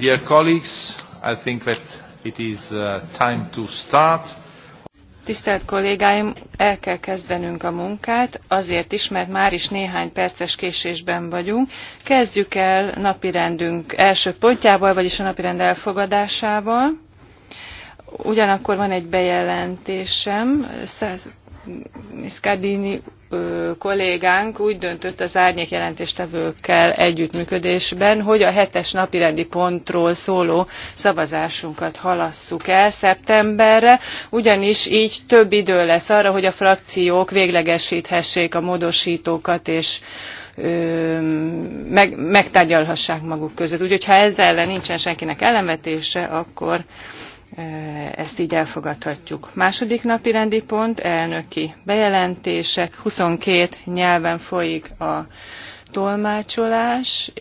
Dear colleagues, I think that it is uh, time to start. Tisztelt kollégáim, el kell kezdenünk a munkát, azért is, mert már is néhány perces késésben vagyunk. Kezdjük el napirendünk első pontjával, vagyis a napirend elfogadásával. Ugyanakkor van egy bejelentésem, Miss Cardini kollégánk úgy döntött az árnyék jelentéstevőkkel együttműködésben, hogy a hetes napirendi pontról szóló szavazásunkat halasszuk el szeptemberre, ugyanis így több idő lesz arra, hogy a frakciók véglegesíthessék a módosítókat és meg, megtárgyalhassák maguk között. Úgyhogy ha ezzel ellen nincsen senkinek ellenvetése, akkor ezt így elfogadhatjuk. Második napi rendi pont, elnöki bejelentések, 22 nyelven folyik a tolmácsolás,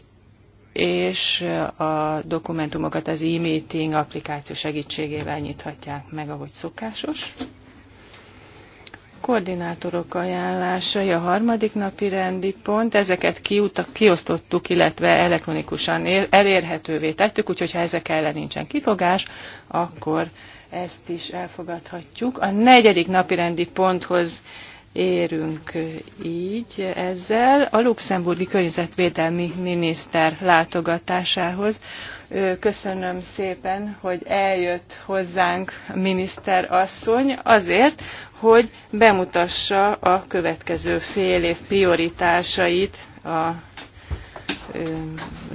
és a dokumentumokat az e-meeting applikáció segítségével nyithatják meg, ahogy szokásos koordinátorok ajánlásai a harmadik napi rendi pont, ezeket kiutak, kiosztottuk, illetve elektronikusan elérhetővé tettük, úgyhogy ha ezek ellen nincsen kifogás, akkor ezt is elfogadhatjuk. A negyedik napi rendi ponthoz érünk így ezzel. A luxemburgi környezetvédelmi miniszter látogatásához. Köszönöm szépen, hogy eljött hozzánk miniszter asszony azért, hogy bemutassa a következő fél év prioritásait a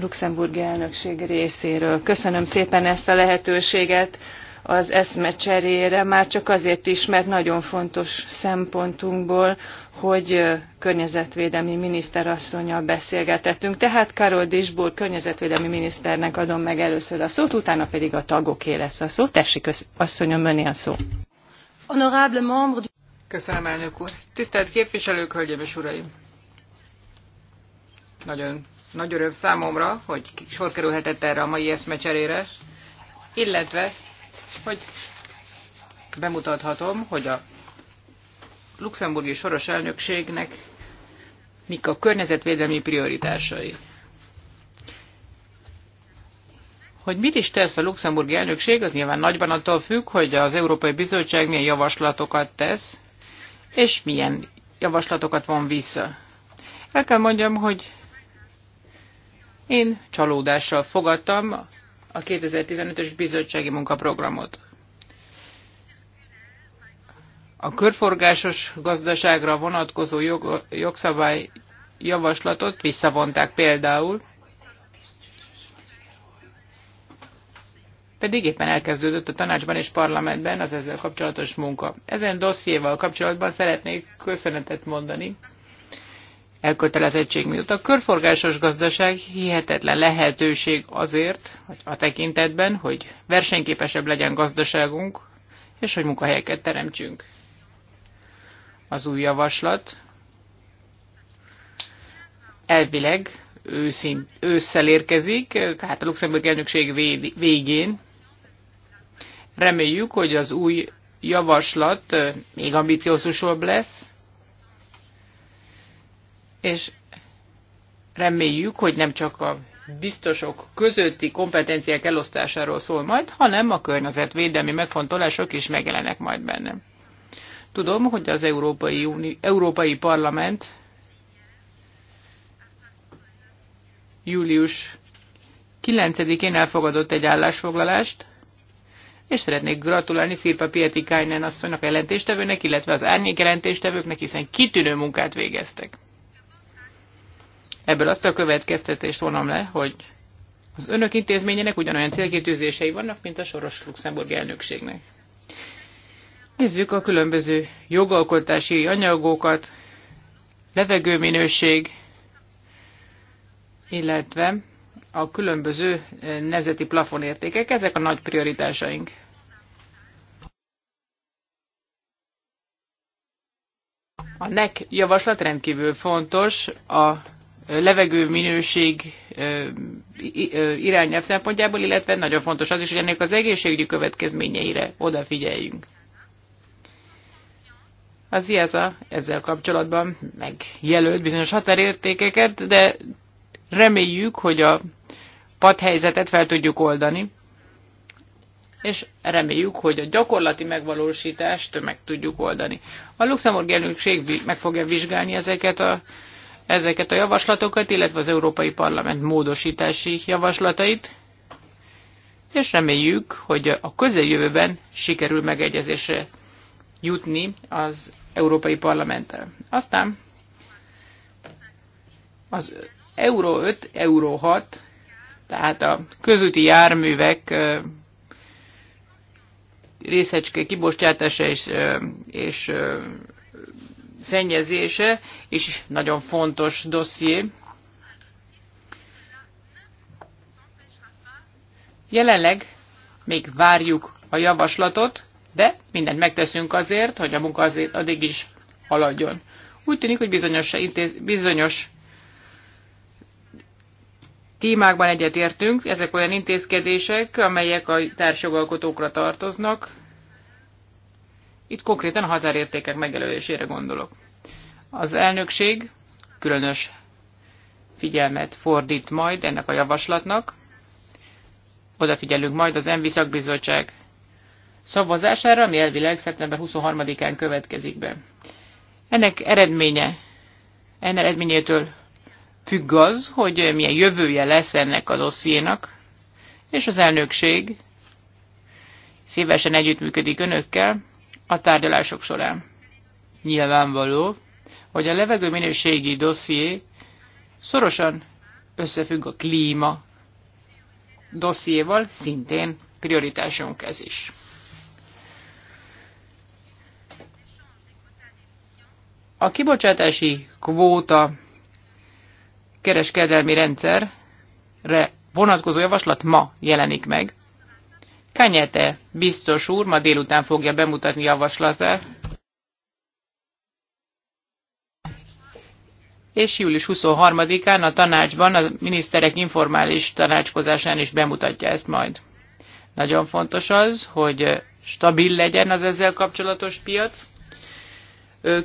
Luxemburg elnökség részéről. Köszönöm szépen ezt a lehetőséget az cserére, már csak azért is, mert nagyon fontos szempontunkból, hogy környezetvédelmi miniszterasszonyjal beszélgetettünk. Tehát Karol Disburg környezetvédelmi miniszternek adom meg először a szót, utána pedig a tagoké lesz a szó. Tessék, asszonyom, öné a szó. Köszönöm, elnök úr. Tisztelt képviselők, hölgyeim és uraim! Nagyon nagy öröm számomra, hogy sor kerülhetett erre a mai eszmecserére, illetve, hogy bemutathatom, hogy a luxemburgi soros elnökségnek mik a környezetvédelmi prioritásai. Hogy mit is tesz a luxemburgi elnökség, az nyilván nagyban attól függ, hogy az Európai Bizottság milyen javaslatokat tesz, és milyen javaslatokat von vissza. El kell mondjam, hogy én csalódással fogadtam a 2015-ös bizottsági munkaprogramot. A körforgásos gazdaságra vonatkozó jog, jogszabály javaslatot visszavonták például, pedig éppen elkezdődött a tanácsban és parlamentben az ezzel kapcsolatos munka. Ezen dossziéval kapcsolatban szeretnék köszönetet mondani elkötelezettség miatt. A körforgásos gazdaság hihetetlen lehetőség azért, hogy a tekintetben, hogy versenyképesebb legyen gazdaságunk, és hogy munkahelyeket teremtsünk. Az új javaslat elvileg őszint, ősszel érkezik, tehát a Luxemburg elnökség végén, Reméljük, hogy az új javaslat még ambiciózusabb lesz, és reméljük, hogy nem csak a biztosok közötti kompetenciák elosztásáról szól majd, hanem a környezetvédelmi megfontolások is megjelenek majd benne. Tudom, hogy az Európai, Uni- Európai Parlament július 9-én elfogadott egy állásfoglalást, és szeretnék gratulálni Szirpa Pieti Kájnen asszonynak jelentéstevőnek, illetve az árnyék jelentéstevőknek, hiszen kitűnő munkát végeztek. Ebből azt a következtetést vonom le, hogy az önök intézményének ugyanolyan célkitűzései vannak, mint a Soros Luxemburg elnökségnek. Nézzük a különböző jogalkotási anyagokat, levegőminőség, illetve a különböző eh, nemzeti plafonértékek, ezek a nagy prioritásaink. A NEC javaslat rendkívül fontos a levegő minőség eh, eh, irányelv szempontjából, illetve nagyon fontos az is, hogy ennek az egészségügyi következményeire odafigyeljünk. Az IASA e ezzel kapcsolatban megjelölt bizonyos határértékeket, de reméljük, hogy a padhelyzetet fel tudjuk oldani, és reméljük, hogy a gyakorlati megvalósítást meg tudjuk oldani. A luxemburgi elnökség meg fogja vizsgálni ezeket a, ezeket a javaslatokat, illetve az Európai Parlament módosítási javaslatait, és reméljük, hogy a közeljövőben sikerül megegyezésre jutni az Európai Parlamenttel. Aztán az Euró 5, Euró 6 tehát a közúti járművek részecske kibocsátása és, és szennyezése is nagyon fontos dosszié. Jelenleg még várjuk a javaslatot, de mindent megteszünk azért, hogy a munka azért addig is haladjon. Úgy tűnik, hogy bizonyos, intéz, bizonyos témákban egyetértünk, ezek olyan intézkedések, amelyek a társjogalkotókra tartoznak. Itt konkrétan a határértékek megelőzésére gondolok. Az elnökség különös figyelmet fordít majd ennek a javaslatnak. Odafigyelünk majd az ENVI szakbizottság szavazására, ami elvileg szeptember 23-án következik be. Ennek eredménye, ennek eredményétől függ az, hogy milyen jövője lesz ennek a dossziénak, és az elnökség szívesen együttműködik önökkel a tárgyalások során. Nyilvánvaló, hogy a levegő minőségi dosszié szorosan összefügg a klíma dossziéval, szintén prioritásunk ez is. A kibocsátási kvóta kereskedelmi rendszerre vonatkozó javaslat ma jelenik meg. Kanyete biztos úr ma délután fogja bemutatni javaslatát, és július 23-án a tanácsban, a miniszterek informális tanácskozásán is bemutatja ezt majd. Nagyon fontos az, hogy stabil legyen az ezzel kapcsolatos piac.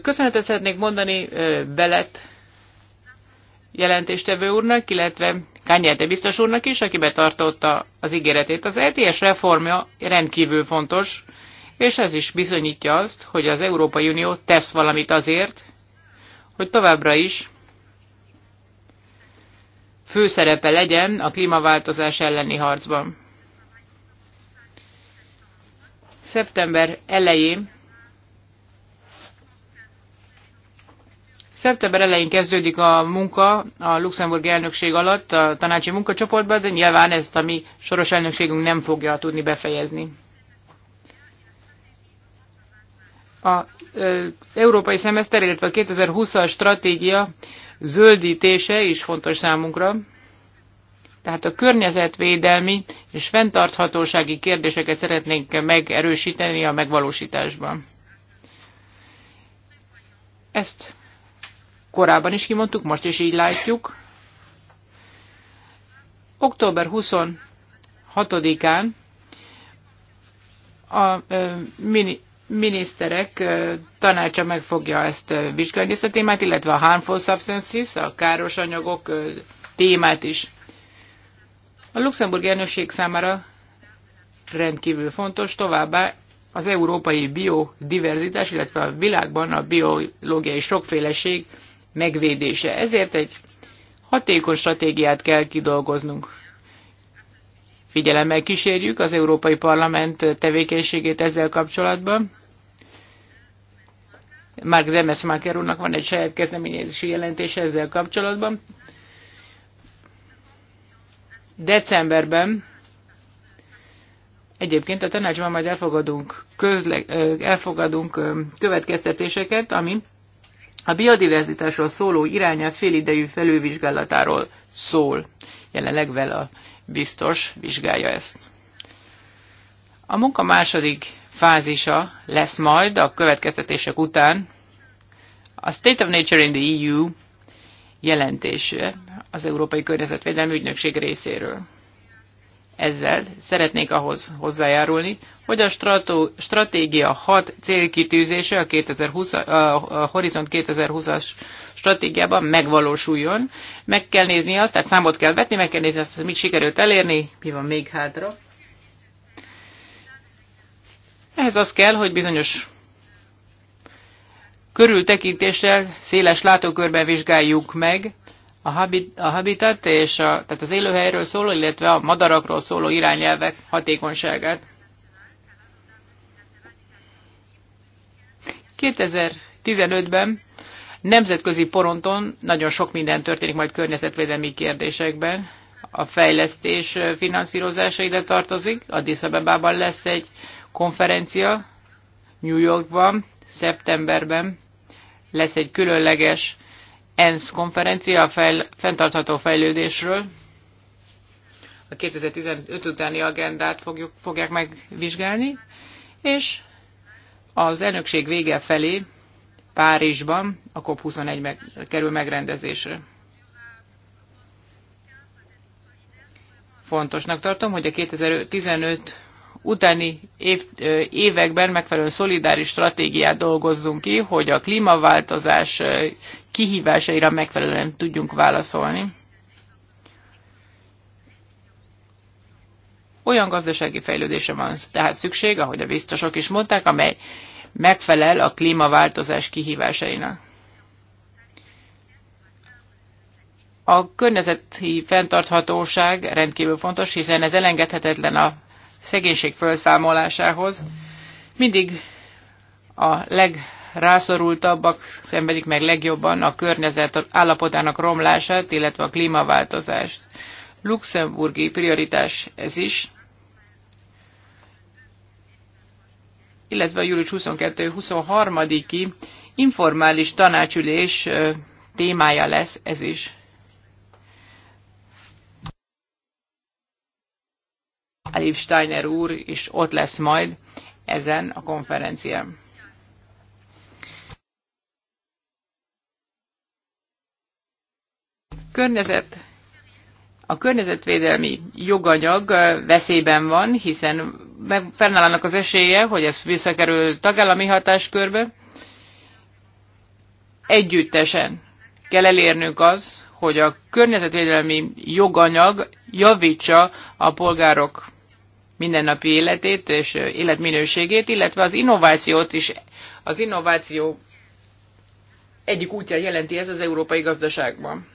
Köszönetet szeretnék mondani Belet jelentéstevő úrnak, illetve Kányerte biztos úrnak is, aki betartotta az ígéretét. Az ETS reformja rendkívül fontos, és ez is bizonyítja azt, hogy az Európai Unió tesz valamit azért, hogy továbbra is főszerepe legyen a klímaváltozás elleni harcban. Szeptember elején Szeptember elején kezdődik a munka a Luxemburg elnökség alatt a tanácsi munkacsoportban, de nyilván ezt a mi soros elnökségünk nem fogja tudni befejezni. Az európai szemeszter, illetve a 2020-as stratégia zöldítése is fontos számunkra. Tehát a környezetvédelmi és fenntarthatósági kérdéseket szeretnénk megerősíteni a megvalósításban. Ezt korábban is kimondtuk, most is így látjuk. Október 26-án a mini, miniszterek tanácsa meg fogja ezt vizsgálni, ezt a témát, illetve a harmful substances, a káros anyagok témát is. A luxemburgi elnökség számára rendkívül fontos, továbbá az európai biodiverzitás, illetve a világban a biológiai sokféleség megvédése. Ezért egy hatékony stratégiát kell kidolgoznunk. Figyelemmel kísérjük az Európai Parlament tevékenységét ezzel kapcsolatban. Mark Demesmaker úrnak van egy saját kezdeményezési jelentése ezzel kapcsolatban. Decemberben egyébként a tanácsban majd elfogadunk, közle, elfogadunk következtetéseket, ami a biodiverzitásról szóló irányel félidejű felülvizsgálatáról szól. Jelenleg vele biztos vizsgálja ezt. A munka második fázisa lesz majd a következtetések után a State of Nature in the EU jelentése az Európai Környezetvédelmi Ügynökség részéről. Ezzel szeretnék ahhoz hozzájárulni, hogy a stratégia 6 célkitűzése a, 2020, a Horizont 2020-as stratégiában megvalósuljon. Meg kell nézni azt, tehát számot kell vetni, meg kell nézni azt, hogy mit sikerült elérni, mi van még hátra. Ehhez az kell, hogy bizonyos körültekintéssel, széles látókörben vizsgáljuk meg a, habit, a habitat, és a, tehát az élőhelyről szóló, illetve a madarakról szóló irányelvek hatékonyságát. 2015-ben nemzetközi poronton nagyon sok minden történik majd környezetvédelmi kérdésekben. A fejlesztés finanszírozása ide tartozik. Addis Abebában lesz egy konferencia, New Yorkban, szeptemberben lesz egy különleges ENSZ konferencia a fejl fenntartható fejlődésről. A 2015 utáni agendát fogjuk, fogják megvizsgálni, és az elnökség vége felé Párizsban a COP21 meg, kerül megrendezésre. Fontosnak tartom, hogy a 2015 utáni év, években megfelelő szolidáris stratégiát dolgozzunk ki, hogy a klímaváltozás kihívásaira megfelelően tudjunk válaszolni. Olyan gazdasági fejlődése van tehát szükség, ahogy a biztosok is mondták, amely megfelel a klímaváltozás kihívásainak. A környezeti fenntarthatóság rendkívül fontos, hiszen ez elengedhetetlen a szegénység felszámolásához. Mindig a legrászorultabbak szenvedik meg legjobban a környezet állapotának romlását, illetve a klímaváltozást. Luxemburgi prioritás ez is, illetve a július 22-23-i informális tanácsülés témája lesz ez is. Alif Steiner úr is ott lesz majd ezen a konferencián. Környezet. A környezetvédelmi joganyag veszélyben van, hiszen fennállnak az esélye, hogy ez visszakerül tagállami hatáskörbe. Együttesen kell elérnünk az, hogy a környezetvédelmi joganyag javítsa a polgárok mindennapi életét és életminőségét, illetve az innovációt is, az innováció egyik útja jelenti ez az európai gazdaságban.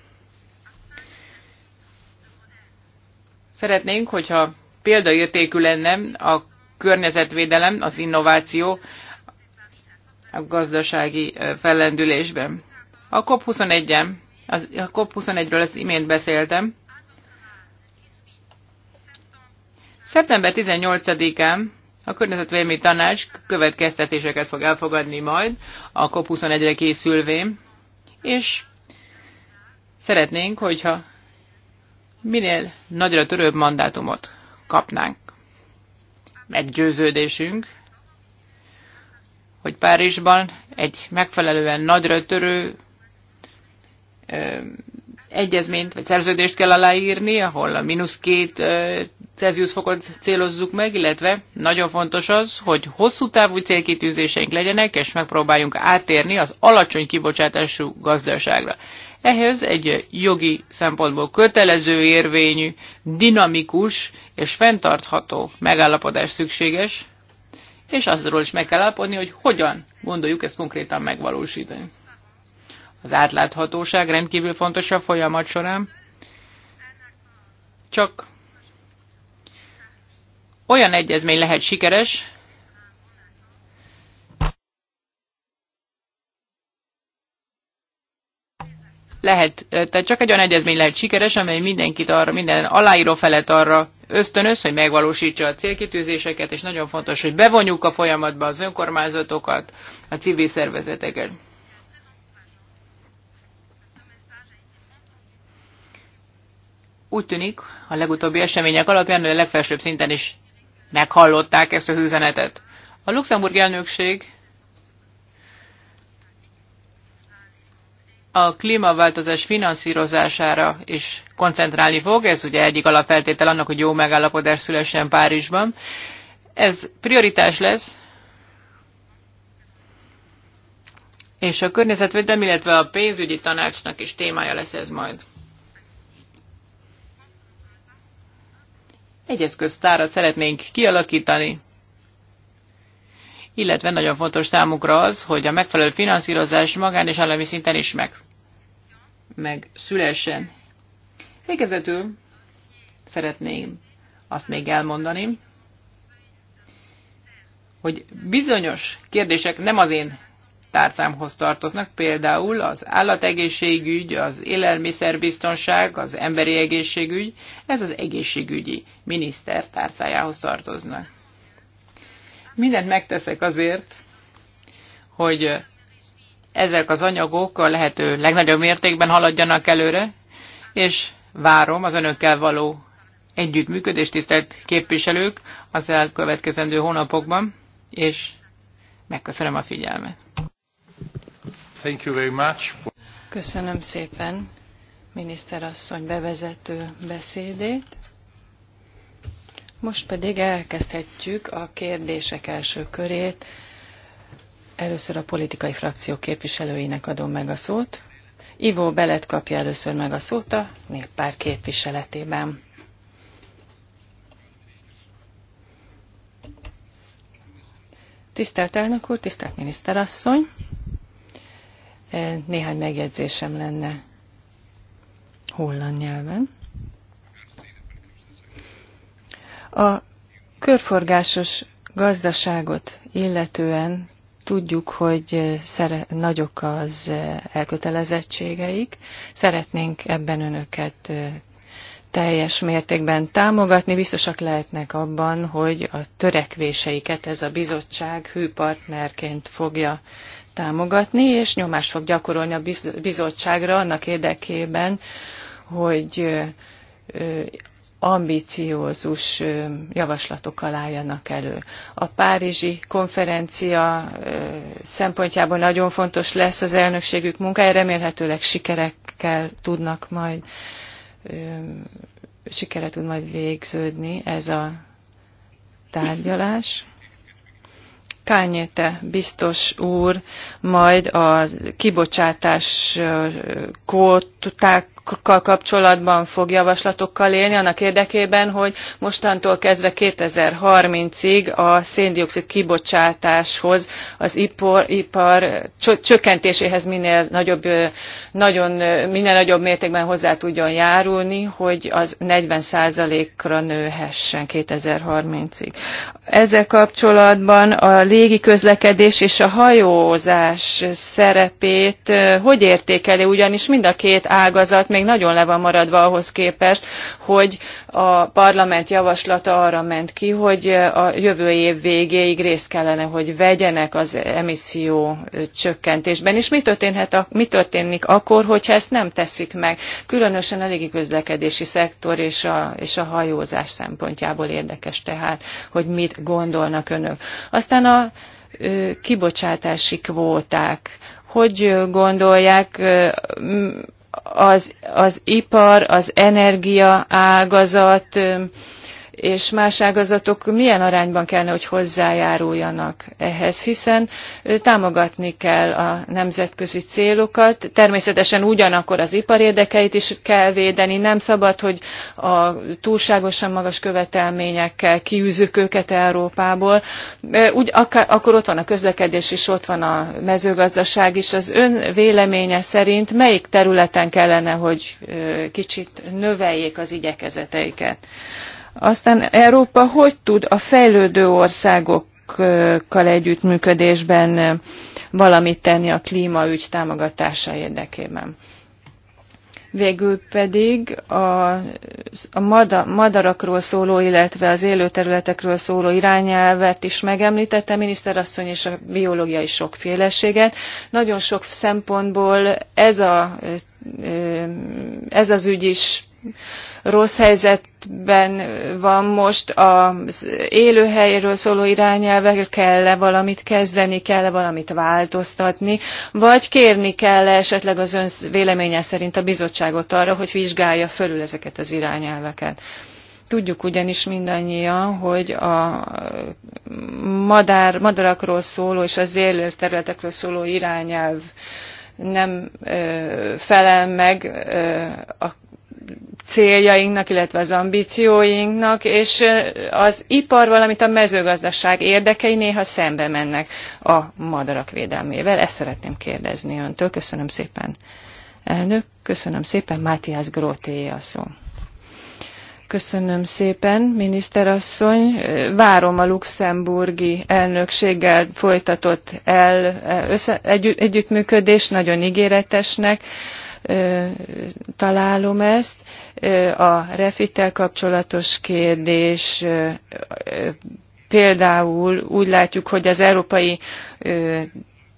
Szeretnénk, hogyha példaértékű lenne a környezetvédelem, az innováció a gazdasági fellendülésben. A cop 21 ről a cop 21 az imént beszéltem, Szeptember 18-án a Környezetvédelmi Tanács következtetéseket fog elfogadni majd a COP21-re készülvén, és szeretnénk, hogyha minél nagyra törőbb mandátumot kapnánk. Meggyőződésünk, hogy Párizsban egy megfelelően nagyra törő egyezményt vagy szerződést kell aláírni, ahol a mínusz két Celsius fokot célozzuk meg, illetve nagyon fontos az, hogy hosszú távú célkitűzéseink legyenek, és megpróbáljunk átérni az alacsony kibocsátású gazdaságra. Ehhez egy jogi szempontból kötelező érvényű, dinamikus és fenntartható megállapodás szükséges, és azról is meg kell állapodni, hogy hogyan gondoljuk ezt konkrétan megvalósítani. Az átláthatóság rendkívül fontos a folyamat során. Csak olyan egyezmény lehet sikeres, lehet, tehát csak egy olyan egyezmény lehet sikeres, amely mindenkit arra, minden aláíró felet arra ösztönöz, hogy megvalósítsa a célkitűzéseket, és nagyon fontos, hogy bevonjuk a folyamatba az önkormányzatokat, a civil szervezeteket. Úgy tűnik, a legutóbbi események alapján, hogy a legfelsőbb szinten is meghallották ezt az üzenetet. A Luxemburg elnökség a klímaváltozás finanszírozására is koncentrálni fog. Ez ugye egyik alapfeltétel annak, hogy jó megállapodás szülessen Párizsban. Ez prioritás lesz, és a környezetvédelmi, illetve a pénzügyi tanácsnak is témája lesz ez majd. Egy eszköztárat szeretnénk kialakítani, illetve nagyon fontos számukra az, hogy a megfelelő finanszírozás magán és állami szinten is meg, meg szülessen. Végezetül szeretném azt még elmondani, hogy bizonyos kérdések nem az én tárcámhoz tartoznak, például az állategészségügy, az élelmiszerbiztonság, az emberi egészségügy, ez az egészségügyi miniszter tárcájához tartoznak. Mindent megteszek azért, hogy ezek az anyagok a lehető legnagyobb mértékben haladjanak előre, és várom az önökkel való együttműködést, tisztelt képviselők, az elkövetkezendő hónapokban, és megköszönöm a figyelmet. Thank you very much Köszönöm szépen miniszterasszony bevezető beszédét. Most pedig elkezdhetjük a kérdések első körét. Először a politikai frakció képviselőinek adom meg a szót. Ivó Belet kapja először meg a szót a néppár képviseletében. Tisztelt elnök úr, tisztelt miniszterasszony! Néhány megjegyzésem lenne holland nyelven. A körforgásos gazdaságot illetően tudjuk, hogy szere- nagyok az elkötelezettségeik. Szeretnénk ebben önöket teljes mértékben támogatni. Biztosak lehetnek abban, hogy a törekvéseiket ez a bizottság hű partnerként fogja támogatni, és nyomást fog gyakorolni a bizottságra annak érdekében, hogy ambiciózus javaslatok álljanak elő. A Párizsi konferencia szempontjából nagyon fontos lesz az elnökségük munkája, remélhetőleg sikerekkel tudnak majd sikere tud majd végződni ez a tárgyalás. Kányéte biztos úr majd a kibocsátás kótták kapcsolatban fog javaslatokkal élni annak érdekében, hogy mostantól kezdve 2030-ig a széndiokszid kibocsátáshoz, az ipar, ipar csökkentéséhez minél nagyobb, nagyon, minél nagyobb mértékben hozzá tudjon járulni, hogy az 40%-ra nőhessen 2030-ig. Ezzel kapcsolatban a légi közlekedés és a hajózás szerepét hogy értékeli, ugyanis mind a két ágazat még még nagyon le van maradva ahhoz képest, hogy a parlament javaslata arra ment ki, hogy a jövő év végéig részt kellene, hogy vegyenek az emisszió csökkentésben. És mi, történhet, mi történik akkor, hogyha ezt nem teszik meg? Különösen a légiközlekedési szektor és a, és a hajózás szempontjából érdekes tehát, hogy mit gondolnak önök. Aztán a kibocsátási kvóták, hogy gondolják, az, az ipar, az energia ágazat, és más ágazatok milyen arányban kellene, hogy hozzájáruljanak ehhez, hiszen támogatni kell a nemzetközi célokat. Természetesen ugyanakkor az ipar érdekeit is kell védeni, nem szabad, hogy a túlságosan magas követelményekkel kiűzzük őket Európából. Úgy, akkor ott van a közlekedés is, ott van a mezőgazdaság is. Az ön véleménye szerint melyik területen kellene, hogy kicsit növeljék az igyekezeteiket? Aztán Európa hogy tud a fejlődő országokkal együttműködésben valamit tenni a klímaügy támogatása érdekében? Végül pedig a, a mada, madarakról szóló, illetve az élőterületekről szóló irányelvet is megemlítette miniszterasszony és a biológiai sokféleséget. Nagyon sok szempontból ez, a, ez az ügy is rossz helyzetben van most az élőhelyről szóló irányelvek, kell-e valamit kezdeni, kell-e valamit változtatni, vagy kérni kell -e esetleg az ön véleménye szerint a bizottságot arra, hogy vizsgálja fölül ezeket az irányelveket. Tudjuk ugyanis mindannyian, hogy a madár, madarakról szóló és az élő területekről szóló irányelv nem ö, felel meg ö, a céljainknak, illetve az ambícióinknak, és az ipar, valamint a mezőgazdaság érdekei néha szembe mennek a madarak védelmével. Ezt szeretném kérdezni öntől. Köszönöm szépen, elnök. Köszönöm szépen, Mátiás Grótéé a szó. Köszönöm szépen, miniszterasszony. Várom a luxemburgi elnökséggel folytatott el össze, együtt, együttműködés, nagyon ígéretesnek találom ezt. A refittel kapcsolatos kérdés például úgy látjuk, hogy az európai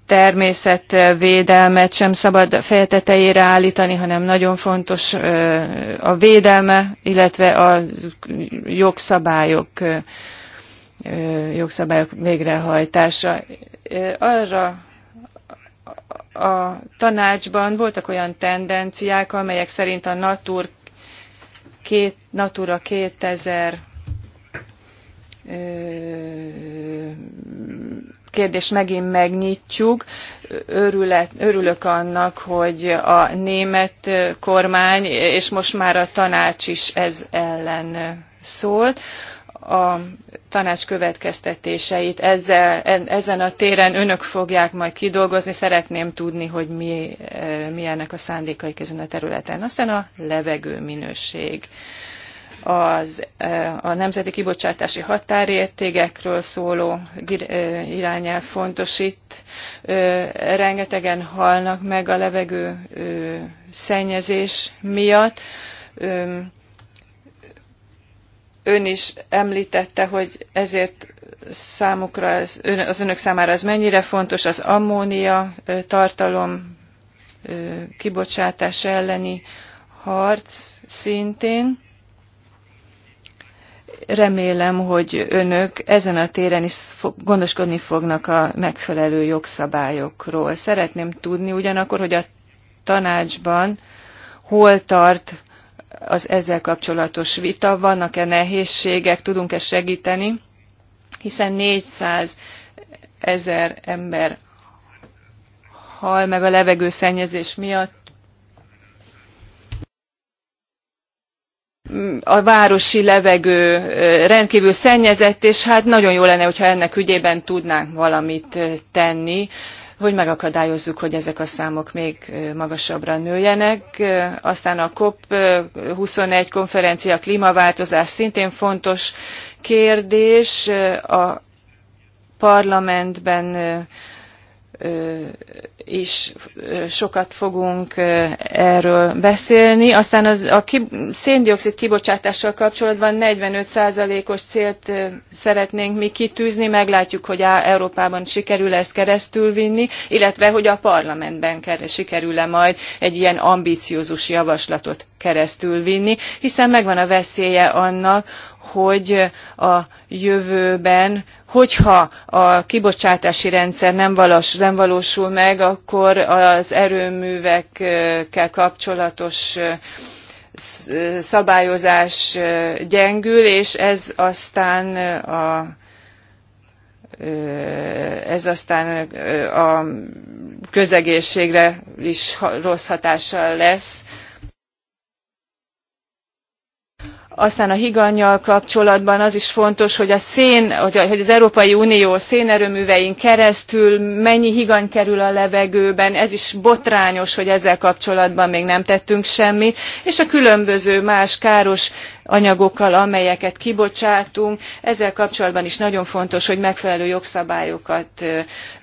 természetvédelmet sem szabad fejetetejére állítani, hanem nagyon fontos a védelme, illetve a jogszabályok, jogszabályok végrehajtása. Arra a tanácsban voltak olyan tendenciák, amelyek szerint a Natur két, Natura 2000 kérdés megint megnyitjuk. Örület, örülök annak, hogy a német kormány, és most már a tanács is ez ellen szólt a tanács következtetéseit ezzel, ezen a téren önök fogják majd kidolgozni. Szeretném tudni, hogy mi, e, milyennek a szándékaik ezen a területen. Aztán a levegő minőség. Az, e, a nemzeti kibocsátási határértégekről szóló e, irányel fontos itt. Rengetegen halnak meg a levegő szennyezés miatt ön is említette, hogy ezért számukra ez, az önök számára ez mennyire fontos, az ammónia tartalom kibocsátás elleni harc szintén. Remélem, hogy önök ezen a téren is gondoskodni fognak a megfelelő jogszabályokról. Szeretném tudni ugyanakkor, hogy a tanácsban hol tart az ezzel kapcsolatos vita, vannak-e nehézségek, tudunk-e segíteni, hiszen 400 ezer ember hal meg a levegőszennyezés miatt. A városi levegő rendkívül szennyezett, és hát nagyon jó lenne, hogyha ennek ügyében tudnánk valamit tenni hogy megakadályozzuk, hogy ezek a számok még magasabbra nőjenek. Aztán a COP21 konferencia, klímaváltozás szintén fontos kérdés. A parlamentben is sokat fogunk erről beszélni. Aztán az, a ki, széndiokszid kibocsátással kapcsolatban 45%-os célt szeretnénk mi kitűzni, meglátjuk, hogy Európában sikerül ezt keresztülvinni, illetve hogy a parlamentben sikerül-e majd egy ilyen ambíciózus javaslatot keresztülvinni, hiszen megvan a veszélye annak, hogy a jövőben, hogyha a kibocsátási rendszer nem, valós, nem valósul meg, akkor az erőművekkel kapcsolatos szabályozás gyengül, és ez aztán a ez aztán a közegészségre is rossz hatással lesz Aztán a higanyjal kapcsolatban az is fontos, hogy, a szén, hogy az Európai Unió szénerőművein keresztül mennyi higany kerül a levegőben, ez is botrányos, hogy ezzel kapcsolatban még nem tettünk semmit, és a különböző más káros anyagokkal, amelyeket kibocsátunk. Ezzel kapcsolatban is nagyon fontos, hogy megfelelő jogszabályokat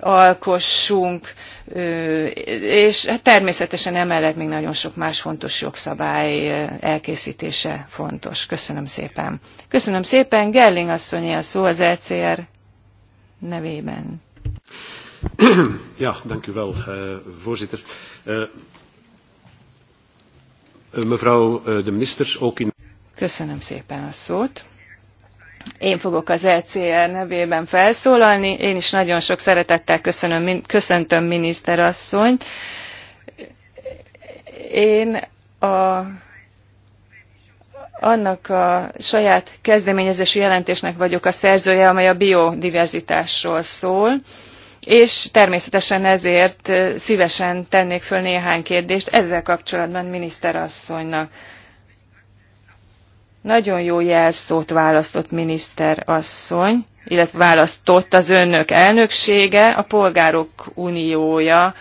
alkossunk és hát természetesen emellett még nagyon sok más fontos jogszabály elkészítése fontos. Köszönöm szépen. Köszönöm szépen. Gerling asszonyi a szó az ECR nevében. Ja, dank u wel, eh, voorzitter. Eh, eh, mevrouw de minister, ook in... Köszönöm szépen a szót. Én fogok az LCR e nevében felszólalni. Én is nagyon sok szeretettel köszönöm, köszöntöm miniszterasszonyt. Én a annak a saját kezdeményezési jelentésnek vagyok a szerzője, amely a biodiverzitásról szól, és természetesen ezért szívesen tennék föl néhány kérdést ezzel kapcsolatban miniszterasszonynak. asszonynak nagyon jó jelszót választott miniszter asszony, illetve választott az önök elnöksége, a polgárok uniója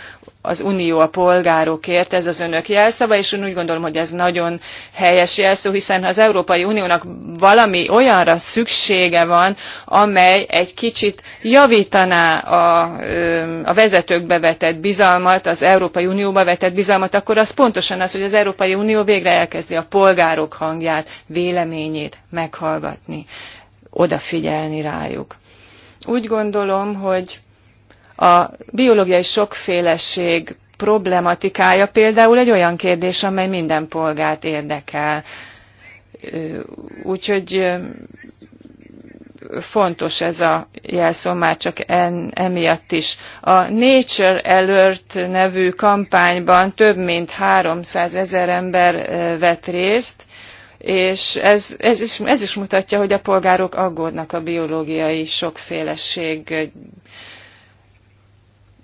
az unió a polgárokért, ez az önök jelszava, és én úgy gondolom, hogy ez nagyon helyes jelszó, hiszen ha az Európai Uniónak valami olyanra szüksége van, amely egy kicsit javítaná a, a vezetőkbe vetett bizalmat, az Európai Unióba vetett bizalmat, akkor az pontosan az, hogy az Európai Unió végre elkezdi a polgárok hangját, véleményét meghallgatni, odafigyelni rájuk. Úgy gondolom, hogy a biológiai sokféleség problematikája például egy olyan kérdés, amely minden polgárt érdekel. Úgyhogy fontos ez a jelszó már csak en, emiatt is. A Nature Alert nevű kampányban több mint 300 ezer ember vett részt, és ez, ez, is, ez is mutatja, hogy a polgárok aggódnak a biológiai sokféleség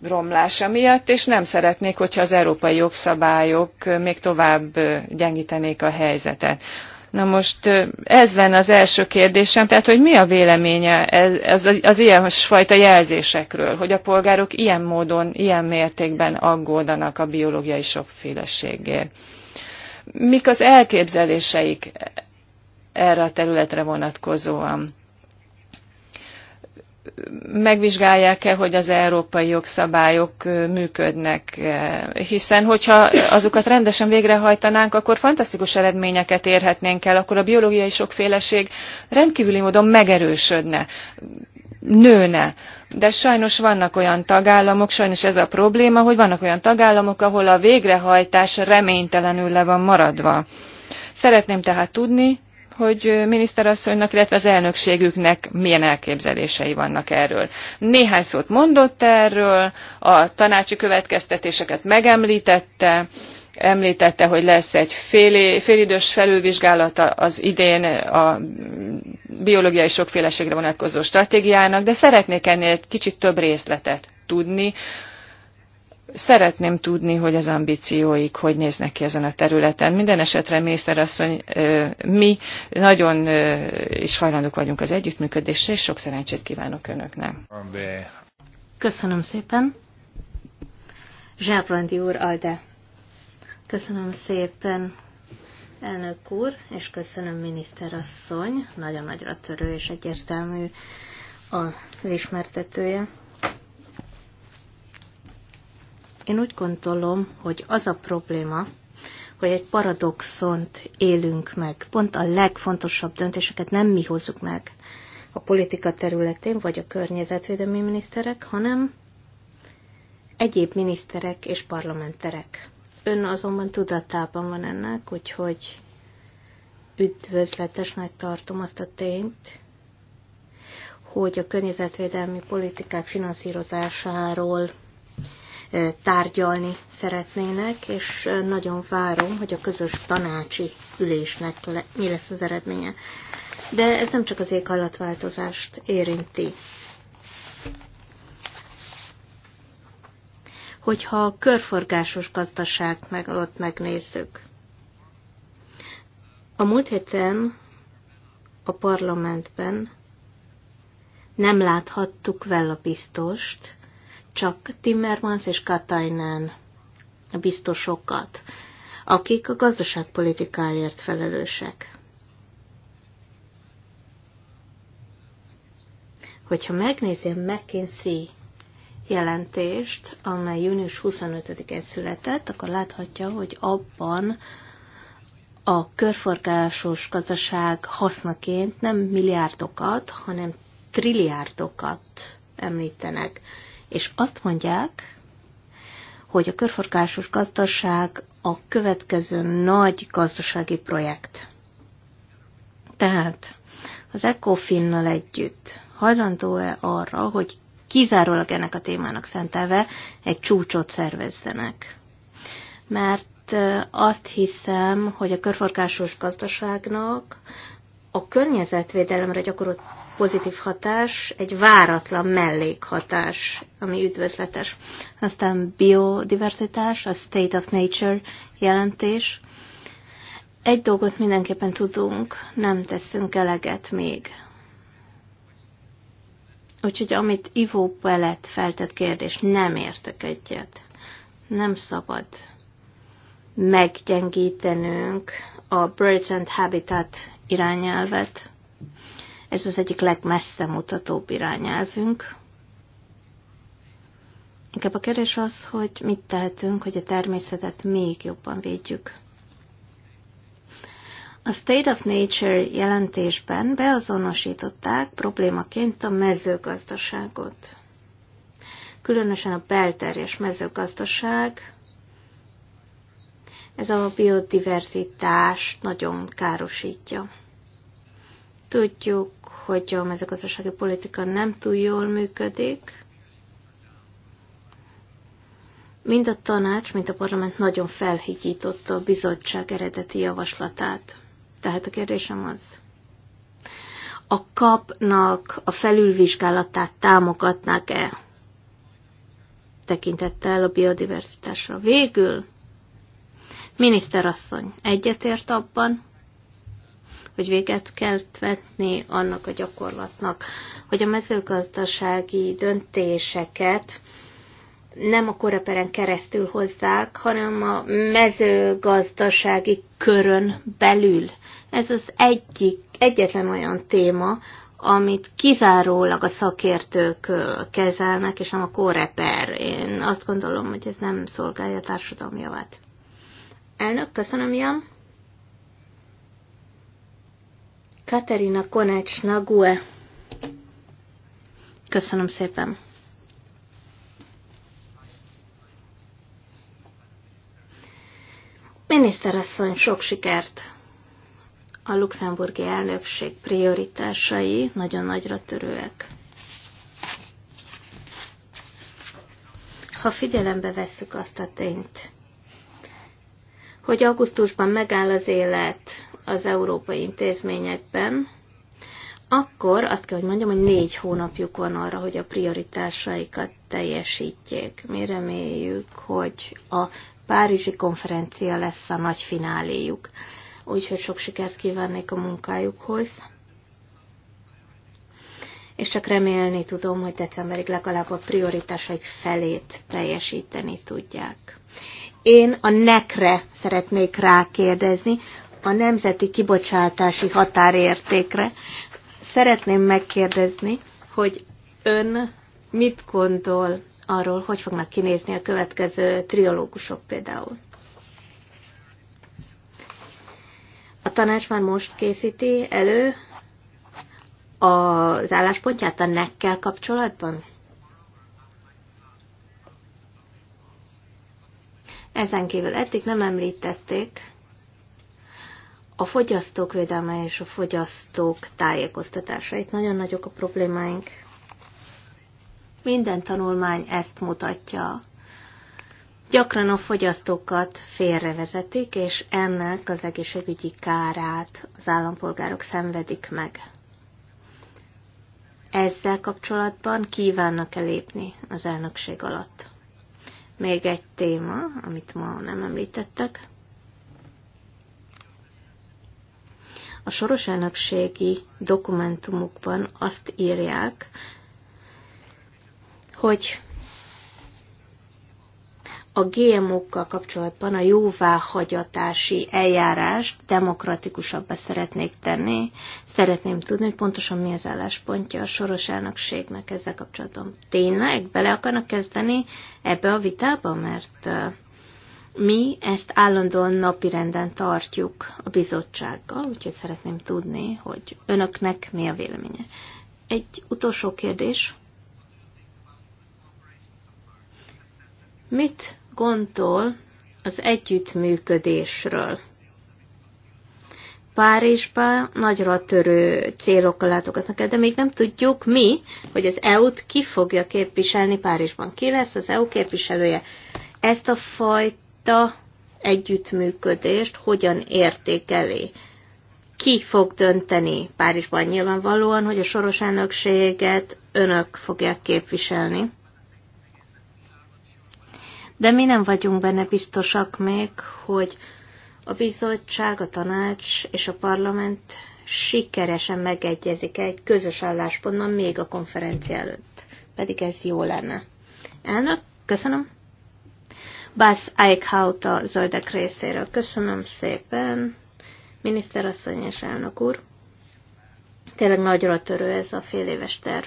romlása miatt, és nem szeretnék, hogyha az európai jogszabályok még tovább gyengítenék a helyzetet. Na most ez lenne az első kérdésem, tehát hogy mi a véleménye ez, az, az ilyenfajta jelzésekről, hogy a polgárok ilyen módon, ilyen mértékben aggódanak a biológiai sokféleségért. Mik az elképzeléseik erre a területre vonatkozóan? megvizsgálják-e, hogy az európai jogszabályok működnek, hiszen hogyha azokat rendesen végrehajtanánk, akkor fantasztikus eredményeket érhetnénk el, akkor a biológiai sokféleség rendkívüli módon megerősödne, nőne. De sajnos vannak olyan tagállamok, sajnos ez a probléma, hogy vannak olyan tagállamok, ahol a végrehajtás reménytelenül le van maradva. Szeretném tehát tudni, hogy miniszterasszonynak, illetve az elnökségüknek milyen elképzelései vannak erről. Néhány szót mondott erről, a tanácsi következtetéseket megemlítette, említette, hogy lesz egy fél, félidős felülvizsgálata az idén a biológiai sokféleségre vonatkozó stratégiának, de szeretnék ennél egy kicsit több részletet tudni, Szeretném tudni, hogy az ambícióik hogy néznek ki ezen a területen. Minden esetre, miniszterasszony, mi nagyon is hajlandók vagyunk az együttműködésre, és sok szerencsét kívánok Önöknek. Köszönöm szépen. Zsábrandi úr, Alde. Köszönöm szépen, elnök úr, és köszönöm miniszterasszony. Nagyon nagyra törő és egyértelmű az ismertetője. Én úgy gondolom, hogy az a probléma, hogy egy paradoxont élünk meg. Pont a legfontosabb döntéseket nem mi hozzuk meg a politika területén, vagy a környezetvédelmi miniszterek, hanem egyéb miniszterek és parlamenterek. Ön azonban tudatában van ennek, úgyhogy üdvözletesnek tartom azt a tényt, hogy a környezetvédelmi politikák finanszírozásáról tárgyalni szeretnének, és nagyon várom, hogy a közös tanácsi ülésnek mi lesz az eredménye. De ez nem csak az éghajlatváltozást érinti. Hogyha a körforgásos gazdaságot meg, ott megnézzük. A múlt héten a parlamentben nem láthattuk vele a biztost, csak Timmermans és Katainen biztosokat, akik a gazdaságpolitikáért felelősek. Hogyha megnézi a McKinsey jelentést, amely június 25-én született, akkor láthatja, hogy abban a körforgásos gazdaság hasznaként nem milliárdokat, hanem trilliárdokat említenek és azt mondják, hogy a körforgásos gazdaság a következő nagy gazdasági projekt. Tehát az ECOFIN-nal együtt hajlandó-e arra, hogy kizárólag ennek a témának szentelve egy csúcsot szervezzenek? Mert azt hiszem, hogy a körforgásos gazdaságnak a környezetvédelemre gyakorolt pozitív hatás, egy váratlan mellékhatás, ami üdvözletes. Aztán biodiverzitás, a State of Nature jelentés. Egy dolgot mindenképpen tudunk, nem teszünk eleget még. Úgyhogy amit Ivó Pelet feltett kérdés, nem értek egyet. Nem szabad meggyengítenünk a Birds and Habitat irányelvet. Ez az egyik legmessze mutatóbb irányelvünk. Inkább a kérdés az, hogy mit tehetünk, hogy a természetet még jobban védjük. A State of Nature jelentésben beazonosították problémaként a mezőgazdaságot. Különösen a belterjes mezőgazdaság, ez a biodiverzitást nagyon károsítja. Tudjuk, hogy a mezőgazdasági politika nem túl jól működik. Mind a tanács, mind a parlament nagyon felhigította a bizottság eredeti javaslatát. Tehát a kérdésem az, a kapnak a felülvizsgálatát támogatnák-e tekintettel a biodiverzitásra? Végül, miniszterasszony, egyetért abban, hogy véget kell vetni annak a gyakorlatnak, hogy a mezőgazdasági döntéseket nem a koreperen keresztül hozzák, hanem a mezőgazdasági körön belül. Ez az egyik, egyetlen olyan téma, amit kizárólag a szakértők kezelnek, és nem a kóreper. Én azt gondolom, hogy ez nem szolgálja a társadalmi javát. Elnök, köszönöm, Jan. Katerina Konecsna Gue. Köszönöm szépen. Miniszterasszony, sok sikert! A luxemburgi elnökség prioritásai nagyon nagyra törőek. Ha figyelembe vesszük azt a tényt, hogy augusztusban megáll az élet, az európai intézményekben, akkor azt kell, hogy mondjam, hogy négy hónapjuk van arra, hogy a prioritásaikat teljesítjék. Mi reméljük, hogy a Párizsi konferencia lesz a nagy fináléjuk. Úgyhogy sok sikert kívánnék a munkájukhoz. És csak remélni tudom, hogy decemberig legalább a prioritásaik felét teljesíteni tudják. Én a nekre szeretnék rákérdezni, a nemzeti kibocsátási határértékre. Szeretném megkérdezni, hogy ön mit gondol arról, hogy fognak kinézni a következő triológusok például? A tanács már most készíti elő az álláspontját a nekkel kapcsolatban? Ezen kívül eddig nem említették a fogyasztók védelme és a fogyasztók tájékoztatása. Itt nagyon nagyok a problémáink. Minden tanulmány ezt mutatja. Gyakran a fogyasztókat félrevezetik, és ennek az egészségügyi kárát az állampolgárok szenvedik meg. Ezzel kapcsolatban kívánnak elépni az elnökség alatt? Még egy téma, amit ma nem említettek. A soros elnökségi dokumentumukban azt írják, hogy a GMO-kkal kapcsolatban a jóváhagyatási eljárást demokratikusabbá szeretnék tenni. Szeretném tudni, hogy pontosan mi az álláspontja a soros elnökségnek ezzel kapcsolatban. Tényleg bele akarnak kezdeni ebbe a vitába, mert mi ezt állandóan napirenden tartjuk a bizottsággal, úgyhogy szeretném tudni, hogy önöknek mi a véleménye. Egy utolsó kérdés. Mit gondol az együttműködésről? Párizsban nagyra törő célokkal látogatnak el, de még nem tudjuk mi, hogy az EU-t ki fogja képviselni Párizsban. Ki lesz az EU képviselője? Ezt a fajt fajta együttműködést hogyan értékeli. Ki fog dönteni Párizsban nyilvánvalóan, hogy a soros elnökséget önök fogják képviselni? De mi nem vagyunk benne biztosak még, hogy a bizottság, a tanács és a parlament sikeresen megegyezik egy közös álláspontban még a konferencia előtt. Pedig ez jó lenne. Elnök, köszönöm. Bas Eichhout a zöldek részéről. Köszönöm szépen, miniszterasszony és elnök úr. Tényleg nagyra törő ez a fél éves terv.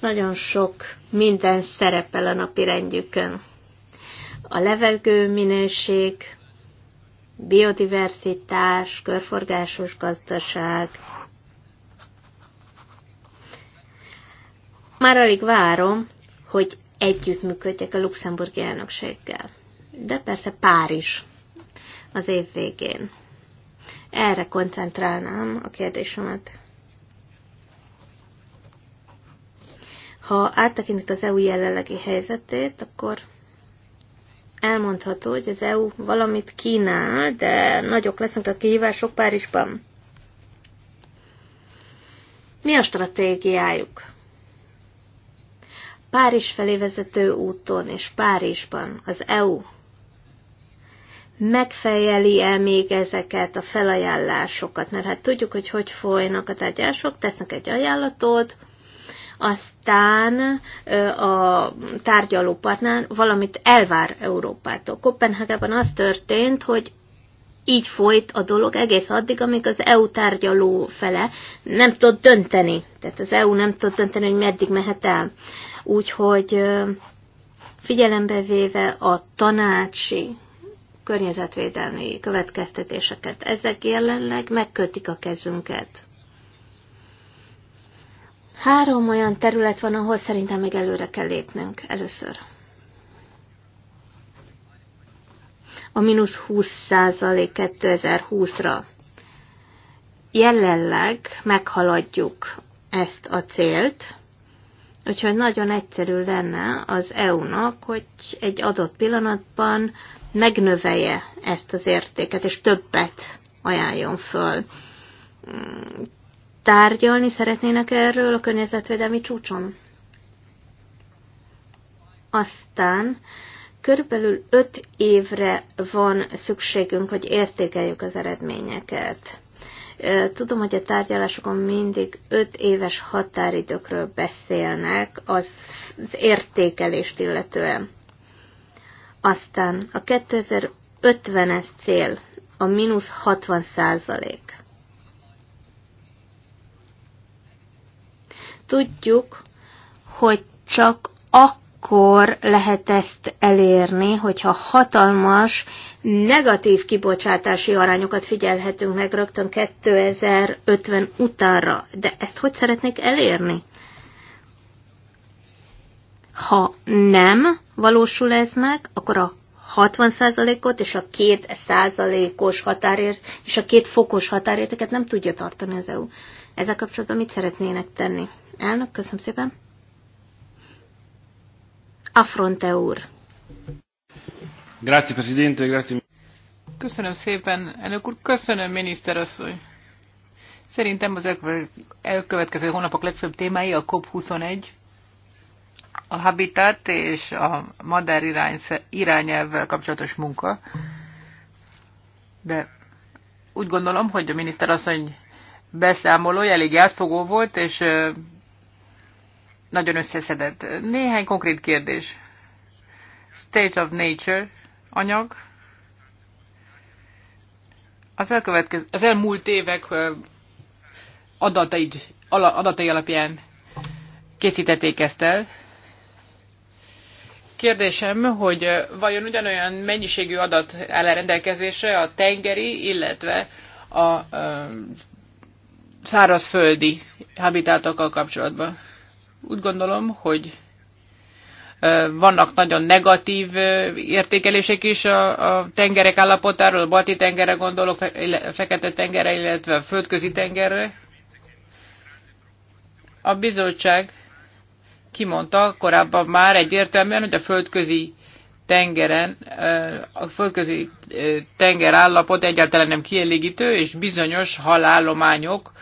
Nagyon sok minden szerepel a napi rendjükön. A levegő minőség, biodiverzitás, körforgásos gazdaság, Már alig várom, hogy együttműködjek a luxemburgi elnökséggel. De persze Párizs az év végén. Erre koncentrálnám a kérdésemet. Ha áttekintik az EU jelenlegi helyzetét, akkor elmondható, hogy az EU valamit kínál, de nagyok lesznek a kihívások Párizsban. Mi a stratégiájuk? Párizs felé vezető úton és Párizsban az EU megfejeli el még ezeket a felajánlásokat, mert hát tudjuk, hogy hogy folynak a tárgyások, tesznek egy ajánlatot, aztán a tárgyaló partner valamit elvár Európától. Kopenhágában az történt, hogy így folyt a dolog egész addig, amíg az EU tárgyaló fele nem tud dönteni. Tehát az EU nem tud dönteni, hogy meddig mehet el. Úgyhogy figyelembe véve a tanácsi környezetvédelmi következtetéseket, ezek jelenleg megkötik a kezünket. Három olyan terület van, ahol szerintem még előre kell lépnünk először. A mínusz 20 százalék 2020-ra. Jelenleg meghaladjuk ezt a célt, Úgyhogy nagyon egyszerű lenne az EU-nak, hogy egy adott pillanatban megnövelje ezt az értéket, és többet ajánljon föl. Tárgyalni szeretnének erről a környezetvédelmi csúcson? Aztán körülbelül öt évre van szükségünk, hogy értékeljük az eredményeket. Tudom, hogy a tárgyalásokon mindig 5 éves határidőkről beszélnek az értékelést illetően. Aztán a 2050-es cél, a mínusz 60 százalék. Tudjuk, hogy csak akkor akkor lehet ezt elérni, hogyha hatalmas negatív kibocsátási arányokat figyelhetünk meg rögtön 2050 utánra. De ezt hogy szeretnék elérni? Ha nem valósul ez meg, akkor a 60%-ot és a 2%-os határért és a 2 fokos határérteket nem tudja tartani az EU. Ezzel kapcsolatban mit szeretnének tenni? Elnök, köszönöm szépen! A úr. Grazie, Presidente, grazie. Köszönöm szépen, elnök úr, köszönöm, miniszter asszony. Szerintem az elkövetkező hónapok legfőbb témái a COP21, a habitat és a madár irányelvvel kapcsolatos munka. De úgy gondolom, hogy a miniszter asszony beszámolója elég átfogó volt, és nagyon összeszedett. Néhány konkrét kérdés. State of Nature anyag. Az, elkövetkez... az elmúlt évek adatai, adatai alapján készítették ezt el. Kérdésem, hogy vajon ugyanolyan mennyiségű adat áll a rendelkezésre a tengeri, illetve a szárazföldi habitátokkal kapcsolatban? Úgy gondolom, hogy vannak nagyon negatív értékelések is a, a tengerek állapotáról, a balti tengerre gondolok, a fekete tengerre, illetve a földközi tengerre. A bizottság kimondta korábban már egyértelműen, hogy a földközi tengeren, a földközi tenger állapot egyáltalán nem kielégítő, és bizonyos halállományok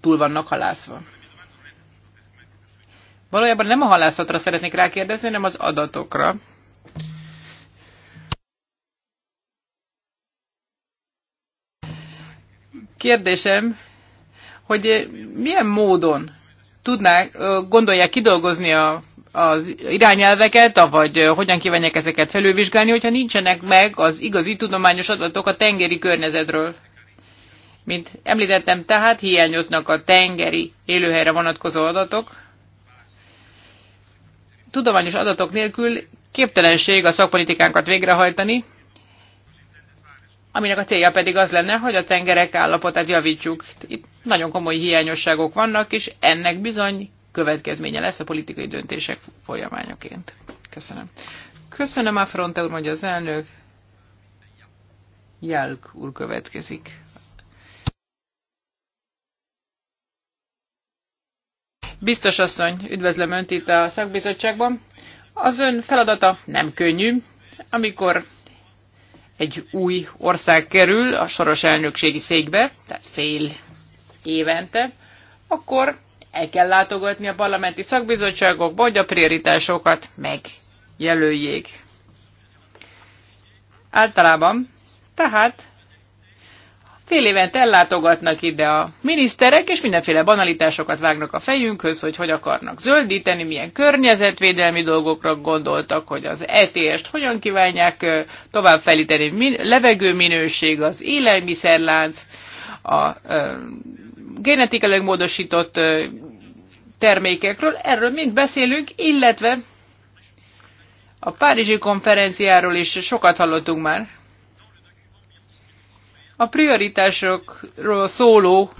túl vannak halászva. Valójában nem a halászatra szeretnék rákérdezni, hanem az adatokra. Kérdésem, hogy milyen módon tudnák, gondolják kidolgozni a, az irányelveket, vagy hogyan kívánják ezeket felülvizsgálni, hogyha nincsenek meg az igazi tudományos adatok a tengeri környezetről. Mint említettem, tehát hiányoznak a tengeri élőhelyre vonatkozó adatok tudományos adatok nélkül képtelenség a szakpolitikánkat végrehajtani, aminek a célja pedig az lenne, hogy a tengerek állapotát javítsuk. Itt nagyon komoly hiányosságok vannak, és ennek bizony következménye lesz a politikai döntések folyamányoként. Köszönöm. Köszönöm, Affronte úr, mondja az elnök. Jelk úr következik. Biztos asszony, üdvözlöm Önt itt a szakbizottságban. Az Ön feladata nem könnyű. Amikor egy új ország kerül a soros elnökségi székbe, tehát fél évente, akkor el kell látogatni a parlamenti szakbizottságok vagy a prioritásokat megjelöljék. Általában tehát Fél évent ellátogatnak ide a miniszterek, és mindenféle banalitásokat vágnak a fejünkhöz, hogy hogy akarnak zöldíteni, milyen környezetvédelmi dolgokra gondoltak, hogy az ETS-t hogyan kívánják tovább felíteni, min- minőség, az élelmiszerlánc, a ö, genetikailag módosított ö, termékekről, erről mind beszélünk, illetve a Párizsi konferenciáról is sokat hallottunk már. A prioritásokról szóló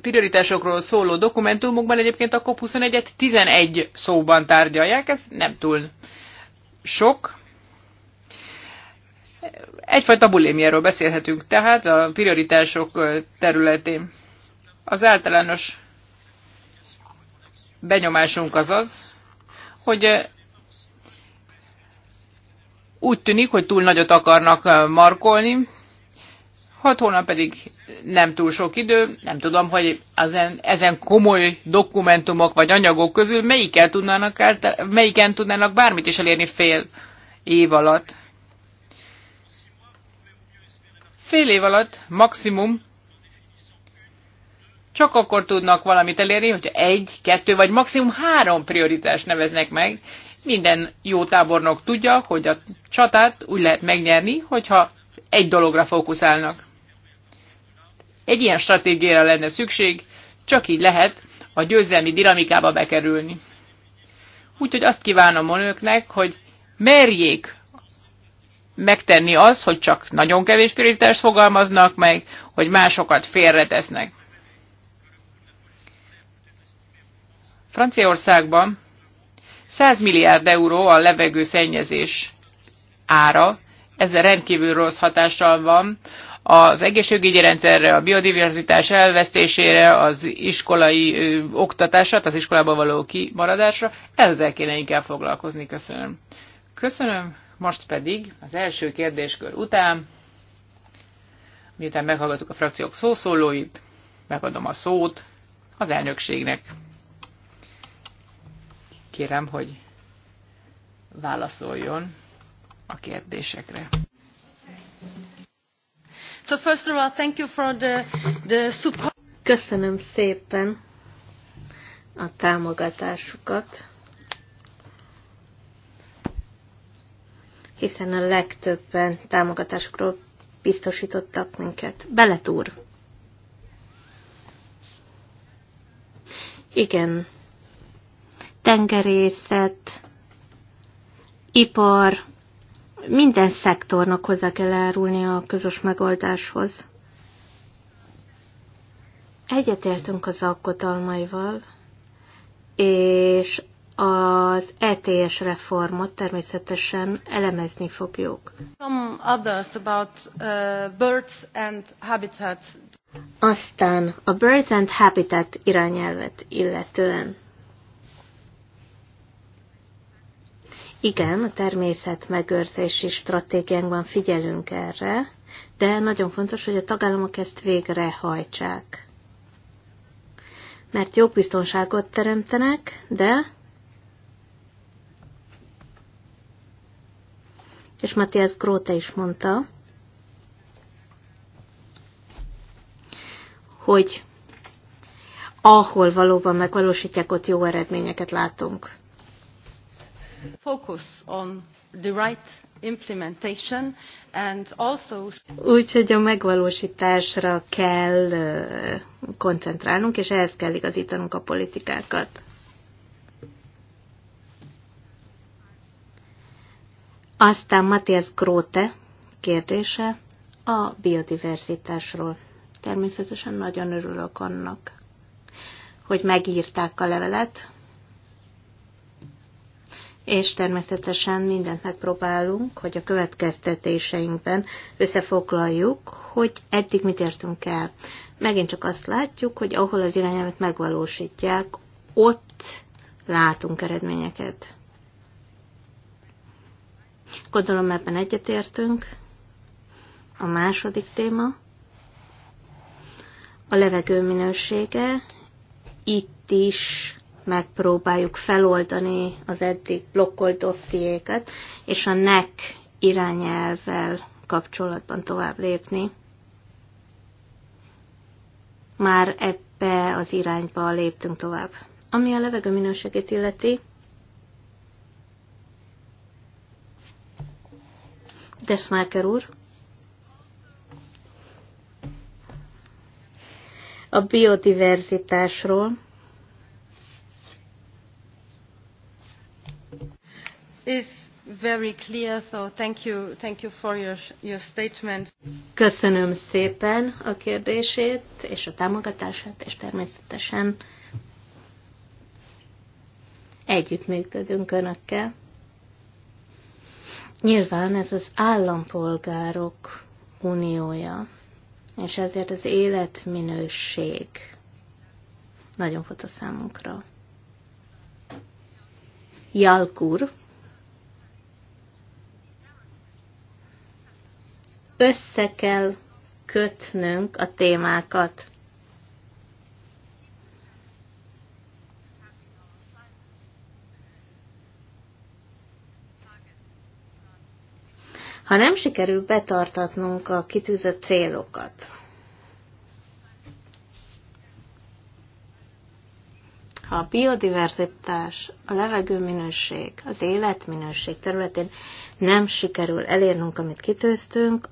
prioritásokról szóló dokumentumokban egyébként a COP21-et 11 szóban tárgyalják, ez nem túl sok. Egyfajta bulémiáról beszélhetünk tehát a prioritások területén. Az általános benyomásunk az az, hogy úgy tűnik, hogy túl nagyot akarnak markolni, Hat hónap pedig nem túl sok idő, nem tudom, hogy ezen, ezen komoly dokumentumok vagy anyagok közül melyiken tudnának, melyiken tudnának bármit is elérni fél év alatt. Fél év alatt maximum csak akkor tudnak valamit elérni, hogyha egy, kettő vagy maximum három prioritást neveznek meg. Minden jó tábornok tudja, hogy a csatát úgy lehet megnyerni, hogyha egy dologra fókuszálnak. Egy ilyen stratégiára lenne szükség, csak így lehet a győzelmi dinamikába bekerülni. Úgyhogy azt kívánom önöknek, hogy merjék megtenni az, hogy csak nagyon kevés prioritást fogalmaznak meg, hogy másokat félretesznek. Franciaországban 100 milliárd euró a levegőszennyezés ára, ezzel rendkívül rossz hatással van az egészségügyi rendszerre, a biodiverzitás elvesztésére, az iskolai ö, oktatásra, tehát az iskolába való kimaradásra. Ezzel kéne inkább foglalkozni. Köszönöm. Köszönöm. Most pedig az első kérdéskör után, miután meghallgattuk a frakciók szószólóit, megadom a szót az elnökségnek. Kérem, hogy válaszoljon a kérdésekre. So first of all, thank you for the, the support. Köszönöm szépen a támogatásukat, hiszen a legtöbben támogatásokról biztosítottak minket. Beletúr. Igen. Tengerészet, ipar, minden szektornak hozzá kell elárulni a közös megoldáshoz. Egyetértünk az aggodalmaival, és az ETS reformot természetesen elemezni fogjuk. Some others about uh, birds and habitat. Aztán a Birds and Habitat irányelvet illetően. Igen, a természet megőrzési stratégiánkban figyelünk erre, de nagyon fontos, hogy a tagállamok ezt végrehajtsák. Mert jó biztonságot teremtenek, de és Matthias Gróte is mondta, hogy ahol valóban megvalósítják, ott jó eredményeket látunk. Focus on the right implementation and also... Úgyhogy a megvalósításra kell koncentrálnunk, és ehhez kell igazítanunk a politikákat. Aztán Matthias Grote kérdése a biodiverzitásról. Természetesen nagyon örülök annak, hogy megírták a levelet, és természetesen mindent megpróbálunk, hogy a következtetéseinkben összefoglaljuk, hogy eddig mit értünk el. Megint csak azt látjuk, hogy ahol az irányelvet megvalósítják, ott látunk eredményeket. Gondolom ebben egyetértünk. A második téma a levegő minősége. Itt is megpróbáljuk feloldani az eddig blokkolt dossziéket, és a NEC irányelvvel kapcsolatban tovább lépni. Már ebbe az irányba léptünk tovább. Ami a levegő minőségét illeti, Desmarker úr, a biodiverzitásról, Köszönöm szépen a kérdését és a támogatását, és természetesen együttműködünk Önökkel. Nyilván ez az állampolgárok uniója, és ezért az életminőség nagyon fontos számunkra. Jalkur, össze kell kötnünk a témákat. Ha nem sikerül betartatnunk a kitűzött célokat, ha a biodiverzitás, a levegőminőség, az életminőség területén nem sikerül elérnünk, amit kitűztünk,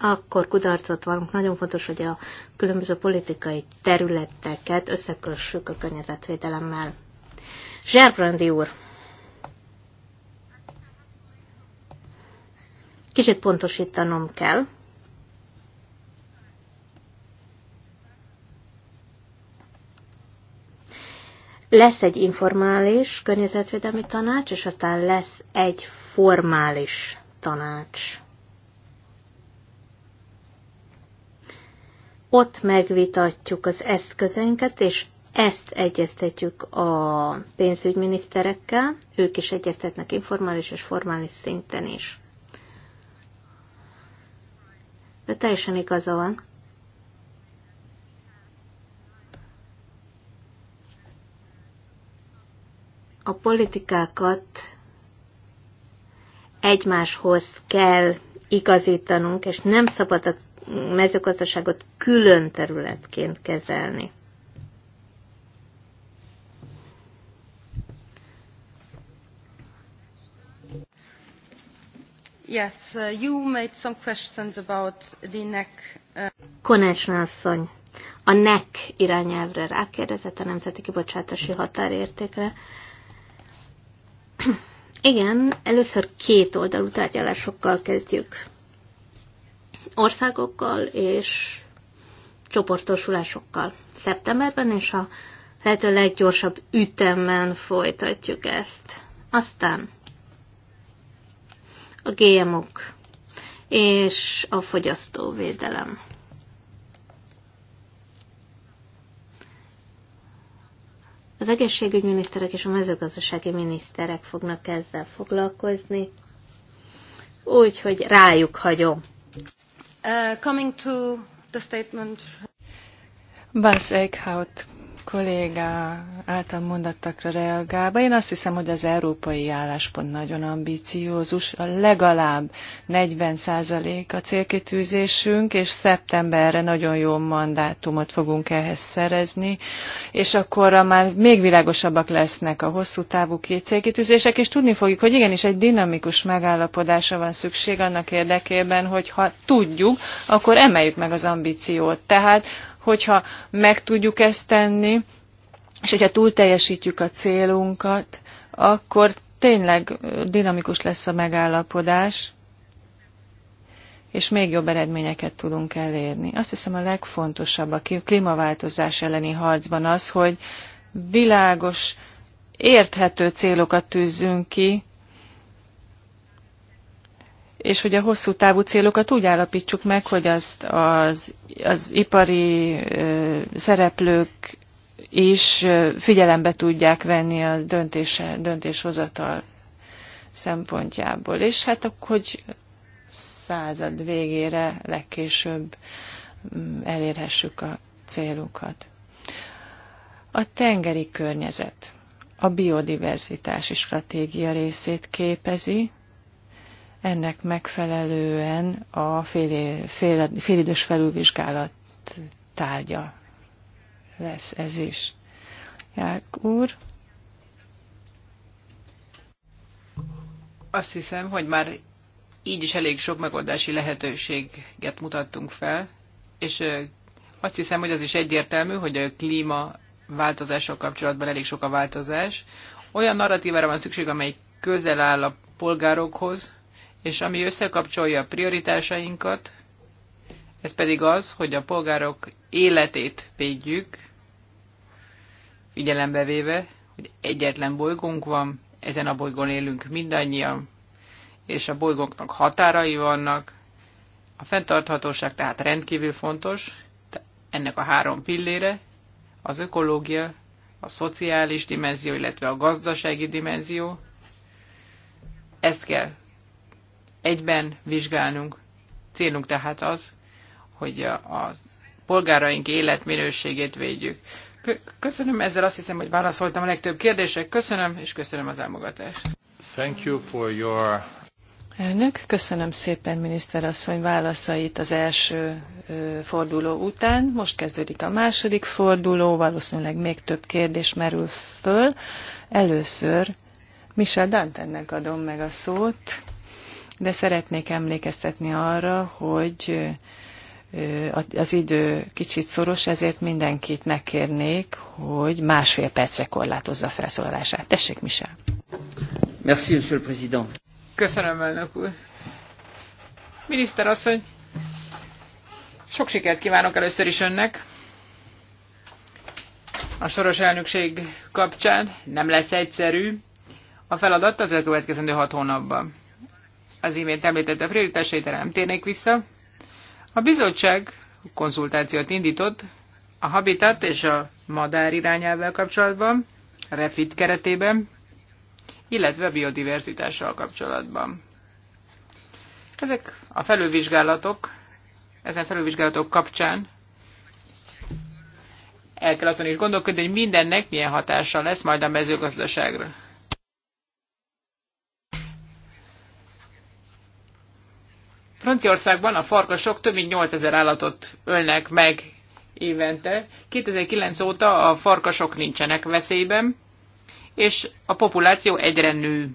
akkor kudarcot vallunk. Nagyon fontos, hogy a különböző politikai területeket összekössük a környezetvédelemmel. Zserbrandi úr! Kicsit pontosítanom kell. Lesz egy informális környezetvédelmi tanács, és aztán lesz egy formális tanács. ott megvitatjuk az eszközeinket, és ezt egyeztetjük a pénzügyminiszterekkel, ők is egyeztetnek informális és formális szinten is. De teljesen igaza van. A politikákat egymáshoz kell igazítanunk, és nem szabad a mezőgazdaságot külön területként kezelni. Yes, uh, you made some questions about the neck, uh, Konesna asszony, a neck irányelvre rákérdezett a nemzeti kibocsátási határértékre. Igen, először két oldalú tárgyalásokkal kezdjük országokkal és csoportosulásokkal szeptemberben, és a lehető leggyorsabb ütemben folytatjuk ezt. Aztán a GMO-k és a fogyasztóvédelem. Az egészségügyminiszterek és a mezőgazdasági miniszterek fognak ezzel foglalkozni, úgyhogy rájuk hagyom. Uh, coming to the statement. Bas Eichhout kolléga által mondattakra reagálva, én azt hiszem, hogy az európai álláspont nagyon ambiciózus, a legalább 40% a célkitűzésünk, és szeptemberre nagyon jó mandátumot fogunk ehhez szerezni, és akkor már még világosabbak lesznek a hosszú távú célkitűzések, és tudni fogjuk, hogy igenis egy dinamikus megállapodásra van szükség annak érdekében, hogy ha tudjuk, akkor emeljük meg az ambíciót. Tehát Hogyha meg tudjuk ezt tenni, és hogyha teljesítjük a célunkat, akkor tényleg dinamikus lesz a megállapodás, és még jobb eredményeket tudunk elérni. Azt hiszem a legfontosabb a klímaváltozás elleni harcban az, hogy világos, érthető célokat tűzzünk ki, és hogy a hosszú távú célokat úgy állapítsuk meg, hogy azt az, az ipari ö, szereplők is figyelembe tudják venni a döntése, döntéshozatal szempontjából. És hát akkor, hogy század végére legkésőbb mm, elérhessük a célunkat. A tengeri környezet a biodiverzitási stratégia részét képezi, ennek megfelelően a fél, fél, félidős felülvizsgálat tárgya lesz ez is. Ják úr. Azt hiszem, hogy már így is elég sok megoldási lehetőséget mutattunk fel, és azt hiszem, hogy az is egyértelmű, hogy a klíma változások kapcsolatban elég sok a változás. Olyan narratívára van szükség, amely közel áll a polgárokhoz, és ami összekapcsolja a prioritásainkat, ez pedig az, hogy a polgárok életét védjük, figyelembe véve, hogy egyetlen bolygónk van, ezen a bolygón élünk mindannyian, és a bolygónknak határai vannak. A fenntarthatóság tehát rendkívül fontos, ennek a három pillére, az ökológia, a szociális dimenzió, illetve a gazdasági dimenzió. Ezt kell egyben vizsgálnunk. Célunk tehát az, hogy a polgáraink életminőségét védjük. Köszönöm, ezzel azt hiszem, hogy válaszoltam a legtöbb kérdések. Köszönöm, és köszönöm az elmogatást. Thank you for your... Elnök, köszönöm szépen miniszterasszony válaszait az első forduló után. Most kezdődik a második forduló, valószínűleg még több kérdés merül föl. Először Michel Dantennek adom meg a szót de szeretnék emlékeztetni arra, hogy az idő kicsit szoros, ezért mindenkit megkérnék, hogy másfél percre korlátozza a felszólalását. Tessék, Michel. Merci, Monsieur le Président. Köszönöm, elnök úr. Miniszter asszony, sok sikert kívánok először is önnek. A soros elnökség kapcsán nem lesz egyszerű. A feladat az elkövetkezendő hat hónapban az imént említett a prioritásaitra nem térnék vissza. A bizottság konzultációt indított a habitat és a madár irányával kapcsolatban, refit keretében, illetve a biodiverzitással kapcsolatban. Ezek a felülvizsgálatok, ezen felülvizsgálatok kapcsán el kell azon is gondolkodni, hogy mindennek milyen hatása lesz majd a mezőgazdaságra. Franciaországban a farkasok több mint 8000 állatot ölnek meg évente. 2009 óta a farkasok nincsenek veszélyben, és a populáció egyre nő.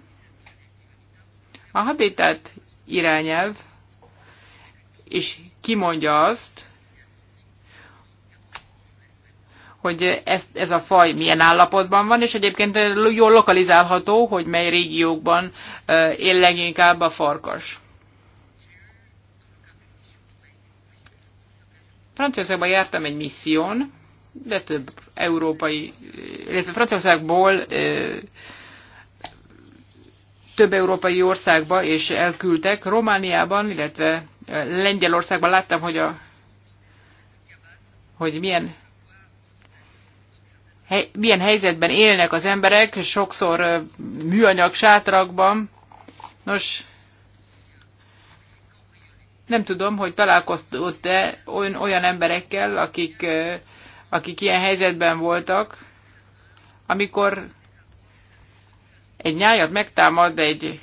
A habitat irányelv és kimondja azt, hogy ez, ez a faj milyen állapotban van, és egyébként jól lokalizálható, hogy mely régiókban él leginkább a farkas. Franciaországban jártam egy misszión, de több európai, illetve Franciaországból több európai országba, és elküldtek. Romániában, illetve Lengyelországban láttam, hogy, a, hogy milyen, he, milyen helyzetben élnek az emberek, sokszor műanyag sátrakban. Nos, nem tudom, hogy találkoztott-e olyan emberekkel, akik, akik ilyen helyzetben voltak, amikor egy nyájat megtámad egy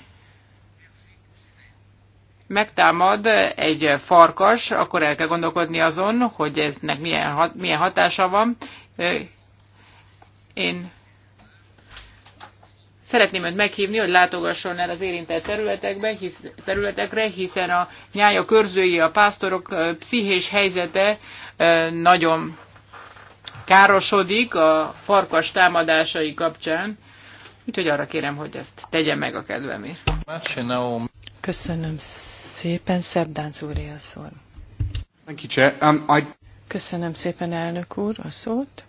megtámad egy farkas, akkor el kell gondolkodni azon, hogy eznek milyen, hat, milyen hatása van. Én Szeretném önt meghívni, hogy látogasson el az érintett területekbe, hisz, területekre, hiszen a nyája körzői, a pásztorok pszichés helyzete nagyon károsodik a farkas támadásai kapcsán. Úgyhogy arra kérem, hogy ezt tegye meg a kedvemért. Köszönöm szépen, Szebb Zúri a szól. Um, Köszönöm szépen, elnök úr, a szót.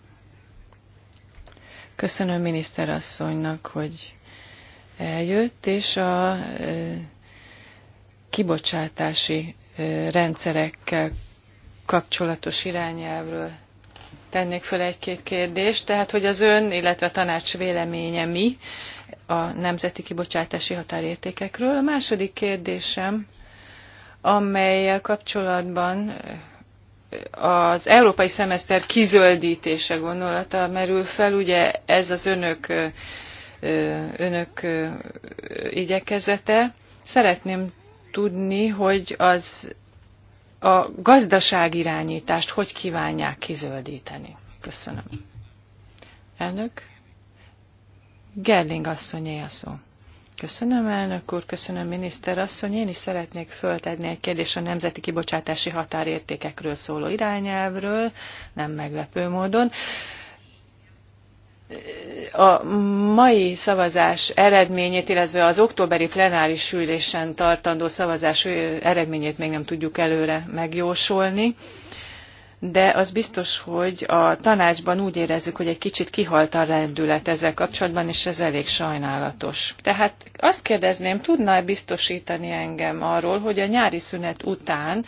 Köszönöm miniszterasszonynak, hogy eljött, és a kibocsátási rendszerekkel kapcsolatos irányelvről tennék fel egy-két kérdést. Tehát, hogy az ön, illetve a tanács véleménye mi a nemzeti kibocsátási határértékekről. A második kérdésem, amelyel kapcsolatban az európai szemeszter kizöldítése gondolata merül fel, ugye ez az önök önök igyekezete. Szeretném tudni, hogy az a irányítást hogy kívánják kizöldíteni. Köszönöm. Elnök? Gerling asszonyé a szó. Köszönöm, elnök úr, köszönöm, miniszter asszony. Én is szeretnék föltenni egy kérdést a nemzeti kibocsátási határértékekről szóló irányelvről, nem meglepő módon a mai szavazás eredményét, illetve az októberi plenáris ülésen tartandó szavazás eredményét még nem tudjuk előre megjósolni, de az biztos, hogy a tanácsban úgy érezzük, hogy egy kicsit kihalt a rendület ezzel kapcsolatban, és ez elég sajnálatos. Tehát azt kérdezném, tudná -e biztosítani engem arról, hogy a nyári szünet után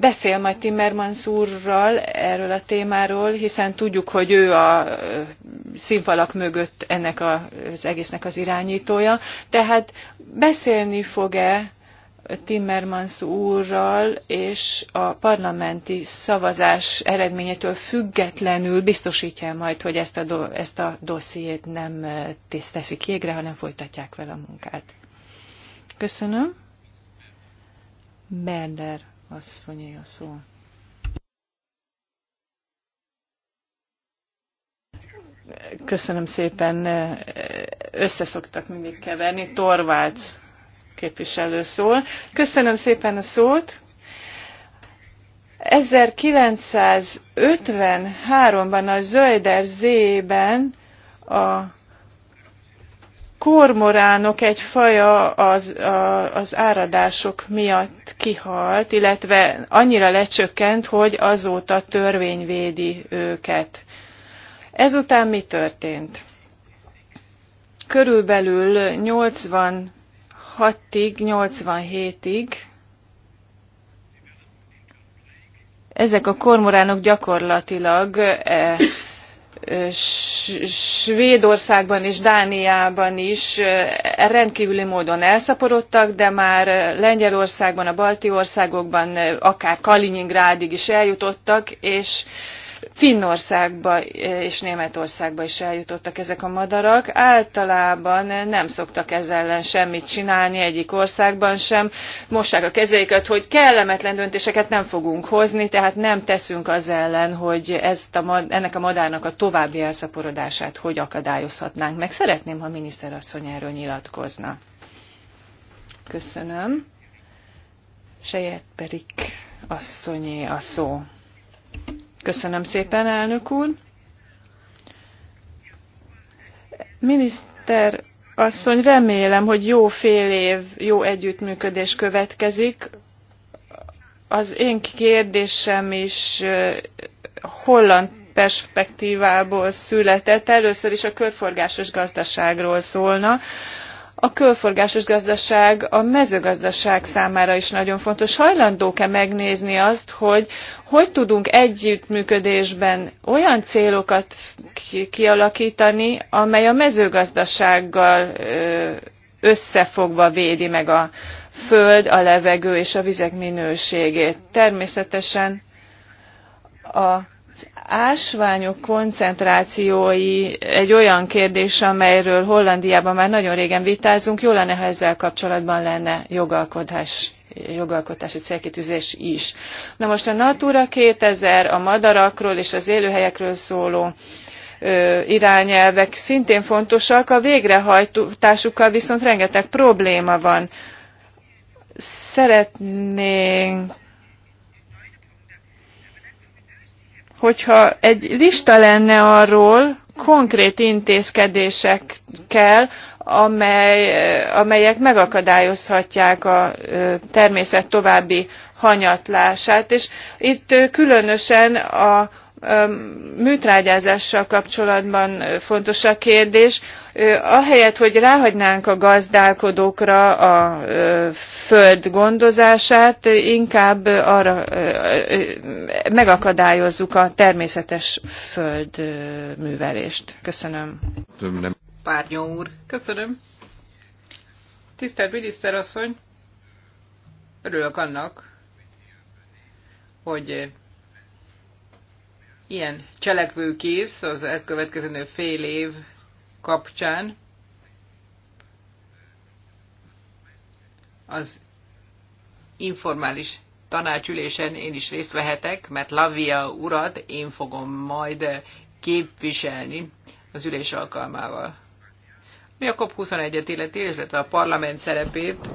beszél majd Timmermans úrral erről a témáról, hiszen tudjuk, hogy ő a színfalak mögött ennek az egésznek az irányítója. Tehát beszélni fog-e Timmermans úrral és a parlamenti szavazás eredményétől függetlenül biztosítja majd, hogy ezt a, do, ezt a dossziét nem teszik jégre, hanem folytatják vele a munkát. Köszönöm. Berder asszonyé a szó. Köszönöm szépen, összeszoktak mindig keverni. Torvalds képviselő szól. Köszönöm szépen a szót. 1953-ban a Zölder Z-ben a kormoránok egy faja az, a, az áradások miatt kihalt, illetve annyira lecsökkent, hogy azóta törvény védi őket. Ezután mi történt? Körülbelül 86-ig, 87-ig ezek a kormoránok gyakorlatilag eh, Svédországban és Dániában is rendkívüli módon elszaporodtak, de már Lengyelországban, a balti országokban, akár Kaliningrádig is eljutottak, és Finnországba és Németországba is eljutottak ezek a madarak. Általában nem szoktak ez ellen semmit csinálni egyik országban sem. Mossák a kezeiket, hogy kellemetlen döntéseket nem fogunk hozni, tehát nem teszünk az ellen, hogy ezt a, ennek a madárnak a további elszaporodását hogy akadályozhatnánk meg. Szeretném, ha miniszter a asszony erről nyilatkozna. Köszönöm. Sejet Perik asszonyé a szó. Köszönöm szépen, elnök úr. Miniszter asszony, remélem, hogy jó fél év, jó együttműködés következik. Az én kérdésem is holland perspektívából született. Először is a körforgásos gazdaságról szólna a körforgásos gazdaság a mezőgazdaság számára is nagyon fontos. Hajlandók-e megnézni azt, hogy hogy tudunk együttműködésben olyan célokat kialakítani, amely a mezőgazdasággal összefogva védi meg a föld, a levegő és a vizek minőségét. Természetesen a ásványok koncentrációi egy olyan kérdés, amelyről Hollandiában már nagyon régen vitázunk. Jó lenne, ha ezzel kapcsolatban lenne jogalkodás jogalkotási célkitűzés is. Na most a Natura 2000, a madarakról és az élőhelyekről szóló ö, irányelvek szintén fontosak, a végrehajtásukkal viszont rengeteg probléma van. Szeretnénk hogyha egy lista lenne arról, konkrét intézkedésekkel, amely, amelyek megakadályozhatják a természet további hanyatlását. És itt különösen a műtrágyázással kapcsolatban fontos a kérdés. Ahelyett, hogy ráhagynánk a gazdálkodókra a föld gondozását, inkább arra megakadályozzuk a természetes földművelést. Köszönöm. Párnyó úr. Köszönöm. Tisztelt miniszterasszony, örülök annak, hogy ilyen cselekvőkész az elkövetkezendő fél év kapcsán az informális tanácsülésen én is részt vehetek, mert Lavia urat én fogom majd képviselni az ülés alkalmával. Mi a COP21-et illeti, illetve a parlament szerepét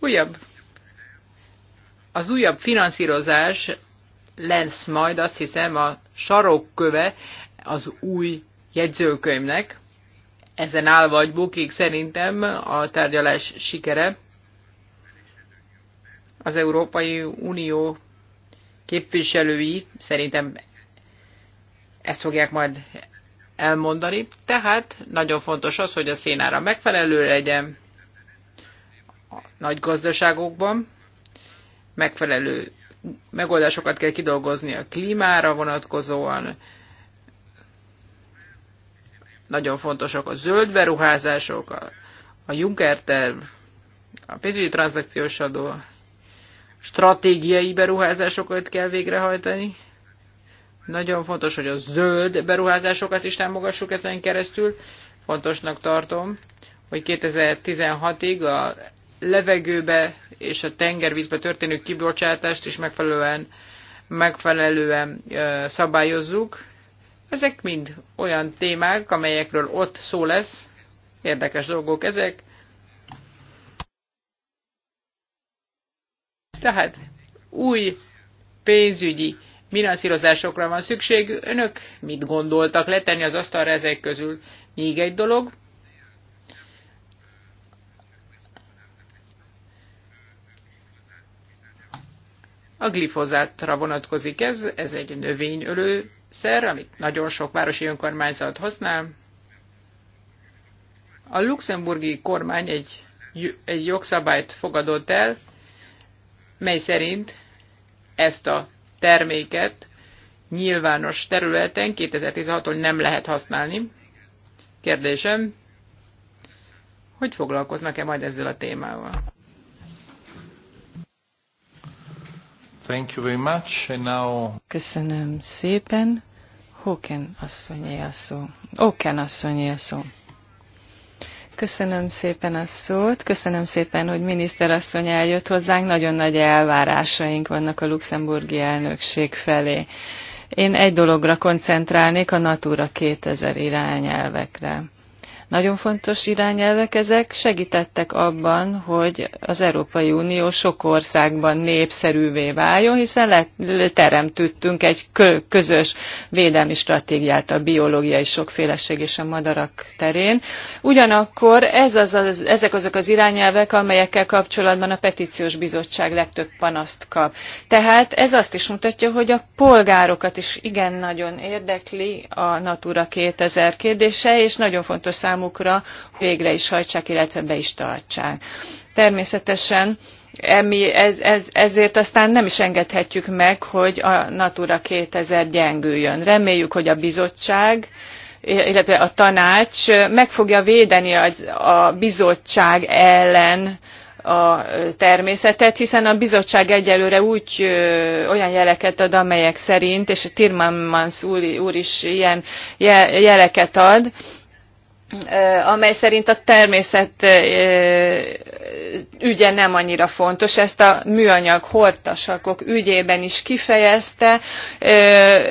újabb az újabb finanszírozás lesz majd azt hiszem a sarokköve az új jegyzőkönyvnek. Ezen áll vagy bukik szerintem a tárgyalás sikere. Az Európai Unió képviselői szerintem ezt fogják majd elmondani. Tehát nagyon fontos az, hogy a szénára megfelelő legyen a nagy gazdaságokban, megfelelő megoldásokat kell kidolgozni a klímára vonatkozóan. Nagyon fontosak a zöld beruházások, a, a Juncker terv, a pénzügyi tranzakciós adó, stratégiai beruházásokat kell végrehajtani. Nagyon fontos, hogy a zöld beruházásokat is támogassuk ezen keresztül. Fontosnak tartom, hogy 2016-ig a levegőbe és a tengervízbe történő kibocsátást is megfelelően, megfelelően szabályozzuk. Ezek mind olyan témák, amelyekről ott szó lesz, érdekes dolgok ezek. Tehát új pénzügyi finanszírozásokra van szükség. Önök mit gondoltak letenni az asztalra ezek közül? Még egy dolog, A glifozátra vonatkozik ez, ez egy növényölő szer, amit nagyon sok városi önkormányzat használ. A luxemburgi kormány egy, egy jogszabályt fogadott el, mely szerint ezt a terméket nyilvános területen 2016-tól nem lehet használni. Kérdésem, hogy foglalkoznak-e majd ezzel a témával? Thank you very much. And now... Köszönöm szépen. Hóken asszonyé a szó. Hóken asszonyé a szó. Köszönöm szépen a szót, köszönöm szépen, hogy miniszterasszony eljött hozzánk, nagyon nagy elvárásaink vannak a luxemburgi elnökség felé. Én egy dologra koncentrálnék, a Natura 2000 irányelvekre. Nagyon fontos irányelvek ezek, segítettek abban, hogy az Európai Unió sok országban népszerűvé váljon, hiszen teremtődtünk egy közös védelmi stratégiát a biológiai sokféleség és a madarak terén. Ugyanakkor ez az, az, ezek azok az irányelvek, amelyekkel kapcsolatban a petíciós bizottság legtöbb panaszt kap. Tehát ez azt is mutatja, hogy a polgárokat is igen nagyon érdekli a Natura 2000 kérdése, és nagyon fontos szám számukra, végre is hajtsák, illetve be is tartsák. Természetesen emi, ez, ez, ezért aztán nem is engedhetjük meg, hogy a Natura 2000 gyengüljön. Reméljük, hogy a bizottság illetve a tanács meg fogja védeni a, a bizottság ellen a természetet, hiszen a bizottság egyelőre úgy ö, olyan jeleket ad, amelyek szerint, és Tirmanmans úr, úr is ilyen jeleket ad, amely szerint a természet ügye nem annyira fontos. Ezt a műanyag hortasakok ügyében is kifejezte,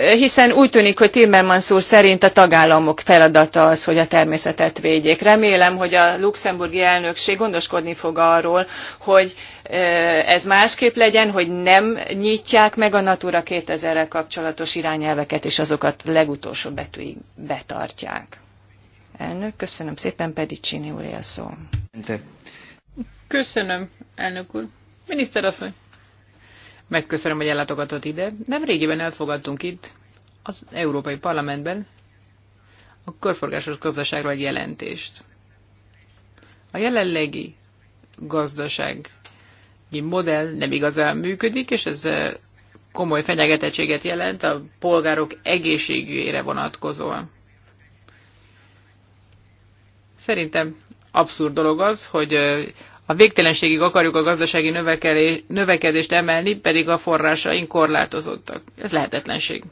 hiszen úgy tűnik, hogy Timmermans úr szerint a tagállamok feladata az, hogy a természetet védjék. Remélem, hogy a luxemburgi elnökség gondoskodni fog arról, hogy ez másképp legyen, hogy nem nyitják meg a Natura 2000-rel kapcsolatos irányelveket, és azokat legutolsó betűig betartják. Elnök, köszönöm szépen, Pedicsini úr a szó. Köszönöm, elnök úr. Miniszter asszony, megköszönöm, hogy ellátogatott ide. Nem régiben elfogadtunk itt, az Európai Parlamentben, a körforgásos gazdaságról egy jelentést. A jelenlegi gazdasági modell nem igazán működik, és ez eh, komoly fenyegetettséget jelent a polgárok egészségére vonatkozóan. Szerintem abszurd dolog az, hogy a végtelenségig akarjuk a gazdasági növekedést emelni, pedig a forrásaink korlátozottak. Ez lehetetlenség.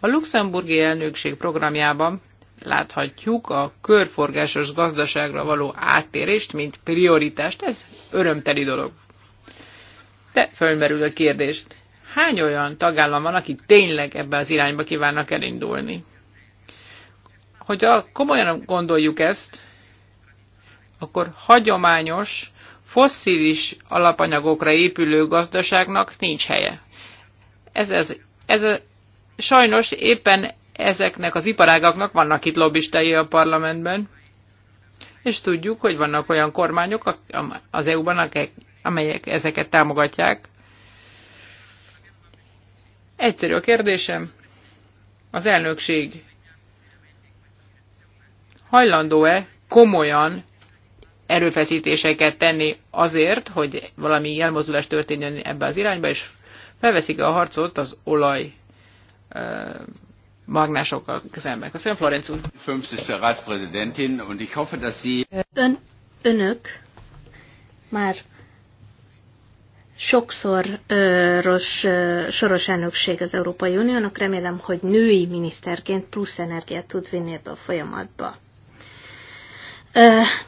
A luxemburgi elnökség programjában láthatjuk a körforgásos gazdaságra való áttérést, mint prioritást. Ez örömteli dolog. De fölmerül a kérdést. Hány olyan tagállam van, aki tényleg ebbe az irányba kívánnak elindulni? hogyha komolyan gondoljuk ezt, akkor hagyományos, fosszilis alapanyagokra épülő gazdaságnak nincs helye. Ez, ez, ez sajnos éppen ezeknek az iparágaknak vannak itt lobbistái a parlamentben, és tudjuk, hogy vannak olyan kormányok az EU-ban, amelyek ezeket támogatják. Egyszerű a kérdésem. Az elnökség hajlandó-e komolyan erőfeszítéseket tenni azért, hogy valami elmozdulás történjen ebbe az irányba, és felveszik a harcot az olaj magnásokkal szemben. Köszönöm, Florenc úr. Ön, önök már sokszor ö, ros, ö, soros elnökség az Európai Uniónak, remélem, hogy női miniszterként plusz energiát tud vinni ebbe a folyamatba.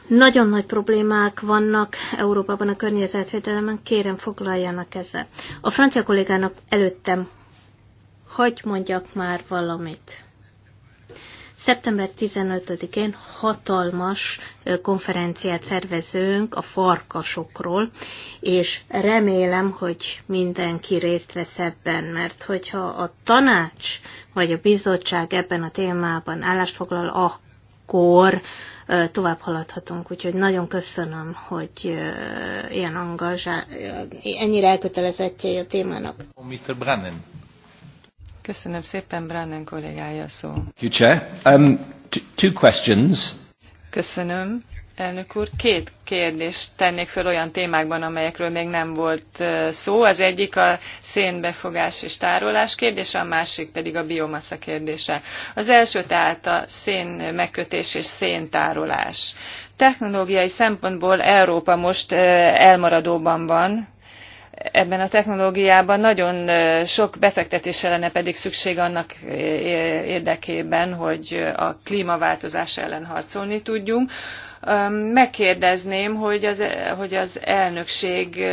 Nagyon nagy problémák vannak Európában a környezetvédelemben, kérem foglaljanak ezzel. A francia kollégának előttem, hagy mondjak már valamit. Szeptember 15-én hatalmas konferenciát szervezünk a farkasokról, és remélem, hogy mindenki részt vesz ebben, mert hogyha a tanács vagy a bizottság ebben a témában állást foglal, akkor tovább haladhatunk. Úgyhogy nagyon köszönöm, hogy ilyen angazsá, ennyire elkötelezettje a témának. Mr. Brannen. Köszönöm szépen, Brannen kollégája szó. Um, two questions. Köszönöm. Elnök úr, két kérdést tennék fel olyan témákban, amelyekről még nem volt szó. Az egyik a szénbefogás és tárolás kérdése, a másik pedig a biomassa kérdése. Az első tehát a szén megkötés és széntárolás. Technológiai szempontból Európa most elmaradóban van, ebben a technológiában nagyon sok befektetése lenne pedig szükség annak érdekében, hogy a klímaváltozás ellen harcolni tudjunk. Megkérdezném, hogy az, e, hogy az elnökség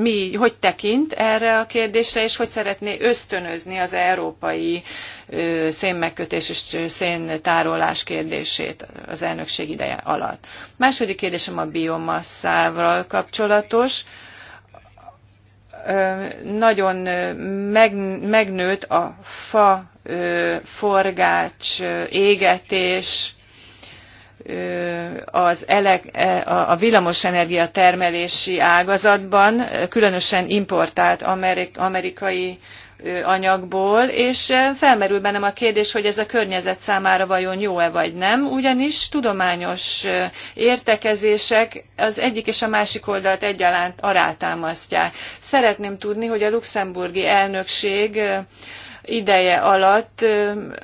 mi, hogy tekint erre a kérdésre, és hogy szeretné ösztönözni az európai szénmegkötés és széntárolás kérdését az elnökség ideje alatt. Második kérdésem a biomasszával kapcsolatos. Nagyon megnőtt a fa forgács égetés, az elek a villamosenergia termelési ágazatban, különösen importált amerikai anyagból, és felmerül bennem a kérdés, hogy ez a környezet számára vajon jó-e vagy nem, ugyanis tudományos értekezések az egyik és a másik oldalt egyaránt arátámasztják. Szeretném tudni, hogy a luxemburgi elnökség ideje alatt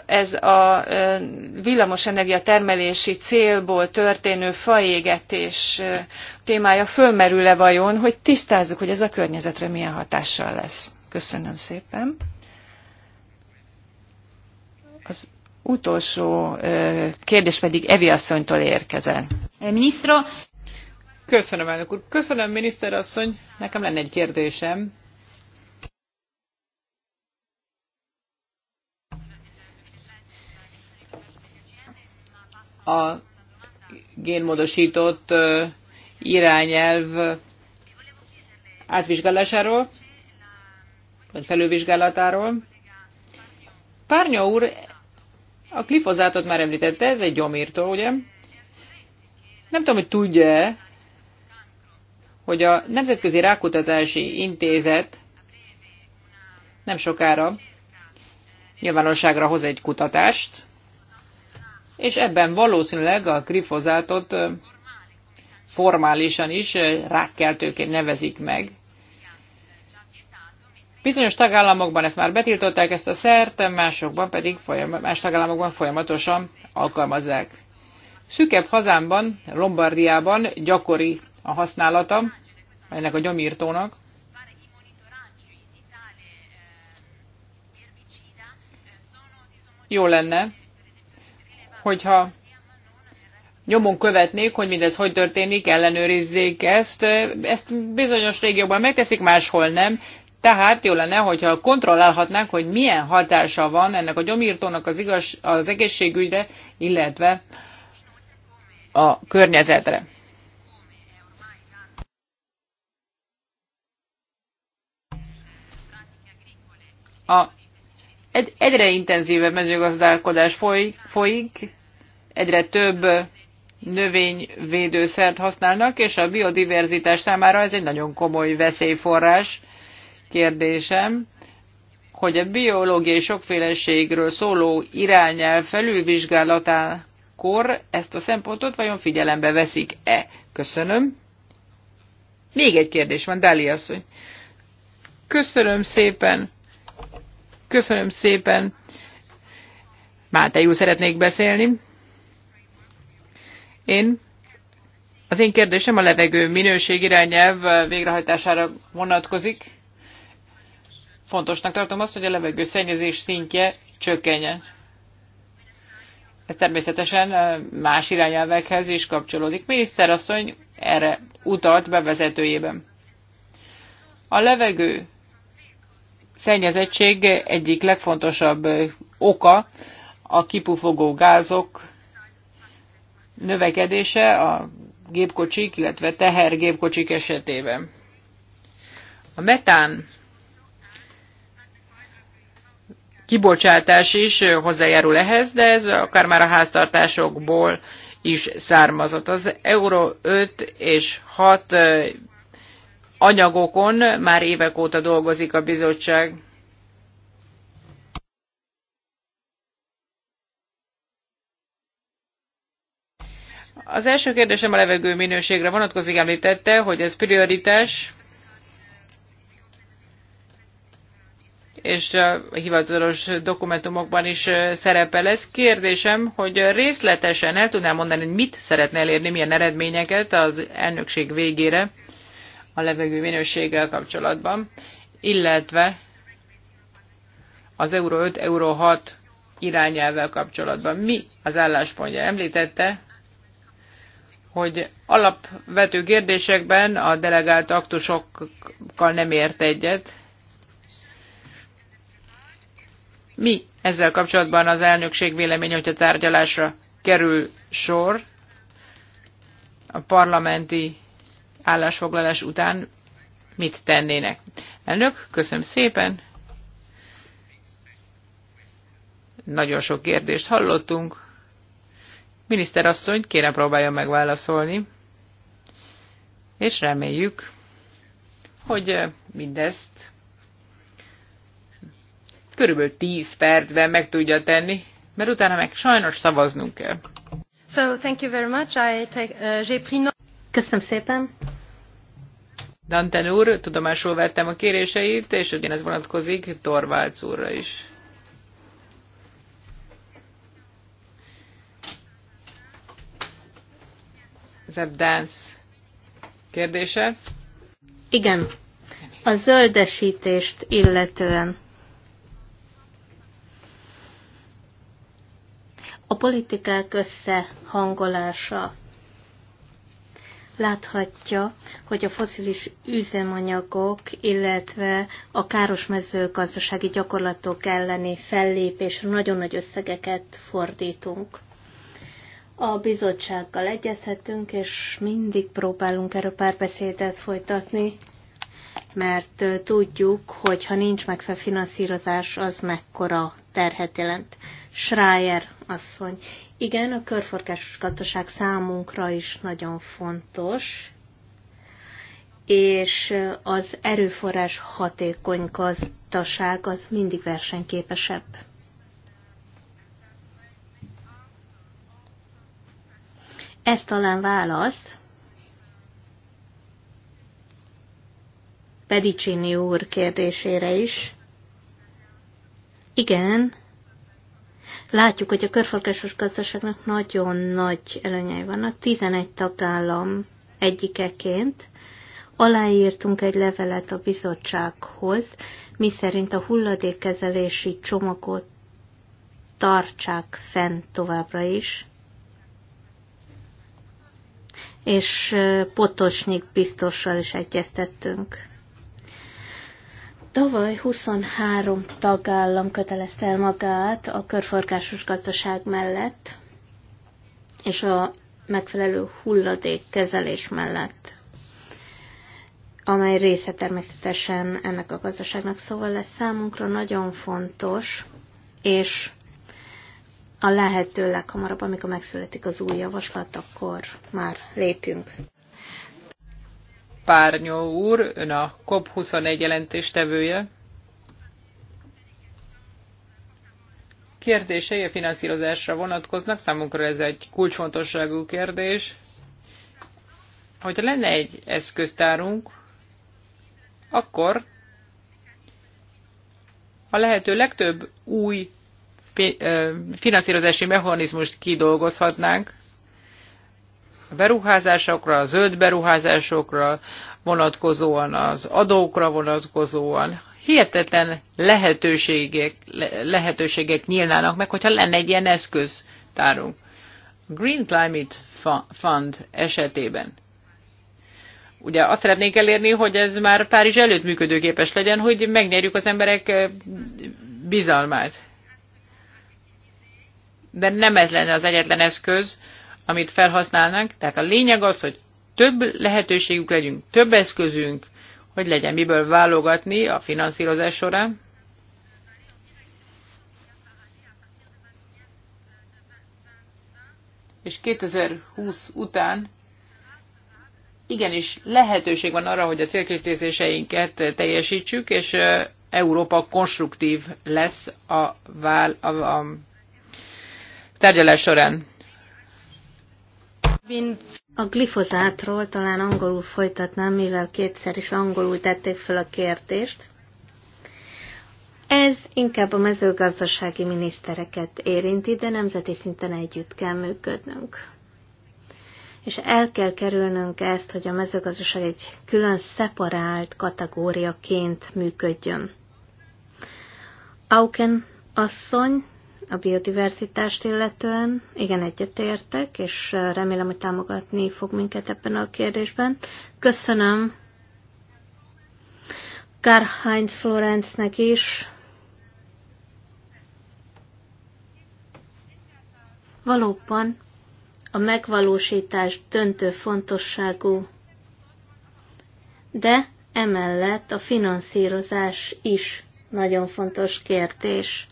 ez a villamosenergia termelési célból történő faégetés témája fölmerül-e vajon, hogy tisztázzuk, hogy ez a környezetre milyen hatással lesz. Köszönöm szépen. Az utolsó kérdés pedig Evi asszonytól érkezel. Köszönöm, elnök úr. Köszönöm, miniszter asszony. Nekem lenne egy kérdésem. a génmódosított irányelv átvizsgálásáról, vagy felülvizsgálatáról. Párnya úr a glifozátot már említette, ez egy gyomírtó, ugye? Nem tudom, hogy tudja hogy a Nemzetközi Rákutatási Intézet nem sokára nyilvánosságra hoz egy kutatást, és ebben valószínűleg a grifozátot formálisan is rákkeltőként nevezik meg. Bizonyos tagállamokban ezt már betiltották, ezt a szert, másokban pedig más tagállamokban folyamatosan alkalmazzák. Szükebb hazámban, Lombardiában gyakori a használata ennek a gyomírtónak. Jó lenne, hogyha nyomon követnék, hogy mindez hogy történik, ellenőrizzék ezt. Ezt bizonyos régióban megteszik, máshol nem. Tehát jó lenne, hogyha kontrollálhatnánk, hogy milyen hatása van ennek a gyomírtónak az, igaz, az egészségügyre, illetve a környezetre. A egy, egyre intenzívebb mezőgazdálkodás folyik, folyik, egyre több növényvédőszert használnak, és a biodiverzitás számára ez egy nagyon komoly veszélyforrás. Kérdésem, hogy a biológiai sokféleségről szóló irányel felülvizsgálatákor ezt a szempontot vajon figyelembe veszik-e? Köszönöm. Még egy kérdés van, Dali asszony. Köszönöm szépen. Köszönöm szépen. Mátéjú szeretnék beszélni. Én az én kérdésem a levegő minőség irányelv végrehajtására vonatkozik. Fontosnak tartom azt, hogy a levegő szennyezés szintje csökkenjen. Ez természetesen más irányelvekhez is kapcsolódik. Miniszterasszony erre utalt bevezetőjében. A levegő szennyezettség egyik legfontosabb oka a kipufogó gázok növekedése a gépkocsik, illetve tehergépkocsik esetében. A metán kibocsátás is hozzájárul ehhez, de ez akár már a háztartásokból is származott. Az Euro 5 és 6 anyagokon már évek óta dolgozik a bizottság. Az első kérdésem a levegő minőségre vonatkozik, említette, hogy ez prioritás, és a hivatalos dokumentumokban is szerepel ez. Kérdésem, hogy részletesen el tudnám mondani, hogy mit szeretne elérni, milyen eredményeket az elnökség végére a levegő minőséggel kapcsolatban, illetve az Euró 5, Euró 6 irányelvvel kapcsolatban. Mi az álláspontja? Említette, hogy alapvető kérdésekben a delegált aktusokkal nem ért egyet. Mi ezzel kapcsolatban az elnökség vélemény, hogyha tárgyalásra kerül sor, a parlamenti állásfoglalás után mit tennének. Elnök, köszönöm szépen. Nagyon sok kérdést hallottunk. Miniszterasszony, kérem próbálja megválaszolni. És reméljük, hogy mindezt körülbelül 10 percben meg tudja tenni, mert utána meg sajnos szavaznunk kell. So, thank you very much. I take, uh, Köszönöm szépen. Danten úr, tudomásul vettem a kéréseit, és ugyanez vonatkozik Torvalds úrra is. Zeb Dance kérdése. Igen. A zöldesítést illetően. A politikák összehangolása láthatja, hogy a foszilis üzemanyagok, illetve a káros mezőgazdasági gyakorlatok elleni fellépésre nagyon nagy összegeket fordítunk. A bizottsággal egyezhetünk, és mindig próbálunk erről párbeszédet folytatni, mert tudjuk, hogy ha nincs megfelelő finanszírozás, az mekkora terhet jelent. Schreier asszony. Igen, a körforgásos gazdaság számunkra is nagyon fontos, és az erőforrás hatékony gazdaság az mindig versenyképesebb. Ez talán válasz. Pedicini úr kérdésére is. Igen, Látjuk, hogy a körforgásos gazdaságnak nagyon nagy előnyei vannak. 11 tagállam egyikeként aláírtunk egy levelet a bizottsághoz, mi szerint a hulladékkezelési csomagot tartsák fent továbbra is, és eh, Potosnyik biztossal is egyeztettünk. Tavaly 23 tagállam kötelezte el magát a körforgásos gazdaság mellett, és a megfelelő hulladékkezelés mellett, amely része természetesen ennek a gazdaságnak, szóval lesz számunkra nagyon fontos, és a lehető leghamarabb, amikor megszületik az új javaslat, akkor már lépjünk. Párnyó úr, ön a COP21 jelentéstevője. Kérdései a finanszírozásra vonatkoznak, számunkra ez egy kulcsfontosságú kérdés. Hogyha lenne egy eszköztárunk, akkor a lehető legtöbb új finanszírozási mechanizmust kidolgozhatnánk, beruházásokra, a zöld beruházásokra vonatkozóan, az adókra vonatkozóan. Hihetetlen lehetőségek, lehetőségek nyílnának meg, hogyha lenne egy ilyen eszköztárunk. A Green Climate Fund esetében ugye azt szeretnénk elérni, hogy ez már Párizs előtt működőképes legyen, hogy megnyerjük az emberek eh, bizalmát. De nem ez lenne az egyetlen eszköz, amit felhasználnánk. Tehát a lényeg az, hogy több lehetőségük legyünk, több eszközünk, hogy legyen miből válogatni a finanszírozás során. És 2020 után igenis lehetőség van arra, hogy a célkitűzéseinket teljesítsük, és Európa konstruktív lesz a, vál, a, a tárgyalás során. A glifozátról talán angolul folytatnám, mivel kétszer is angolul tették fel a kérdést. Ez inkább a mezőgazdasági minisztereket érinti, de nemzeti szinten együtt kell működnünk. És el kell kerülnünk ezt, hogy a mezőgazdaság egy külön szeparált kategóriaként működjön. Auken asszony a biodiverzitást illetően. Igen, egyetértek, és remélem, hogy támogatni fog minket ebben a kérdésben. Köszönöm Karl-Heinz Florencnek is. Valóban a megvalósítás döntő fontosságú, de emellett a finanszírozás is nagyon fontos kérdés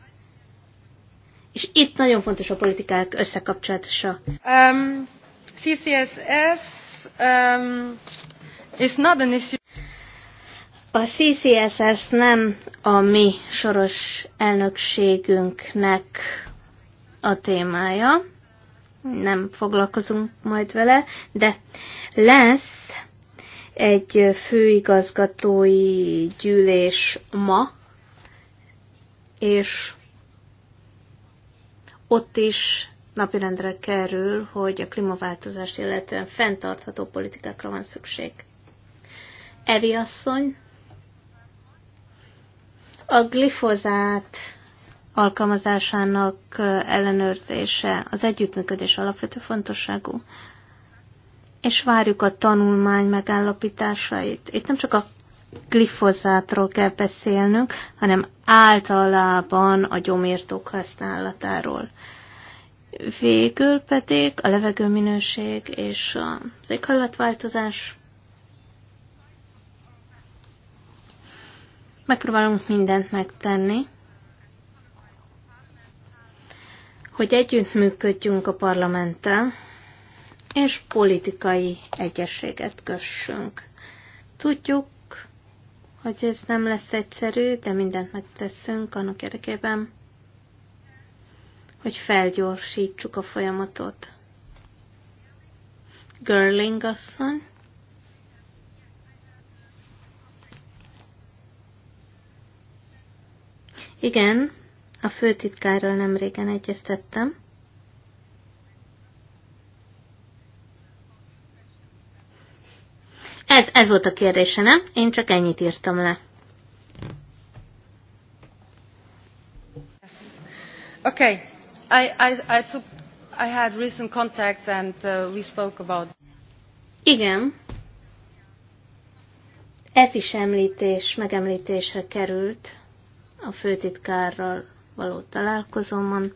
és itt nagyon fontos a politikák összekapcsolása. Um, CCSS um, is not an issue. A CCSS nem a mi soros elnökségünknek a témája, nem foglalkozunk majd vele, de lesz egy főigazgatói gyűlés ma, és ott is napirendre kerül, hogy a klímaváltozást illetően fenntartható politikákra van szükség. Evi asszony, a glifozát alkalmazásának ellenőrzése az együttműködés alapvető fontosságú, és várjuk a tanulmány megállapításait. Itt nem csak a glifozátról kell beszélnünk, hanem általában a gyomírtók használatáról. Végül pedig a levegőminőség és a éghajlatváltozás. Megpróbálunk mindent megtenni, hogy együttműködjünk a parlamenttel, és politikai egyességet kössünk. Tudjuk, hogy ez nem lesz egyszerű, de mindent megteszünk annak érdekében, hogy felgyorsítsuk a folyamatot. Girling asszony. Igen, a főtitkárral nem régen egyeztettem. Ez, ez volt a kérdése, nem? Én csak ennyit írtam le. Yes. Okay. I, I, I, took, I had recent contacts and uh, we spoke about... Igen. Ez is említés, megemlítésre került a főtitkárral való találkozómon,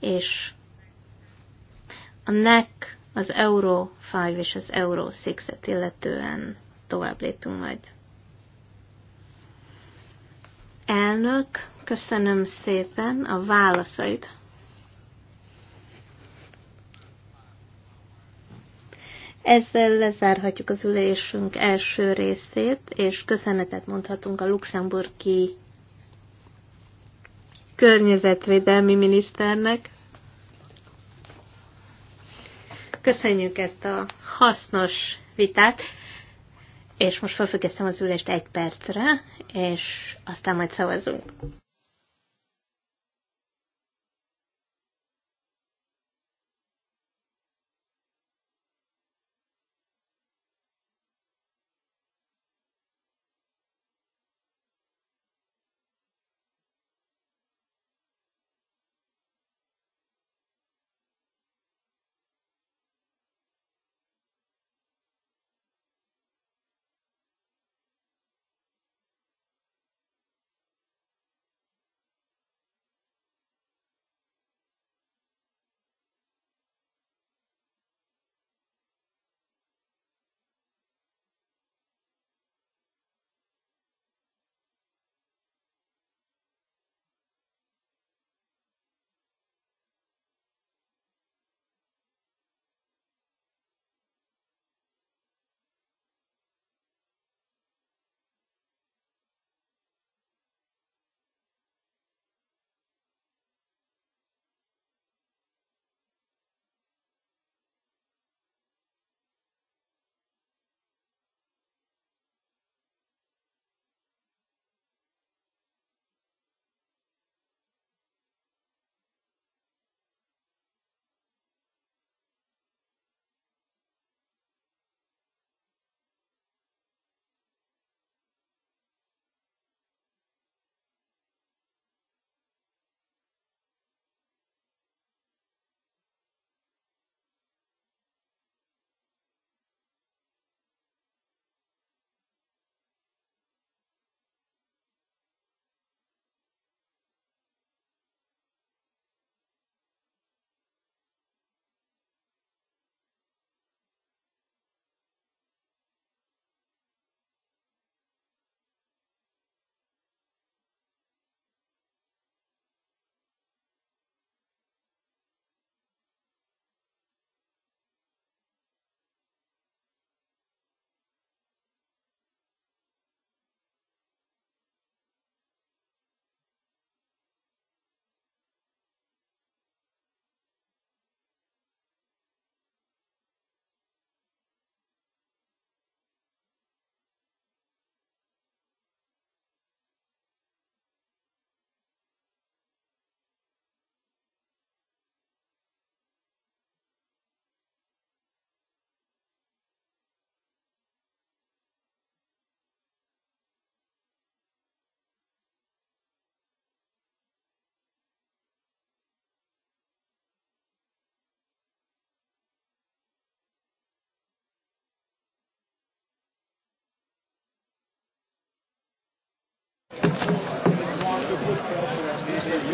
és a NEC az Euro 5 és az Euro 6-et illetően tovább lépünk majd. Elnök, köszönöm szépen a válaszaid. Ezzel lezárhatjuk az ülésünk első részét, és köszönetet mondhatunk a luxemburgi környezetvédelmi miniszternek. Köszönjük ezt a hasznos vitát, és most felfüggesztem az ülést egy percre, és aztán majd szavazunk.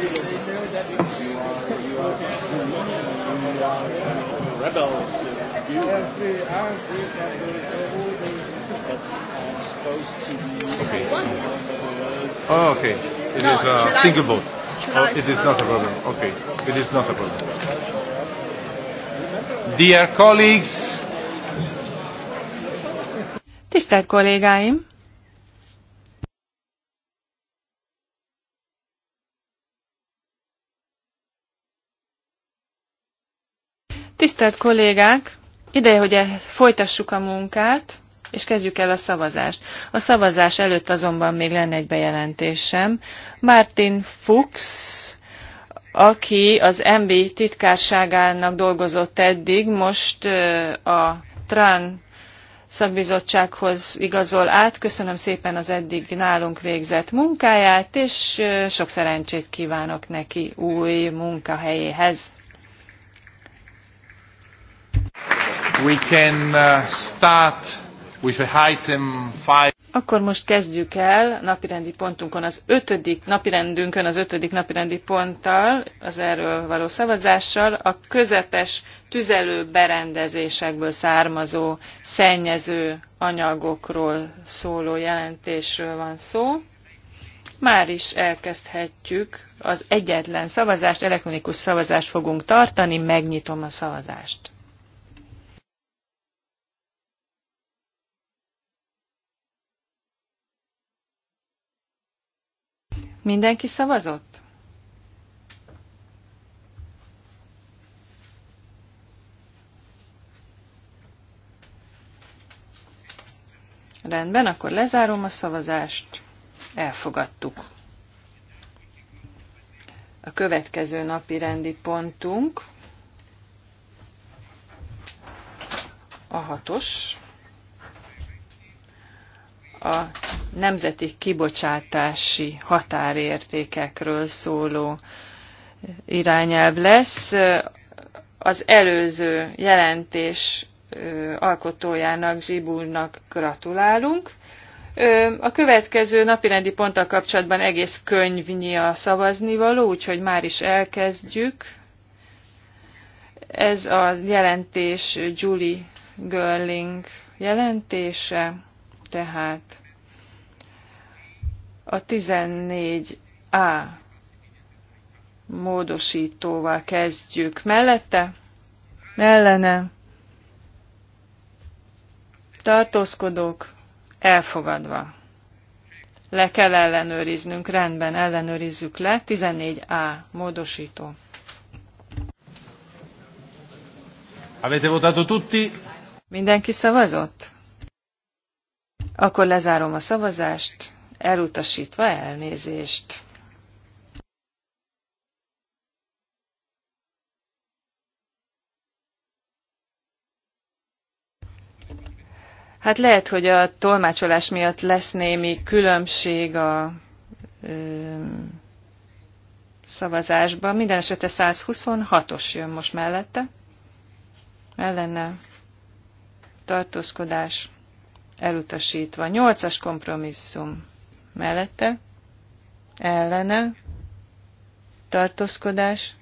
They you Oh, okay. It no, is a uh, single vote. oh, it is not a problem. Okay. It is not a problem. Dear colleagues. Tisztelt kollégáim! Tisztelt kollégák, ideje, hogy folytassuk a munkát, és kezdjük el a szavazást. A szavazás előtt azonban még lenne egy bejelentésem. Martin Fuchs, aki az MB titkárságának dolgozott eddig, most a TRAN szakbizottsághoz igazol át. Köszönöm szépen az eddig nálunk végzett munkáját, és sok szerencsét kívánok neki új munkahelyéhez. We can uh, start with item five. Akkor most kezdjük el napirendi pontunkon az ötödik napirendünkön, az ötödik napirendi ponttal, az erről való szavazással, a közepes tüzelő berendezésekből származó szennyező anyagokról szóló jelentésről van szó. Már is elkezdhetjük az egyetlen szavazást, elektronikus szavazást fogunk tartani, megnyitom a szavazást. Mindenki szavazott? Rendben, akkor lezárom a szavazást. Elfogadtuk. A következő napi rendi pontunk a hatos. A nemzeti kibocsátási határértékekről szóló irányelv lesz. Az előző jelentés alkotójának, Zsibúrnak gratulálunk. A következő napirendi ponttal kapcsolatban egész könyvnyi a szavaznivaló, úgyhogy már is elkezdjük. Ez a jelentés Julie Görling jelentése, tehát a 14A módosítóval kezdjük. Mellette? Ellene. Tartózkodók elfogadva. Le kell ellenőriznünk, rendben, ellenőrizzük le. 14A módosító. Avete votato tutti? Mindenki szavazott? Akkor lezárom a szavazást elutasítva elnézést. Hát lehet, hogy a tolmácsolás miatt lesz némi különbség a ö, szavazásban. Minden esetre 126-os jön most mellette. Ellene tartózkodás elutasítva. 8-as kompromisszum mellette, ellene, tartózkodás,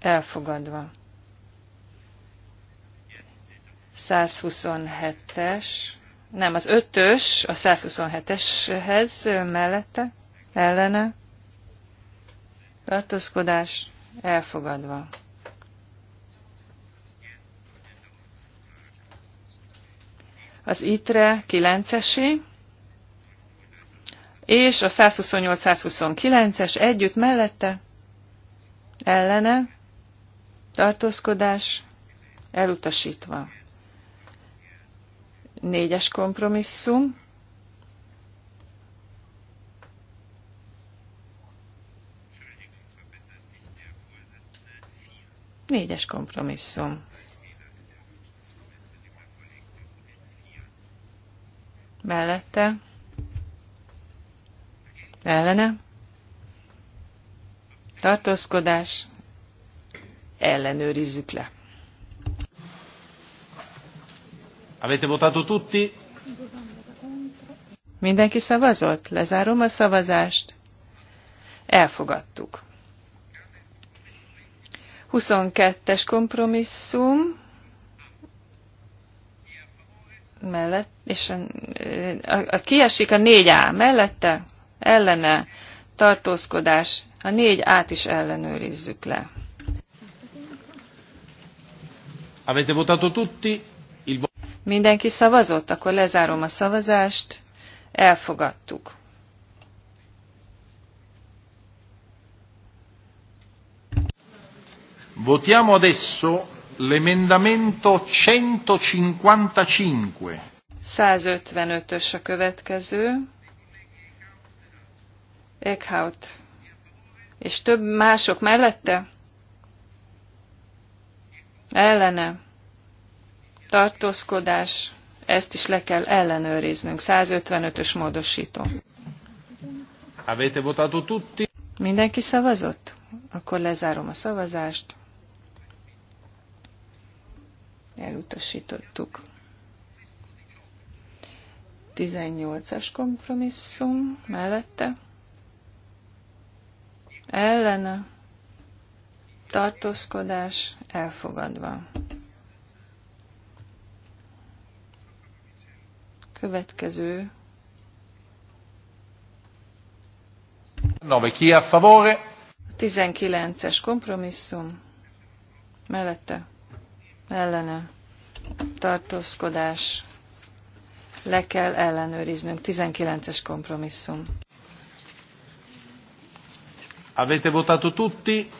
elfogadva. 127-es, nem, az 5-ös, a 127-eshez mellette, ellene, tartózkodás, elfogadva. Az ITRE 9-esé, és a 128-129-es együtt mellette ellene tartózkodás elutasítva. Négyes kompromisszum. Négyes kompromisszum. Mellette ellene, tartózkodás, ellenőrizzük le. Avete votato tutti? Mindenki szavazott? Lezárom a szavazást. Elfogadtuk. 22-es kompromisszum mellett, és a, a, a kiesik a 4A mellette, ellene tartózkodás, a négy át is ellenőrizzük le. Avete votato tutti? Il... Mindenki szavazott? Akkor lezárom a szavazást. Elfogadtuk. Votiamo adesso l'emendamento 155. 155-ös a következő. Eckhout. És több mások mellette? Ellene. Tartózkodás. Ezt is le kell ellenőriznünk. 155-ös módosító. Avete votato tutti? Mindenki szavazott? Akkor lezárom a szavazást. Elutasítottuk. 18-as kompromisszum mellette ellene tartózkodás elfogadva. Következő. No, chi a favore? 19-es kompromisszum. Mellette. Ellene. Tartózkodás. Le kell ellenőriznünk. 19-es kompromisszum. Avete votato tutti?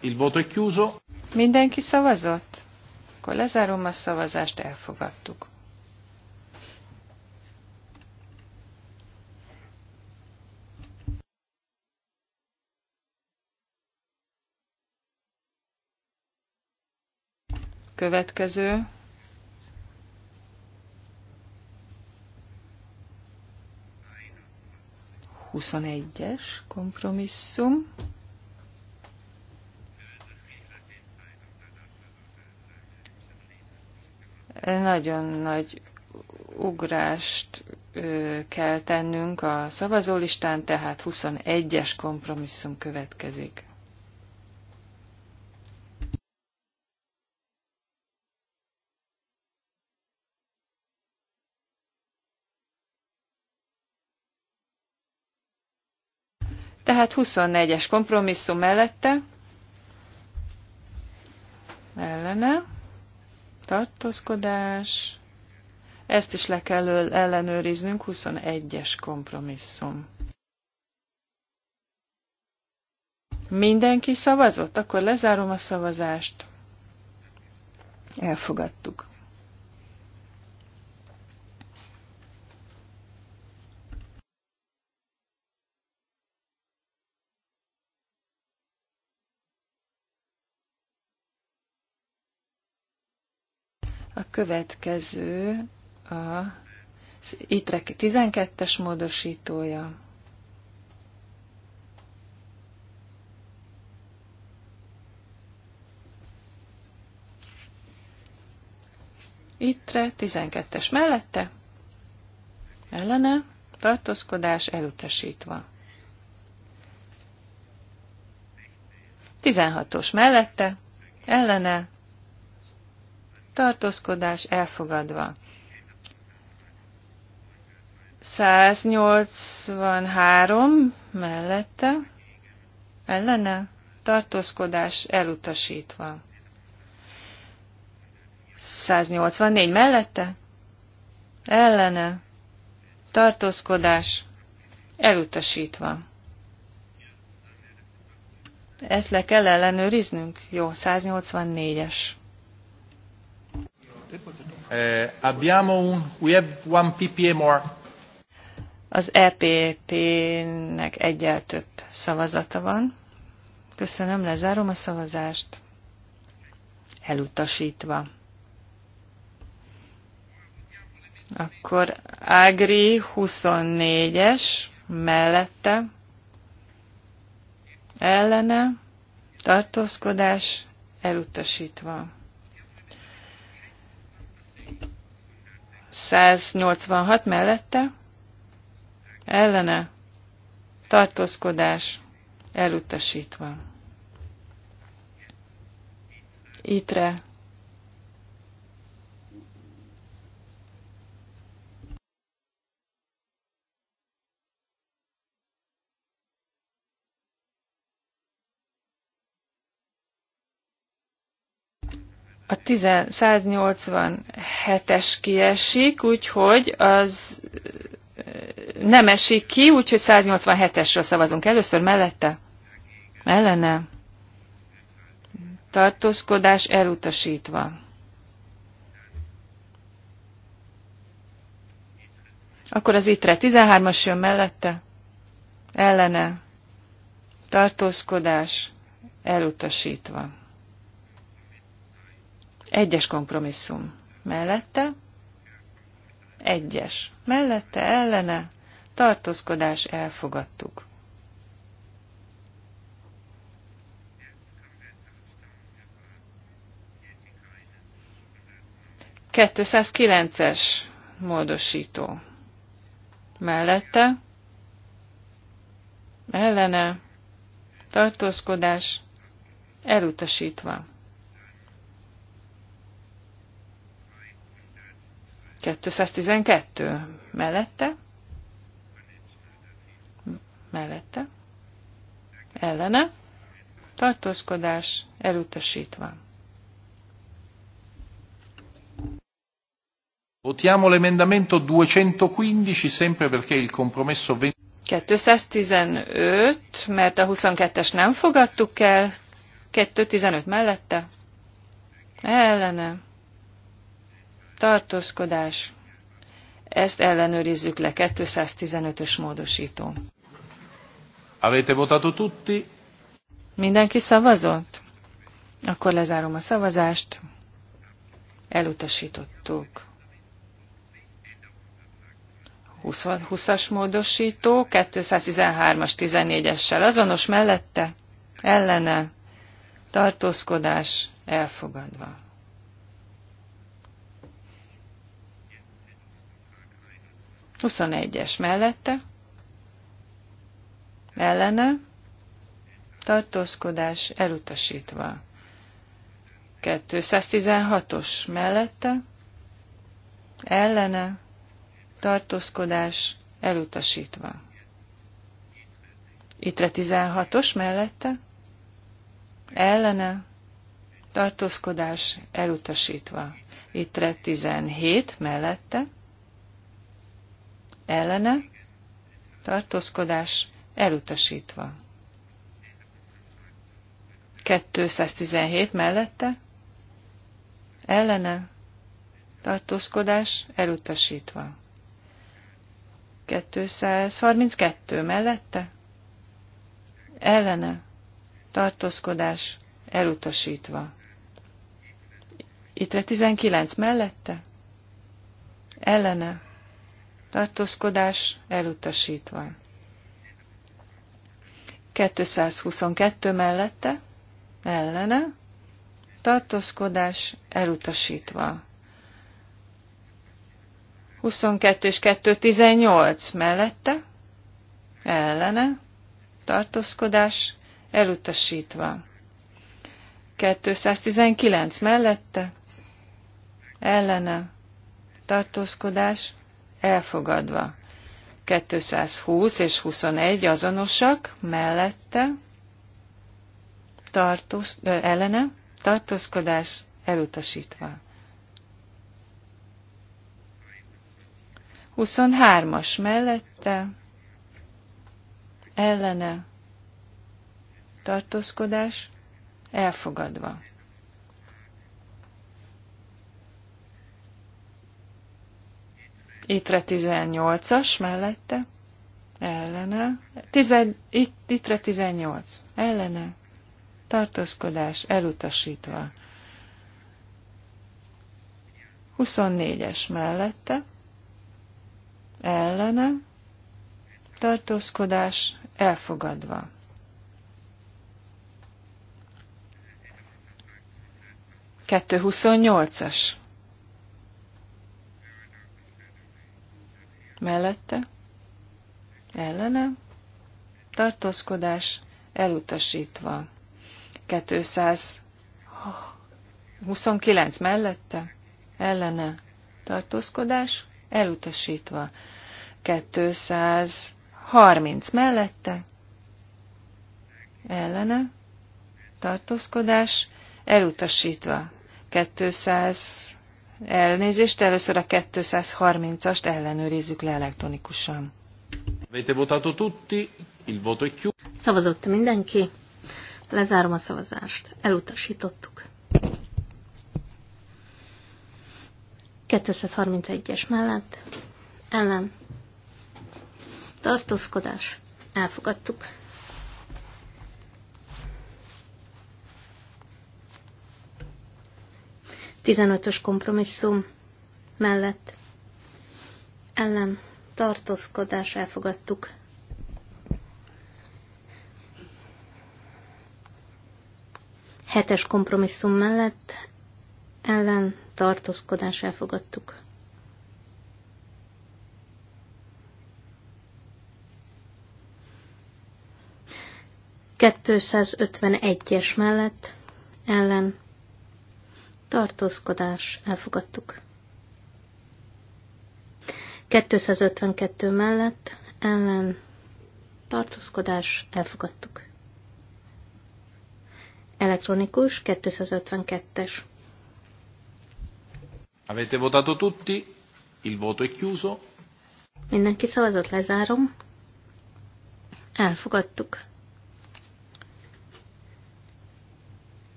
Il voto è chiuso. Mindenki szavazott? Akkor lezárom a szavazást, elfogadtuk. Következő 21-es kompromisszum. Nagyon nagy ugrást kell tennünk a szavazólistán, tehát 21-es kompromisszum következik. Tehát 24-es kompromisszum mellette, ellene, tartózkodás, ezt is le kell ellenőriznünk, 21-es kompromisszum. Mindenki szavazott? Akkor lezárom a szavazást. Elfogadtuk. Következő a ITREK 12-es módosítója. Ittre 12-es mellette, ellene, tartózkodás elutasítva. 16-os mellette, ellene, tartózkodás elfogadva. 183 mellette, ellene, tartózkodás elutasítva. 184 mellette, ellene, tartózkodás elutasítva. Ezt le kell ellenőriznünk? Jó, 184-es. Eh, abbiamo un, we have one PPA more. Az EPP-nek egyel több szavazata van. Köszönöm, lezárom a szavazást. Elutasítva. Akkor Ágri 24-es mellette ellene tartózkodás elutasítva. 186 mellette ellene tartózkodás elutasítva. Itre a 187-es kiesik, úgyhogy az nem esik ki, úgyhogy 187-esről szavazunk először mellette. Ellene. Tartózkodás elutasítva. Akkor az ittre 13-as jön mellette. Ellene. Tartózkodás elutasítva. Egyes kompromisszum mellette, egyes mellette, ellene, tartózkodás elfogadtuk. es módosító mellette, ellene, tartózkodás elutasítva. 212 mellette, mellette, ellene, tartózkodás elutasítva. Votiamo l'emendamento 215 sempre perché il compromesso 215, mert a 22-es nem fogadtuk el, 215 mellette, ellene tartózkodás, ezt ellenőrizzük le, 215-ös módosító. Avete votato tutti? Mindenki szavazott? Akkor lezárom a szavazást. Elutasítottuk. 20-as módosító, 213-as, 14-essel azonos mellette, ellene, tartózkodás elfogadva. 21-es mellette, ellene, tartózkodás elutasítva. 216-os mellette, ellene, tartózkodás elutasítva. Ittre 16-os mellette, ellene, tartózkodás elutasítva. Ittre 17 mellette, ellene, tartózkodás elutasítva. 217 mellette, ellene, tartózkodás elutasítva. 232 mellette, ellene, tartózkodás elutasítva. Ittre 19 mellette, ellene, tartózkodás elutasítva. 222 mellette, ellene, tartózkodás elutasítva. 22 és 218 mellette, ellene, tartózkodás elutasítva. 219 mellette, ellene, tartózkodás elfogadva. 220 és 21 azonosak, mellette, tartóz, ö, ellene, tartózkodás elutasítva. 23-as mellette, ellene, tartózkodás elfogadva. Itre 18-as mellette, ellene, Tizen, it, Itre 18, ellene, tartózkodás elutasítva. 24-es mellette, ellene, tartózkodás elfogadva. Kettő 28-as mellette, ellene, tartózkodás elutasítva. 229 mellette, ellene, tartózkodás elutasítva. 230 mellette, ellene, tartózkodás elutasítva. 200 Elnézést, először a 230-ast ellenőrizzük le elektronikusan. Szavazott mindenki. Lezárom a szavazást. Elutasítottuk. 231-es mellett ellen tartózkodás. Elfogadtuk. 15-ös kompromisszum mellett ellen tartózkodás elfogadtuk. Hetes kompromisszum mellett ellen tartózkodás elfogadtuk. Kettőszázötvenegyes mellett ellen tartózkodás, elfogadtuk. 252 mellett ellen tartózkodás, elfogadtuk. Elektronikus 252-es. Avete votato tutti? Il voto è chiuso. Mindenki szavazott, lezárom. Elfogadtuk.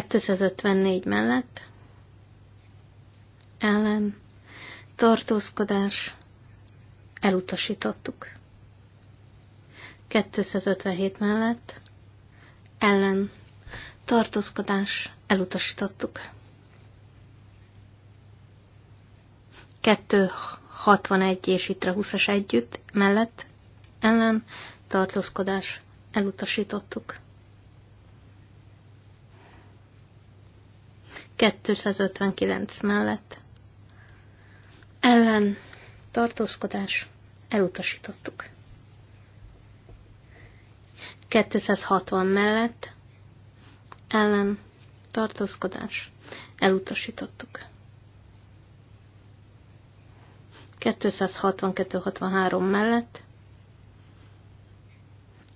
254 mellett ellen tartózkodás elutasítottuk. 257 mellett ellen tartózkodás elutasítottuk. 261 és ittre 20-as együtt mellett ellen tartózkodás elutasítottuk. 259 mellett. Ellen tartózkodás elutasítottuk. 260 mellett ellen tartózkodás elutasítottuk. 262-63 mellett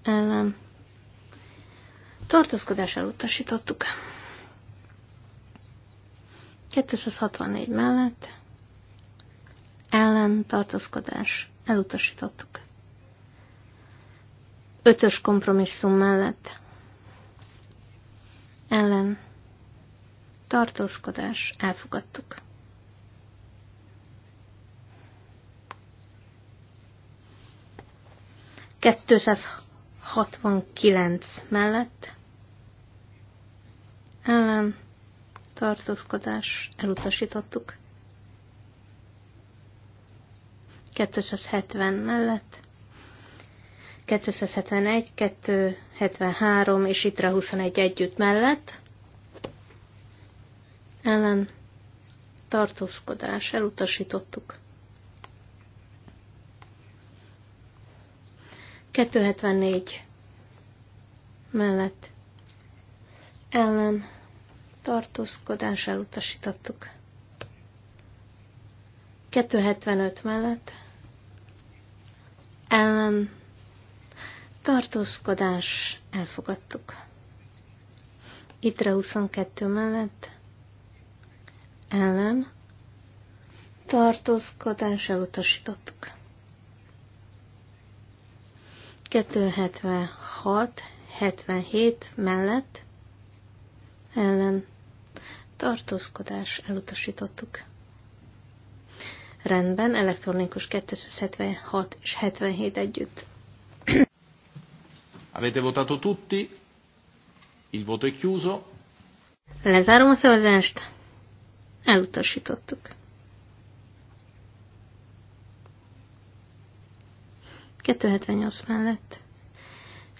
ellen tartózkodás elutasítottuk. 264 mellett ellen tartózkodás elutasítottuk. Ötös kompromisszum mellett ellen tartózkodás elfogadtuk. 69 mellett ellen tartózkodás elutasítottuk. 270 mellett, 271, 273 és ittre 21 együtt mellett ellen tartózkodás elutasítottuk. 274 mellett ellen tartózkodás elutasítottuk. 275 mellett ellen tartózkodás elfogadtuk. Itre 22 mellett ellen tartózkodás elutasítottuk. 276, 77 mellett ellen tartózkodás elutasítottuk. Rendben, elektronikus 276 és 77 együtt. Avete votato tutti? Il voto è chiuso. Lezárom a szavazást. Elutasítottuk. 278 mellett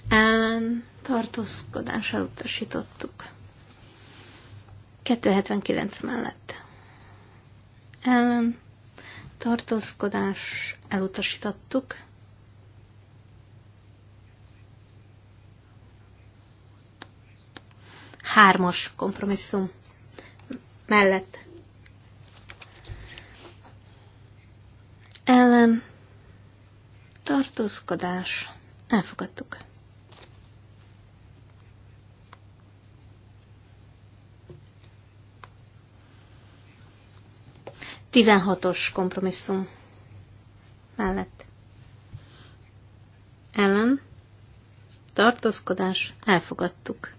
ellen tartózkodás elutasítottuk. 279 mellett. Ellen tartózkodás elutasítottuk. Hármas kompromisszum mellett. Ellen tartózkodás elfogadtuk. 16-os kompromisszum mellett. Ellen. Tartózkodás. Elfogadtuk.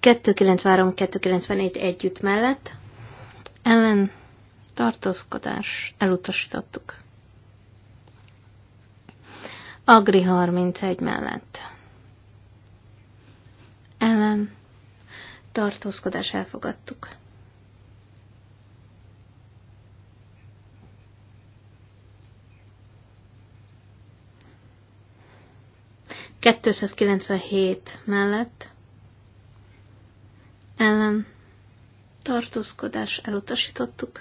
...293-294 együtt mellett ellen tartózkodás elutasítottuk. Agri 31 mellett tartózkodás elfogadtuk. Kettőszázkilencvenhét mellett ellen tartózkodás elutasítottuk.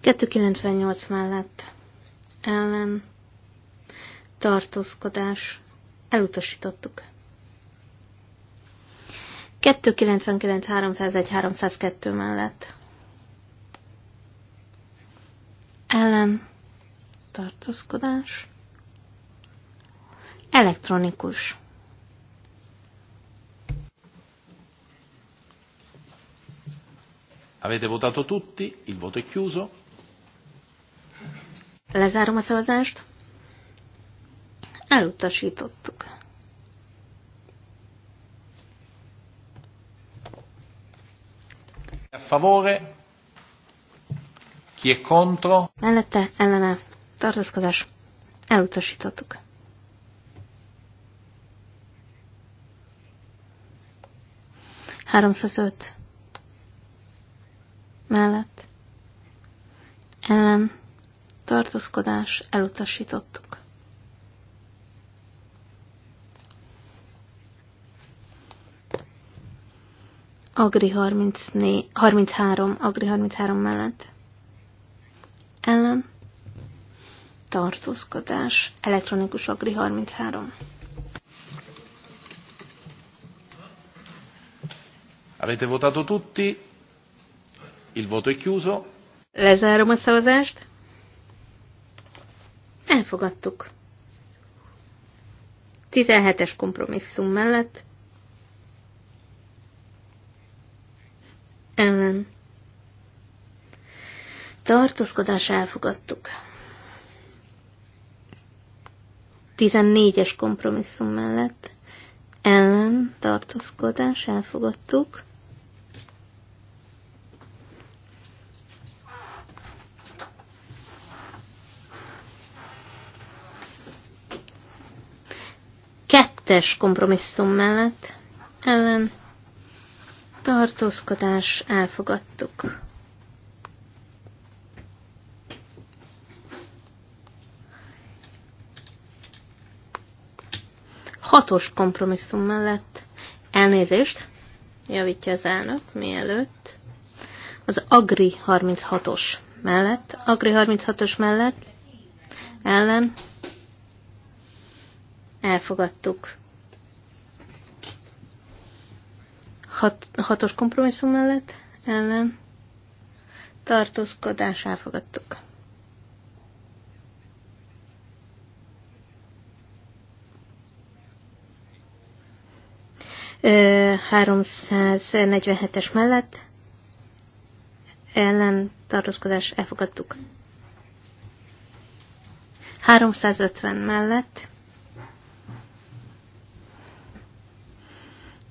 298 mellett ellen tartózkodás elutasítottuk. 299 301 302 mellett. Ellen tartózkodás. Elektronikus. Avete votato tutti, il voto è chiuso. Lezárom a szavazást. Elutasítottuk. favore? Chi è contro? Mellette, ellene, tartózkodás. Elutasítottuk. Háromszázöt. Mellett. Ellen. Tartózkodás. Elutasítottuk. Agri 34, 33, Agri 33 mellett. Ellen. Tartózkodás. Elektronikus Agri 33. Avete votato tutti? Il voto è chiuso. Lezárom a szavazást. Elfogadtuk. 17-es kompromisszum mellett tartózkodás elfogadtuk. 14-es kompromisszum mellett ellen tartózkodás elfogadtuk. Kettes kompromisszum mellett ellen tartózkodás elfogadtuk. hatos kompromisszum mellett elnézést, javítja az elnök mielőtt, az Agri 36-os mellett, Agri 36-os mellett, ellen, elfogadtuk. Hat, hatos kompromisszum mellett, ellen, tartózkodás elfogadtuk. 347-es mellett ellen tartózkodás elfogadtuk. 350 mellett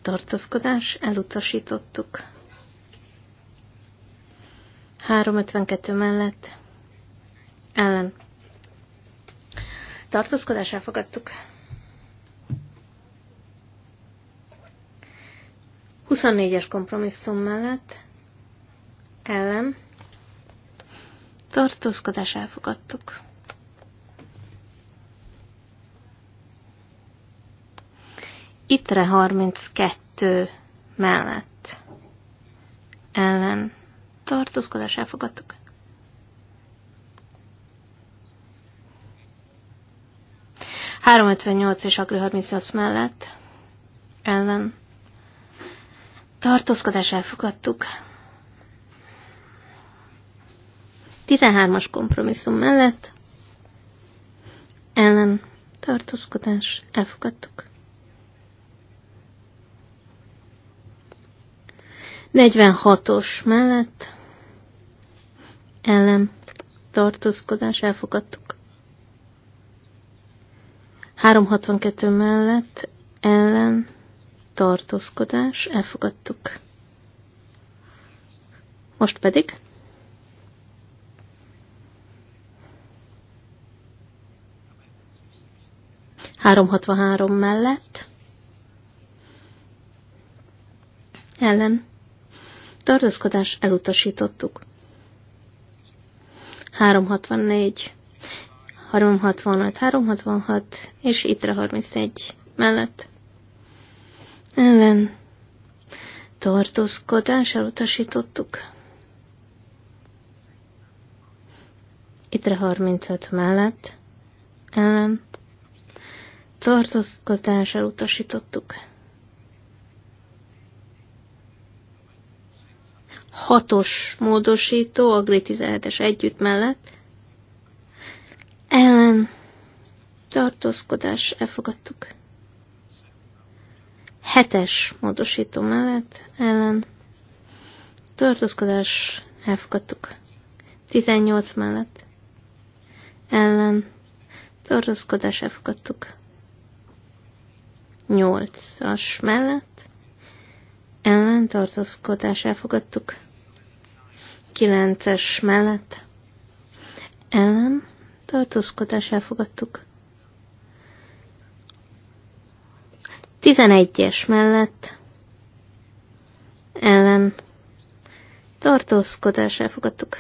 tartózkodás elutasítottuk. 352 mellett ellen tartózkodás elfogadtuk. 24-es kompromisszum mellett ellen tartózkodás elfogadtuk. Ittre 32 mellett ellen tartózkodás elfogadtuk. Három és Agri 38 mellett ellen tartózkodás elfogadtuk. 13-as kompromisszum mellett ellen tartózkodás elfogadtuk. 46-os mellett ellen tartózkodás elfogadtuk. 362 mellett ellen tartózkodás, elfogadtuk. Most pedig három hatvanhárom mellett ellen tartózkodás elutasítottuk. 364, 365, 366 és ittre 31 mellett ellen tartózkodás elutasítottuk. Itre 35 mellett ellen tartózkodás elutasítottuk. Hatos módosító, Agri 17-es együtt mellett ellen tartózkodás elfogadtuk. Hetes módosító mellett ellen tartózkodás elfogadtuk. 18 mellett ellen tartózkodás elfogadtuk. 8-as mellett ellen tartózkodás elfogadtuk. 9-es mellett ellen tartózkodás elfogadtuk. Tizenegyes mellett ellen tartózkodás elfogadtuk.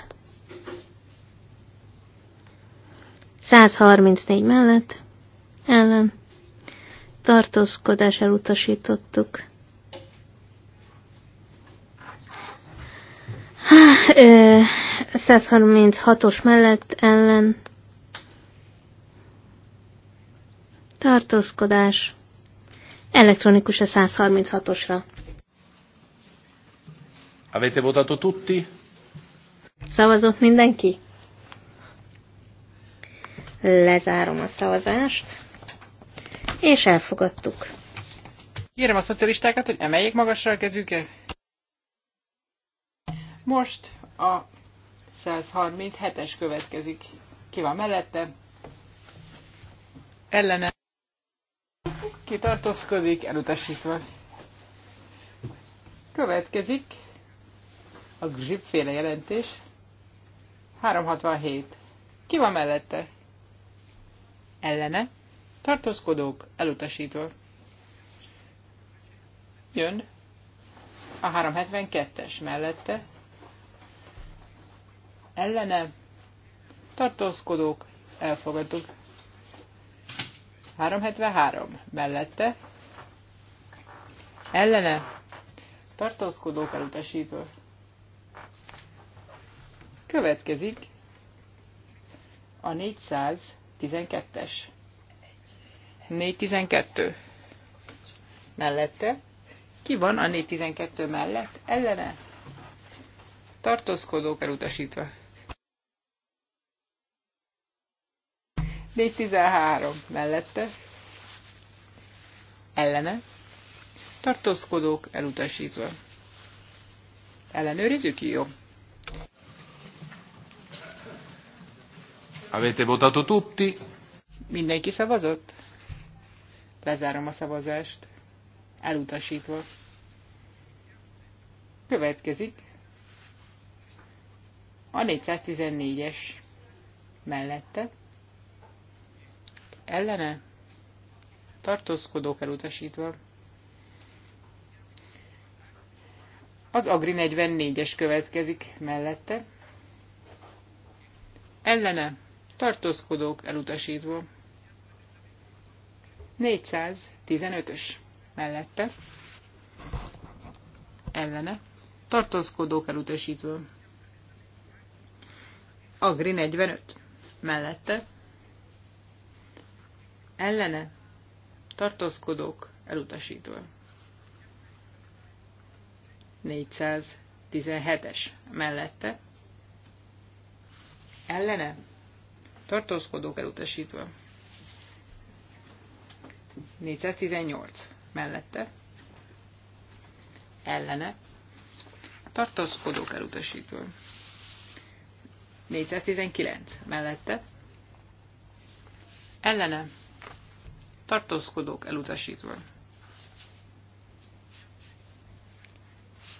134 mellett ellen tartózkodás elutasítottuk. Há, ö, 136-os mellett ellen tartózkodás Elektronikus a 136-osra. Avete votato tutti? Szavazott mindenki? Lezárom a szavazást, és elfogadtuk. Kérem a szocialistákat, hogy emeljék magasra a kezüket. Most a 137-es következik. Ki van mellette? Ellene kitartózkodik, elutasítva. Következik a gripféle jelentés. 367. Ki van mellette? Ellene. Tartózkodók, elutasítva. Jön a 372-es mellette. Ellene. Tartózkodók, elfogadtuk. 373 mellette ellene tartózkodók elutasítva. Következik a 412-es. 412 mellette. Ki van a 412 mellett? Ellene tartózkodók elutasítva. 413 mellette ellene tartózkodók elutasítva. Ellenőrizzük, jó? Avete votato tutti? Mindenki szavazott? Lezárom a szavazást. Elutasítva. Következik a 414-es mellette ellene tartózkodók elutasítva. Az Agri 44-es következik mellette. Ellene tartózkodók elutasítva. 415-ös mellette. Ellene tartózkodók elutasítva. Agri 45 mellette ellene tartózkodók elutasítva. 417-es mellette ellene tartózkodók elutasítva. 418 mellette ellene tartózkodók elutasítva. 419 mellette ellene tartózkodók elutasítva.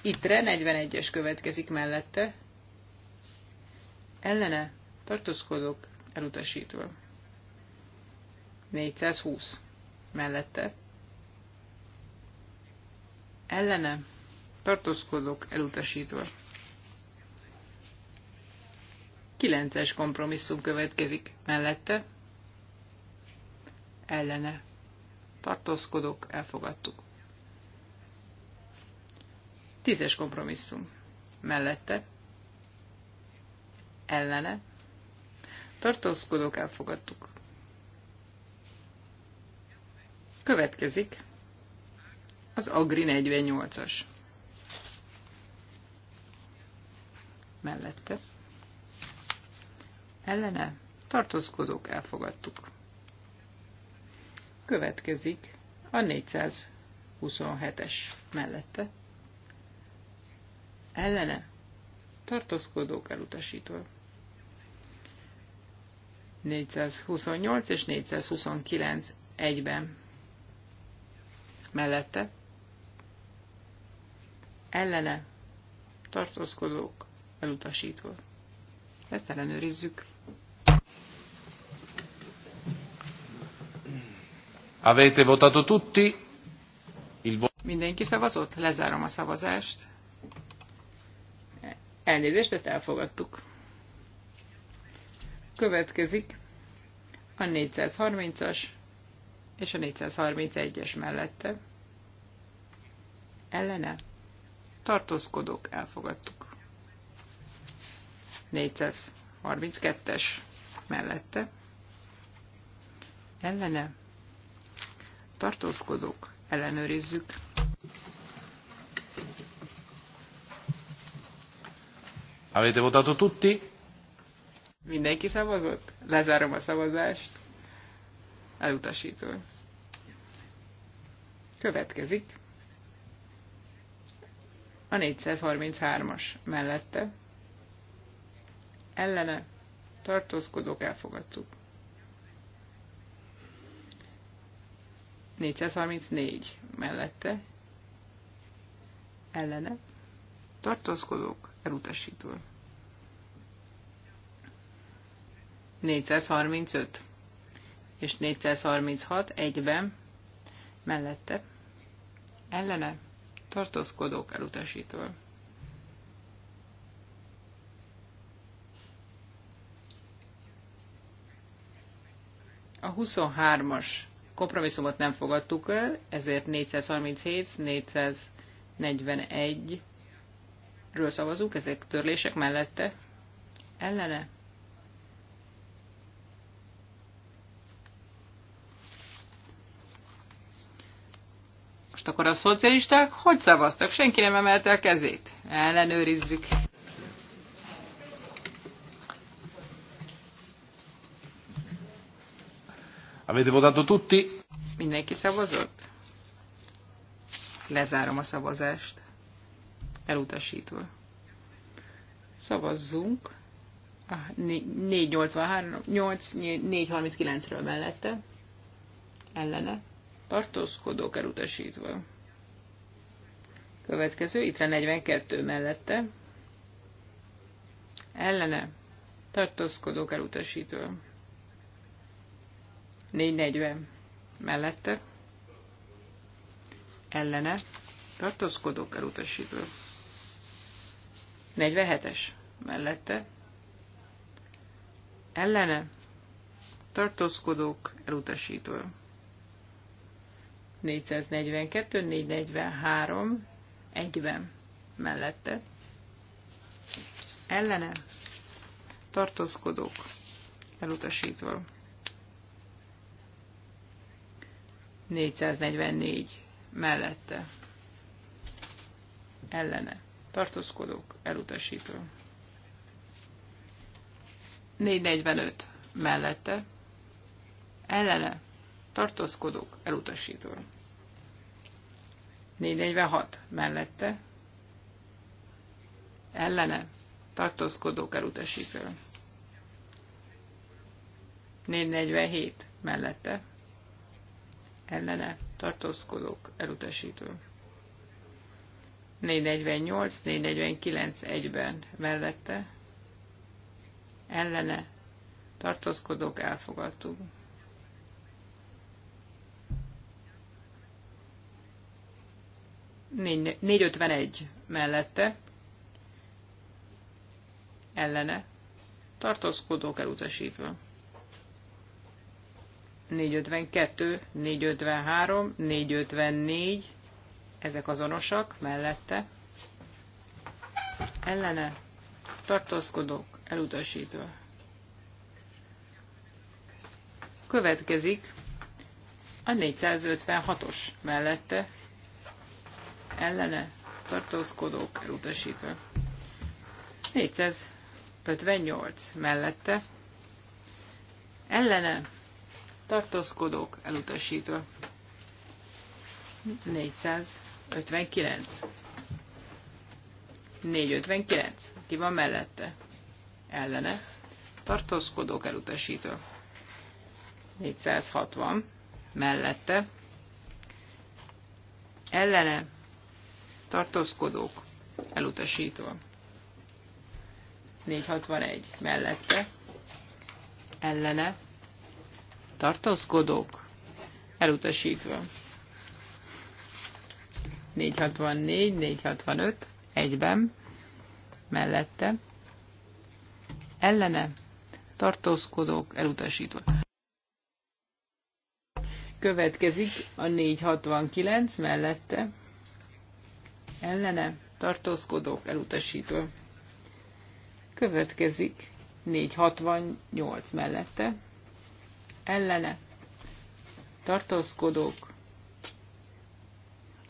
Ittre 41-es következik mellette, ellene tartózkodók elutasítva. 420 mellette, ellene tartózkodók elutasítva. 9-es kompromisszum következik mellette, ellene Tartózkodok, elfogadtuk. Tízes kompromisszum mellette ellene Tartózkodok, elfogadtuk. Következik az Agri 48-as. Mellette. Ellene tartózkodók elfogadtuk. Következik a 427-es mellette. Ellene tartózkodók elutasítva. 428 és 429 egyben. Mellette ellene tartózkodók elutasítva. Ezt ellenőrizzük. Avete votato tutti? Il vo- Mindenki szavazott? Lezárom a szavazást. Elnézést, ezt elfogadtuk. Következik a 430-as és a 431-es mellette. Ellene tartózkodók elfogadtuk. 432-es mellette. Ellene tartózkodók, ellenőrizzük. Avete votato tutti? Mindenki szavazott? Lezárom a szavazást. Elutasító. Következik a 433-as mellette. Ellene tartózkodók elfogadtuk. 434 mellette ellene tartózkodók elutasító. 435 és 436 egyben mellette ellene tartózkodók elutasító. A 23-as kompromisszumot nem fogadtuk el, ezért 437, 441 ről szavazunk, ezek törlések mellette. Ellene? Most akkor a szocialisták hogy szavaztak? Senki nem emelte a kezét. Ellenőrizzük. Avete votato tutti? Mindenki szavazott? Lezárom a szavazást. Elutasítva. Szavazzunk. A 483, 8, 439-ről mellette. Ellene. Tartózkodók elutasítva. Következő, itt 42 mellette. Ellene. Tartózkodók elutasítva. 440 mellette ellene tartózkodók elutasítva. 47-es mellette ellene tartózkodók elutasítva. 442, 443, 40 mellette ellene tartózkodók elutasítva. 444 mellette ellene tartózkodók elutasító. 445 mellette ellene tartózkodók elutasító. 446 mellette ellene tartózkodók elutasító. 447 mellette ellene tartózkodók elutasító. 448, 449 1-ben mellette ellene tartózkodók elfogadtuk. Négy, 451 mellette ellene tartózkodók elutasítva. 452, 453, 454, ezek azonosak, mellette, ellene, tartózkodók, elutasítva. Következik a 456-os mellette, ellene, tartózkodók, elutasítva. 458 mellette, ellene, tartózkodók elutasítva. 459. 459. Ki van mellette? Ellene. Tartózkodók elutasítva. 460. Mellette. Ellene. Tartózkodók elutasítva. 461. Mellette. Ellene tartózkodók, elutasítva. 464, 465, egyben, mellette, ellene, tartózkodók, elutasítva. Következik a 469 mellette, ellene, tartózkodók, elutasítva. Következik 468 mellette, ellene tartózkodók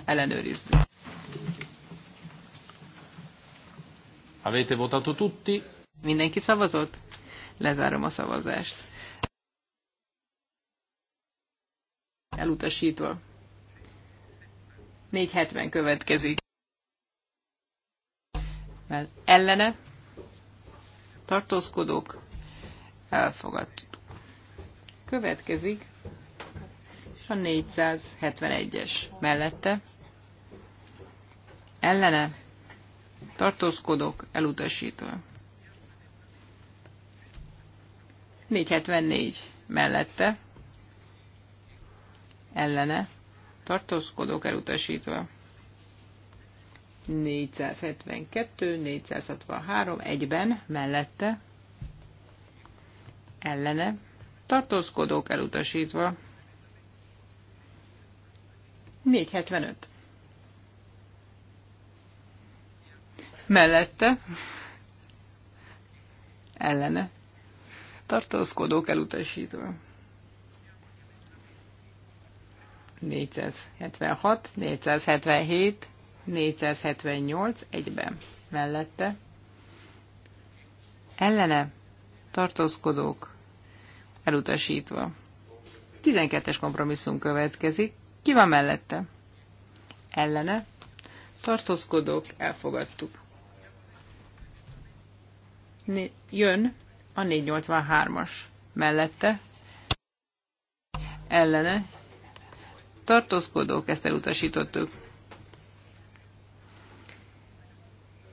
ellenőrizzük. Avete votato tutti? Mindenki szavazott? Lezárom a szavazást. Elutasítva. 470 következik. Mert ellene tartózkodók elfogadt. Következik a 471-es mellette. Ellene tartózkodok elutasítva. 474 mellette. Ellene tartózkodok elutasítva. 472, 463 egyben mellette. Ellene tartózkodók elutasítva. 475. Mellette ellene tartózkodók elutasítva. 476, 477, 478 egyben mellette. Ellene tartózkodók elutasítva. 12-es kompromisszum következik. Ki van mellette? Ellene. Tartózkodók, elfogadtuk. Jön a 483-as. Mellette. Ellene. Tartózkodók, ezt elutasítottuk.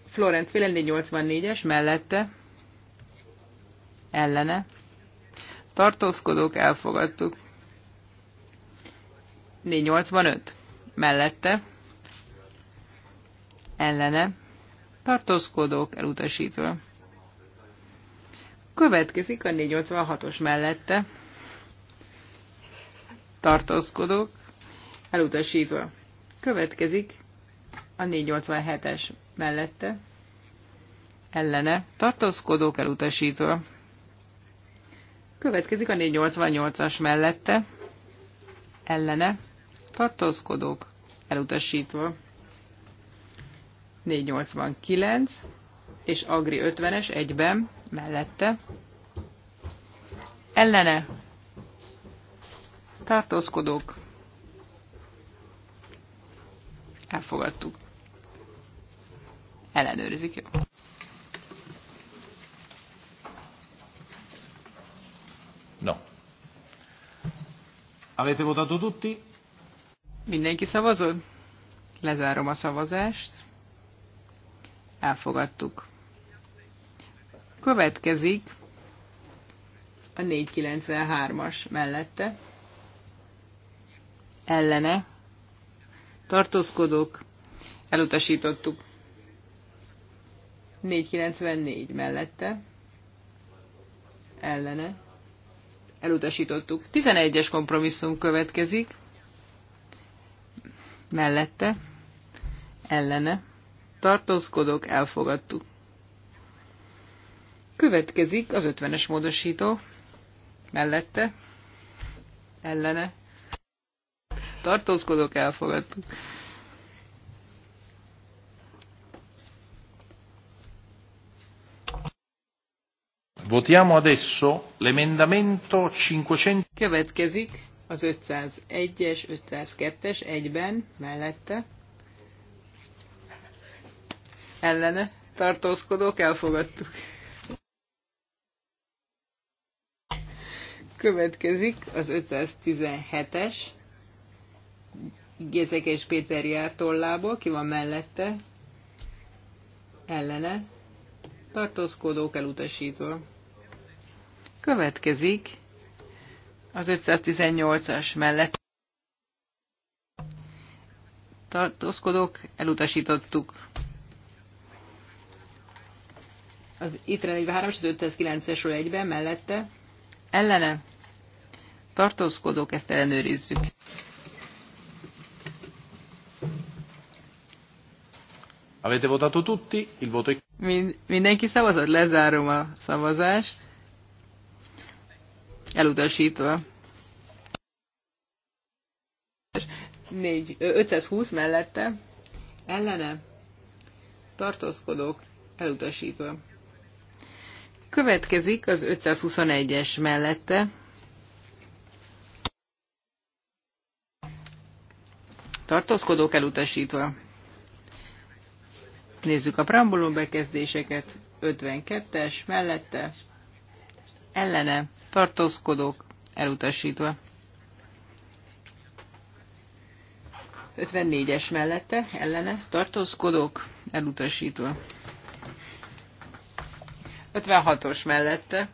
Florence Vélen 484-es mellette. Ellene tartózkodók, elfogadtuk. 485 mellette, ellene, tartózkodók, elutasítva. Következik a 486-os mellette, tartózkodók, elutasítva. Következik a 487-es mellette, ellene, tartózkodók elutasítva. Következik a 488-as mellette, ellene, tartózkodók, elutasítva. 489 és Agri 50-es egyben, mellette, ellene, tartózkodók, elfogadtuk. Ellenőrizik, jó. Avete votato tutti? Mindenki szavazott? Lezárom a szavazást. Elfogadtuk. Következik a 493-as mellette. Ellene. Tartózkodók. Elutasítottuk. 494 mellette. Ellene elutasítottuk. 11-es kompromisszum következik, mellette, ellene, tartózkodok, elfogadtuk. Következik az 50-es módosító, mellette, ellene, tartózkodok, elfogadtuk. Votiamo adesso l'emendamento 500. Következik az 501-es, 502-es egyben, mellette. Ellene tartózkodók, elfogadtuk. Következik az 517-es, Gézekes és Péter jár tollából, ki van mellette, ellene, tartózkodók elutasítva. Következik az 518-as mellett tartózkodók, elutasítottuk. Az ITRE 43 és 509 egyben mellette ellene tartózkodók, ezt ellenőrizzük. Avete votato tutti, il voto è... Mindenki szavazott, lezárom a szavazást elutasítva. 4, 520 mellette ellene tartózkodók elutasítva. Következik az 521-es mellette. Tartózkodók elutasítva. Nézzük a prambulum bekezdéseket. 52-es mellette ellene tartózkodók elutasítva. 54-es mellette, ellene, tartózkodók elutasítva. 56-os mellette,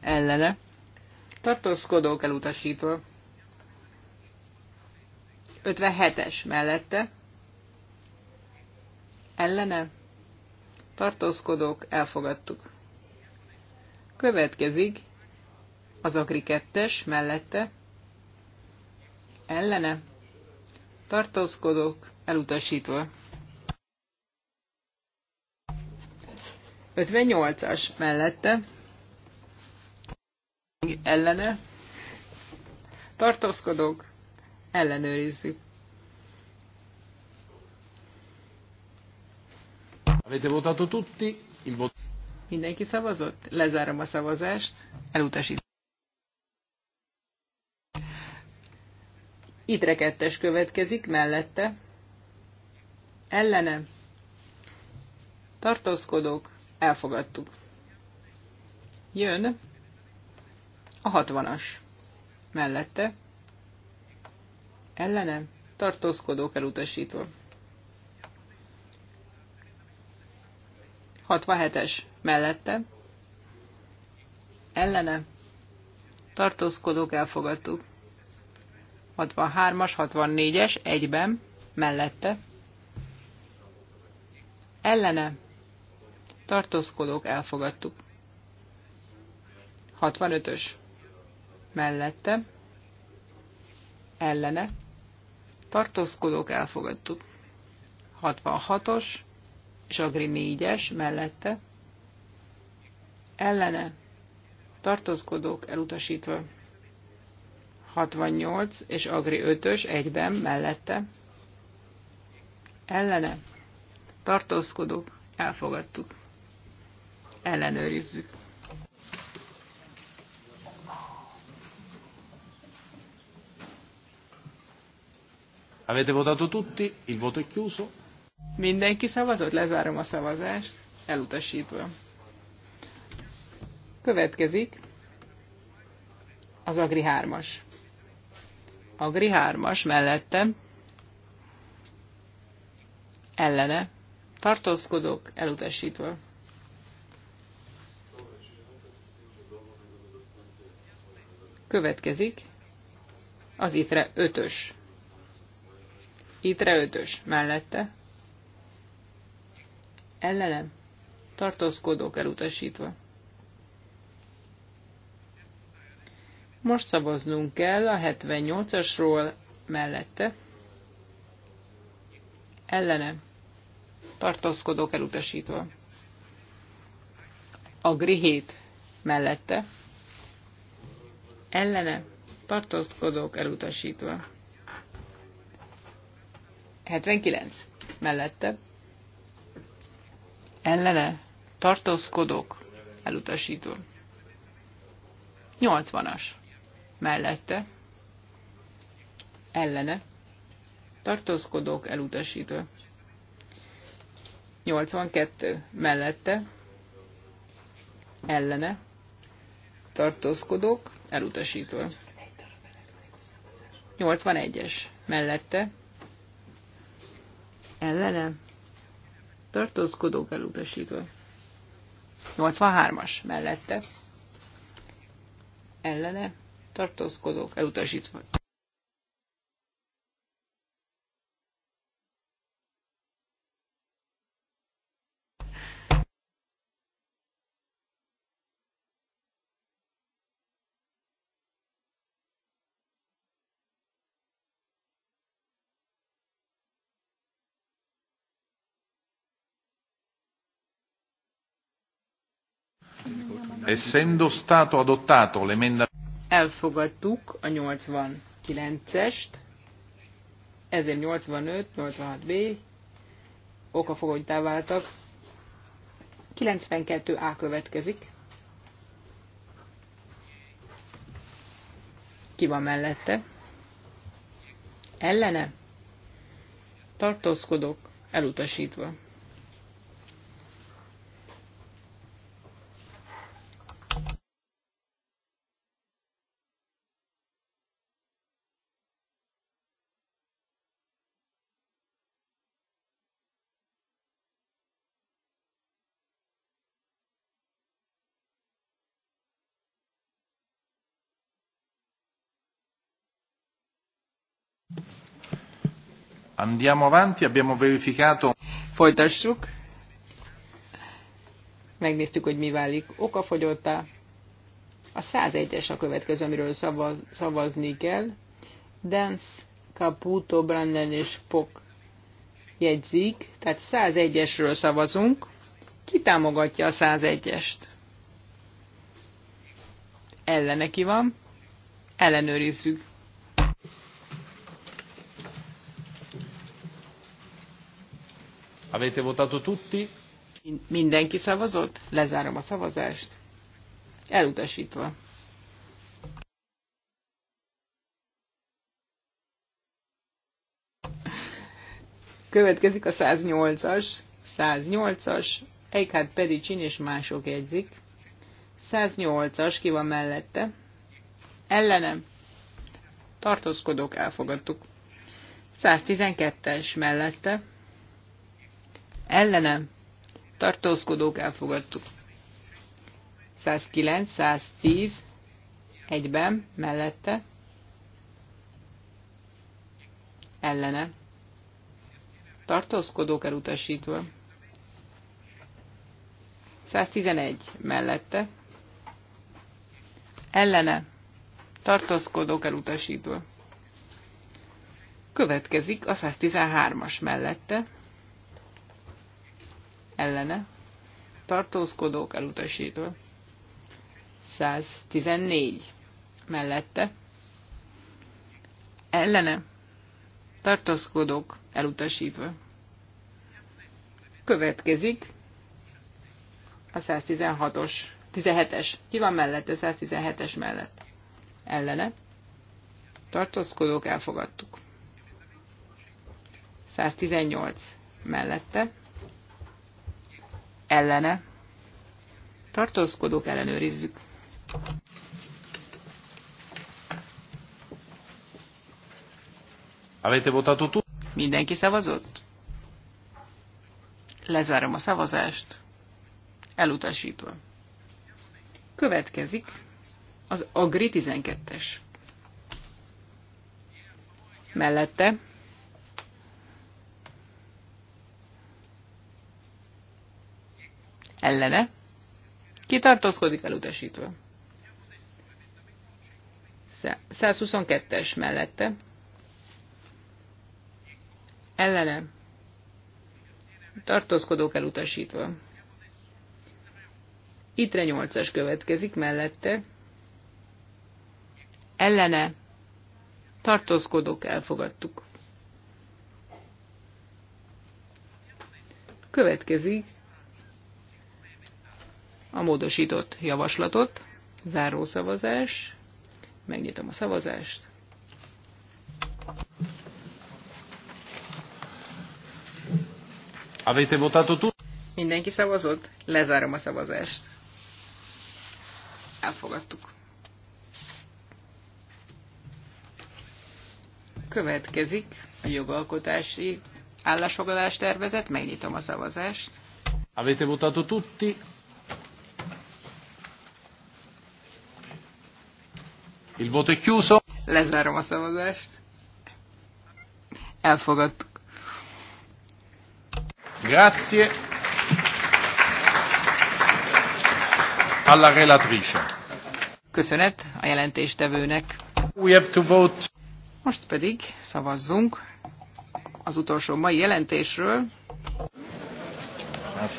ellene, tartózkodók elutasítva. 57-es mellette, ellene, tartózkodók elfogadtuk. Következik az Agri 2-es mellette, ellene, Tartózkodok, elutasítva. 58-as mellette, ellene, Tartózkodok, ellenőrizzük. Avete votato tutti il voto. Mindenki szavazott? Lezárom a szavazást. Elutasít. Itre kettes következik, mellette. Ellene. Tartózkodók, elfogadtuk. Jön a hatvanas. Mellette. Ellene. Tartózkodók elutasítva. 67-es mellette, ellene, tartózkodók elfogadtuk. 63-as, 64-es, egyben, mellette, ellene, tartózkodók elfogadtuk. 65-ös, mellette, ellene, tartózkodók elfogadtuk. 66-os, és Agri 4-es mellette, ellene tartózkodók elutasítva. 68 és Agri 5-ös egyben mellette ellene tartózkodók elfogadtuk. Ellenőrizzük. Avete votato tutti? Il voto è chiuso? Mindenki szavazott, lezárom a szavazást, elutasítva. Következik az Agri 3-as. Agri 3-as mellette ellene tartózkodók elutasítva. Következik az ITRE 5-ös. ITRE 5-ös mellette ellene tartózkodók elutasítva. Most szavaznunk kell a 78-asról mellette. Ellene. Tartózkodók elutasítva. A grihét mellette. Ellene. Tartózkodók elutasítva. 79 mellette. Ellene. Tartózkodók elutasítva. 80-as mellette, ellene, tartózkodók elutasítva. 82 mellette, ellene, tartózkodók elutasítva. 81-es mellette, ellene, tartózkodók elutasítva. 83-as mellette, ellene, tartózkodók elutasítva. Essendo stato adottato l'emendamento elfogadtuk a 89-est, 1085, 86B, okafogonytá váltak. 92A következik. Ki van mellette? Ellene? Tartózkodok, elutasítva. Andiamo avanti, abbiamo verificato. Folytassuk. Megnéztük, hogy mi válik okafogyottá. A 101-es a következő, amiről szavaz, szavazni kell. Dance, Caputo, Brandon és Pok jegyzik, tehát 101-esről szavazunk. Ki támogatja a 101-est? Ellene ki van? Ellenőrizzük. Avete votato tutti? Mindenki szavazott? Lezárom a szavazást. Elutasítva. Következik a 108-as. 108-as. Eichhardt Pedicsin és mások jegyzik. 108-as, ki van mellette? Ellenem. Tartózkodók elfogadtuk. 112-es mellette ellene tartózkodók elfogadtuk. 109, 110, egyben, mellette, ellene, tartózkodók elutasítva. 111, mellette, ellene, tartózkodók elutasítva. Következik a 113-as mellette, ellene tartózkodók elutasítva. 114 mellette ellene tartózkodók elutasítva. Következik a 116-os, 17-es. Ki van mellette? 117-es mellett. Ellene. Tartózkodók elfogadtuk. 118 mellette ellene tartózkodók ellenőrizzük. Avete votato tutti? Mindenki szavazott? Lezárom a szavazást. Elutasítva. Következik az Agri 12-es. Mellette ellene, kitartózkodik elutasítva. 122-es mellette, ellene, tartózkodók elutasítva. Itre 8-as következik mellette, ellene, tartózkodók elfogadtuk. Következik a módosított javaslatot. Záró szavazás. Megnyitom a szavazást. Avete votato tu? Mindenki szavazott? Lezárom a szavazást. Elfogadtuk. Következik a jogalkotási állásfoglalás tervezet. Megnyitom a szavazást. Avete votato tutti? Il voto è chiuso. Lezárom a szavazást. Elfogadtuk. Grazie. Alla relatrice. Köszönet a jelentéstevőnek. We have to vote. Most pedig szavazzunk az utolsó mai jelentésről. Ah,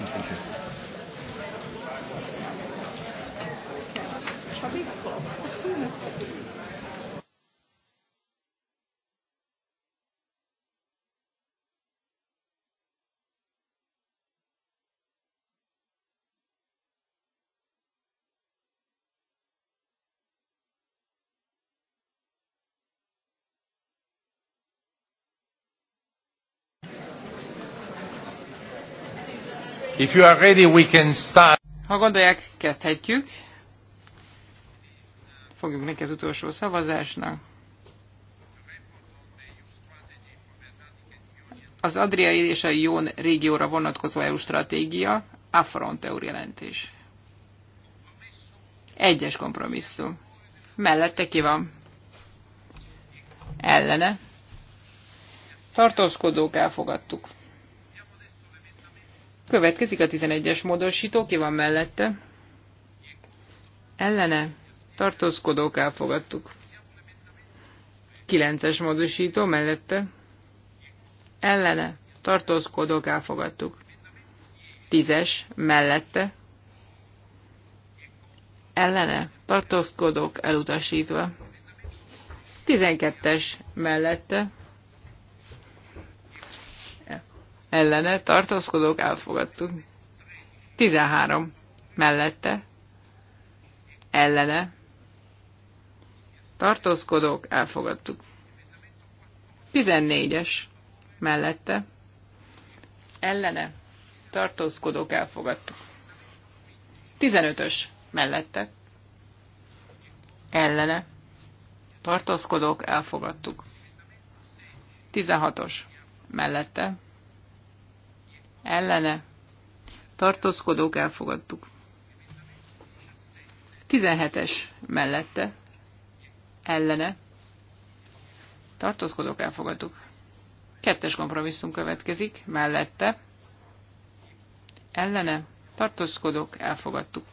If you are ready, we can start. Ha gondolják, kezdhetjük. Fogjuk neki az utolsó szavazásnak. Az Adriai és a Jón régióra vonatkozó EU stratégia, Afront EU jelentés. Egyes kompromisszum. Mellette ki van? Ellene. Tartózkodók elfogadtuk. Következik a 11-es módosító, ki van mellette? Ellene tartózkodók elfogadtuk. 9-es módosító mellette? Ellene tartózkodók elfogadtuk. 10-es mellette? Ellene tartózkodók elutasítva. 12-es mellette? ellene tartózkodók elfogadtuk. 13 mellette ellene tartózkodók elfogadtuk. 14-es mellette ellene tartózkodók elfogadtuk. 15-ös mellette ellene tartózkodók elfogadtuk. 16-os mellette ellene tartózkodók elfogadtuk. 17-es mellette ellene tartózkodók elfogadtuk. Kettes kompromisszum következik, mellette ellene tartózkodók elfogadtuk.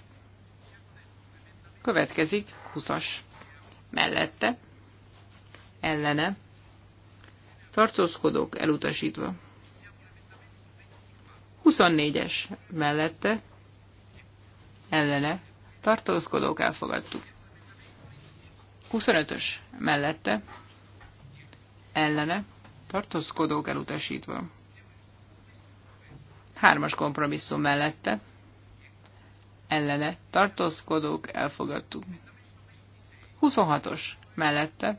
Következik 20-as mellette ellene tartózkodók elutasítva. 24-es mellette ellene tartózkodók elfogadtuk. 25-ös mellette ellene tartózkodók elutasítva. 3-as kompromisszum mellette ellene tartózkodók elfogadtuk. 26-os mellette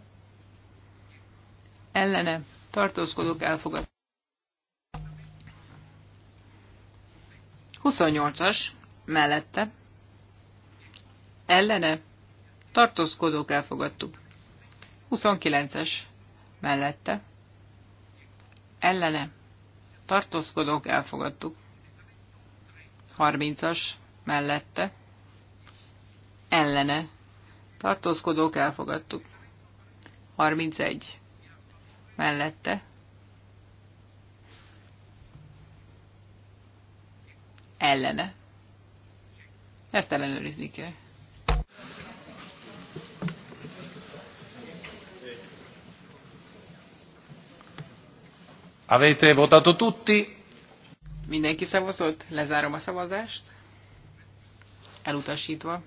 ellene tartózkodók elfogadtuk. 28-as mellette ellene tartózkodók elfogadtuk. 29-es mellette ellene tartózkodók elfogadtuk. 30-as mellette ellene tartózkodók elfogadtuk. 31 mellette ellene. Ezt ellenőrizni kell. Avete votato tutti? Mindenki szavazott, lezárom a szavazást. Elutasítva.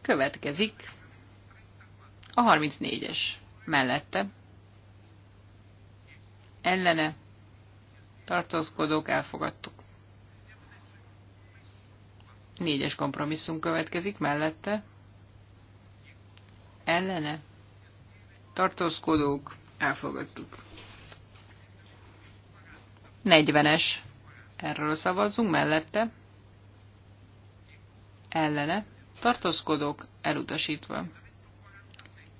Következik a 34-es. Mellette. Ellene. Tartózkodók elfogadtuk. Négyes kompromisszum következik mellette. Ellene. Tartózkodók. Elfogadtuk. 40-es. Erről szavazzunk mellette. Ellene. Tartózkodók. Elutasítva.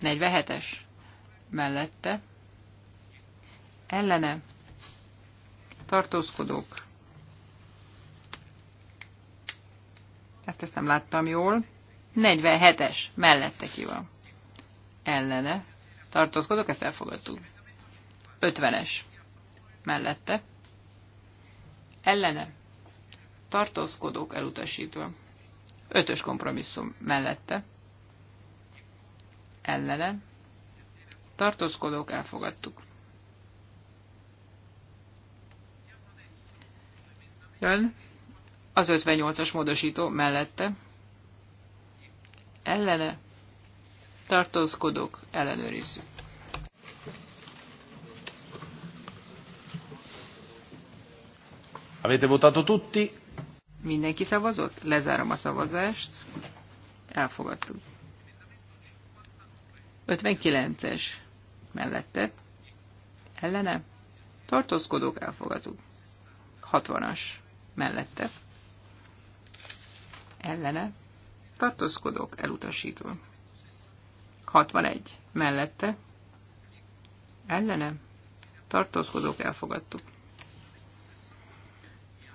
47-es. Mellette. Ellene. Tartózkodók Ezt ezt nem láttam jól. 47-es mellette ki van. Ellene. Tartózkodok, ezt elfogadtuk. 50-es mellette. Ellene. Tartózkodok, elutasítva. 5-ös kompromisszum mellette. Ellene. Tartózkodók elfogadtuk. Jön az 58-as módosító mellette ellene tartózkodok, ellenőrizzük. Avete votato tutti? Mindenki szavazott? Lezárom a szavazást. Elfogadtuk. 59-es mellette. Ellene. Tartózkodók elfogadtuk. 60-as mellette ellene, Tartózkodok, elutasítva. 61 mellette, ellene, Tartózkodok, elfogadtuk.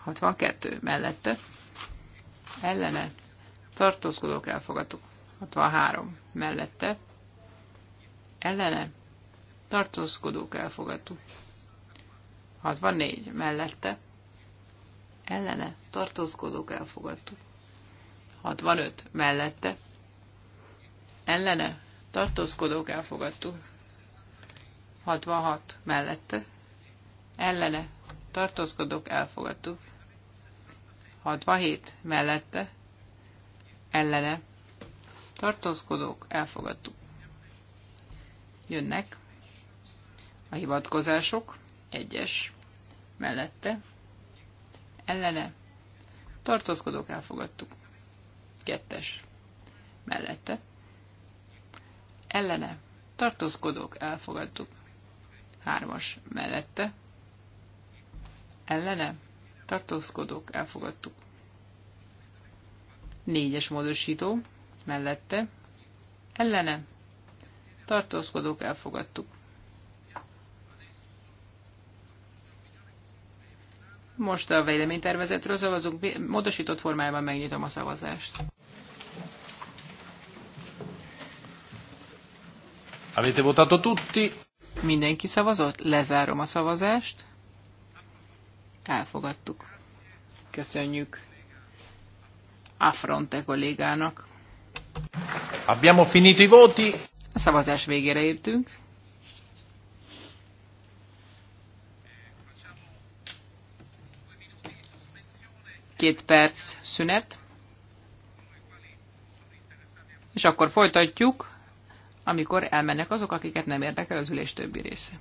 62 mellette, ellene, tartózkodók elfogadtuk. 63 mellette, ellene, tartózkodók elfogadtuk. 64 mellette, ellene, tartózkodók elfogadtuk. 65 mellette. Ellene tartózkodók elfogadtuk. 66 mellette. Ellene tartózkodók elfogadtuk. 67 mellette. Ellene tartózkodók elfogadtuk. Jönnek a hivatkozások. Egyes mellette. Ellene tartózkodók elfogadtuk. Kettes. Mellette. Ellene. Tartózkodók. Elfogadtuk. Hármas. Mellette. Ellene. Tartózkodók. Elfogadtuk. Négyes módosító. Mellette. Ellene. Tartózkodók. Elfogadtuk. Most a véleménytervezetről szavazunk, módosított formájában megnyitom a szavazást. Avete votato tutti? Mindenki szavazott? Lezárom a szavazást. Elfogadtuk. Köszönjük Affronte kollégának. Abbiamo finito i voti. A szavazás végére értünk. Két perc szünet. És akkor folytatjuk amikor elmennek azok, akiket nem érdekel az ülés többi része.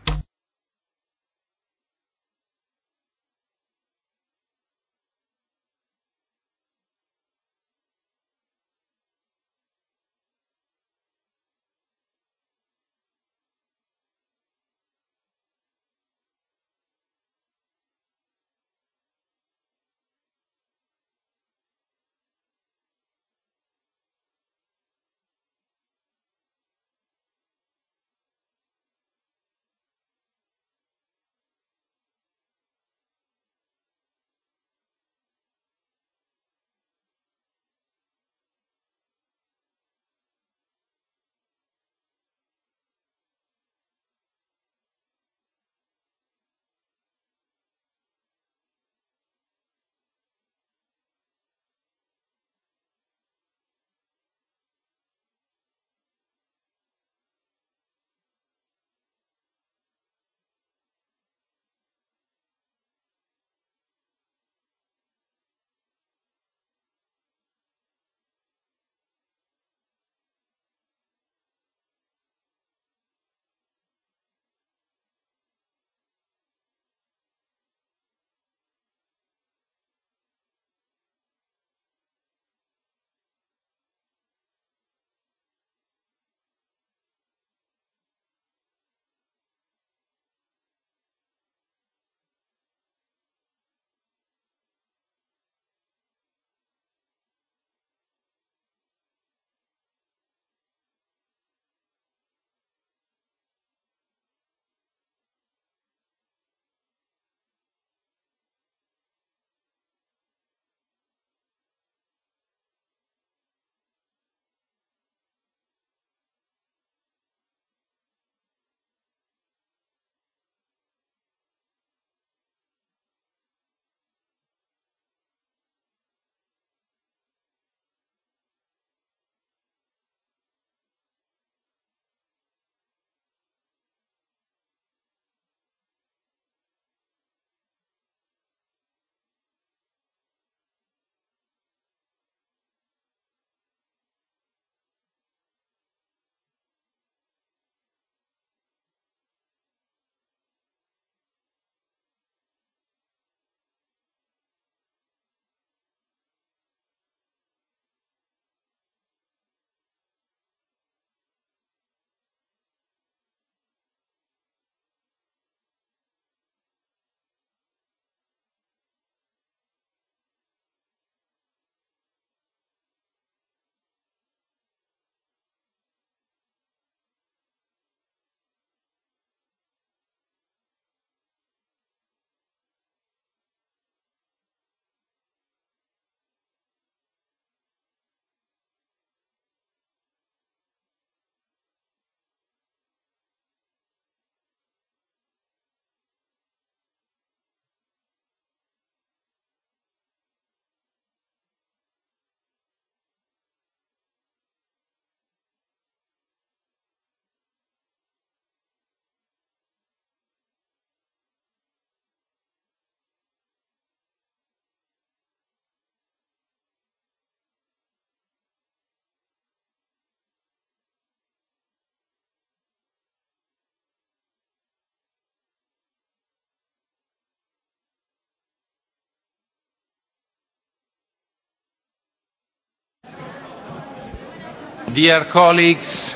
Dear colleagues,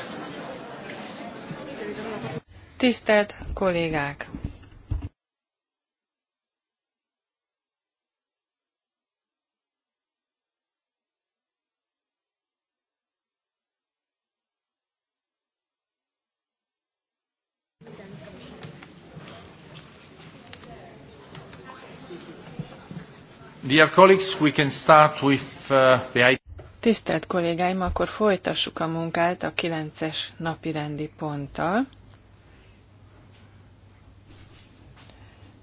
Tisztelt kollégák! Dear colleagues, we can start with uh, the Tisztelt kollégáim, akkor folytassuk a munkát a 9-es napi rendi ponttal.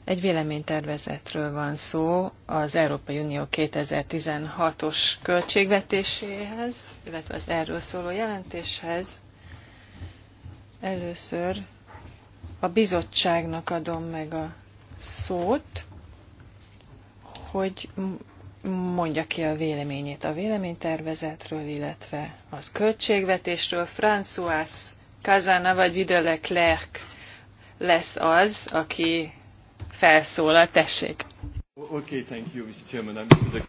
Egy véleménytervezetről van szó az Európai Unió 2016-os költségvetéséhez, illetve az erről szóló jelentéshez. Először a bizottságnak adom meg a szót, hogy mondja ki a véleményét a véleménytervezetről, illetve az költségvetésről. François Kazana vagy Vida Leclerc lesz az, aki felszólal. Tessék! Okay, thank you, Mr. Chairman. I'm the...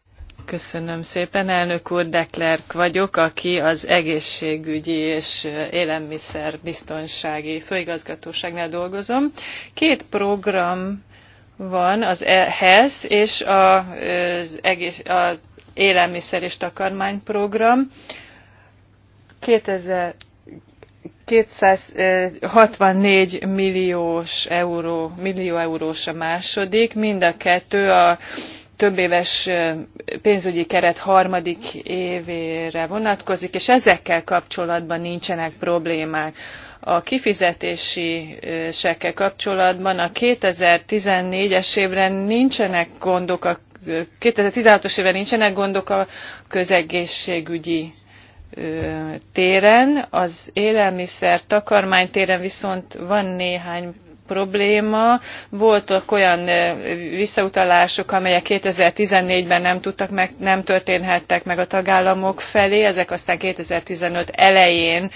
Köszönöm szépen, elnök úr, Deklerk vagyok, aki az egészségügyi és élelmiszer biztonsági főigazgatóságnál dolgozom. Két program van az HESZ és a, az egész, a élelmiszer és takarmányprogram. 2000 264 milliós euró, millió eurós a második, mind a kettő a több éves pénzügyi keret harmadik évére vonatkozik, és ezekkel kapcsolatban nincsenek problémák a kifizetési kapcsolatban a 2014-es évre nincsenek gondok, a 2016-os évre nincsenek gondok a közegészségügyi téren, az élelmiszer takarmány téren viszont van néhány probléma. Voltak olyan visszautalások, amelyek 2014-ben nem, tudtak meg, nem történhettek meg a tagállamok felé, ezek aztán 2015 elején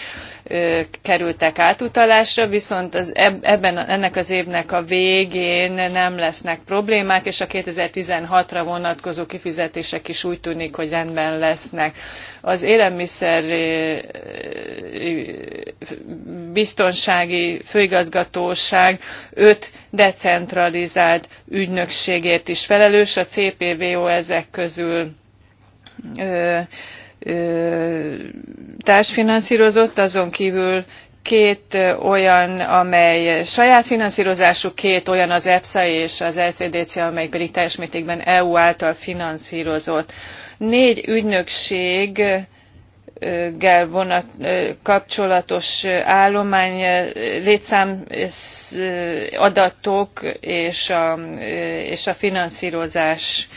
kerültek átutalásra, viszont az ebben, ennek az évnek a végén nem lesznek problémák, és a 2016-ra vonatkozó kifizetések is úgy tűnik, hogy rendben lesznek. Az élelmiszer biztonsági főigazgatóság 5 decentralizált ügynökségért is felelős, a CPVO ezek közül társfinanszírozott, azon kívül két olyan, amely saját finanszírozású, két olyan az EPSA és az LCDC, e amely pedig teljes mértékben EU által finanszírozott. Négy ügynökség vonat, kapcsolatos állomány létszám adatok és a, és a finanszírozás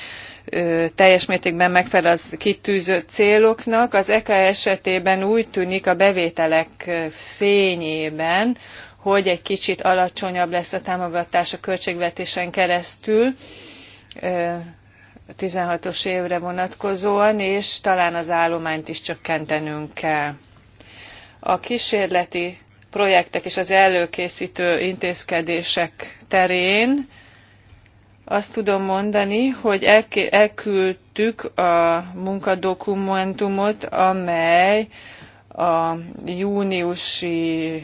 teljes mértékben megfelel az kitűzött céloknak. Az EKA e esetében úgy tűnik a bevételek fényében, hogy egy kicsit alacsonyabb lesz a támogatás a költségvetésen keresztül, 16-os évre vonatkozóan, és talán az állományt is csökkentenünk kell. A kísérleti projektek és az előkészítő intézkedések terén azt tudom mondani, hogy elküldtük a munkadokumentumot, amely a júniusi,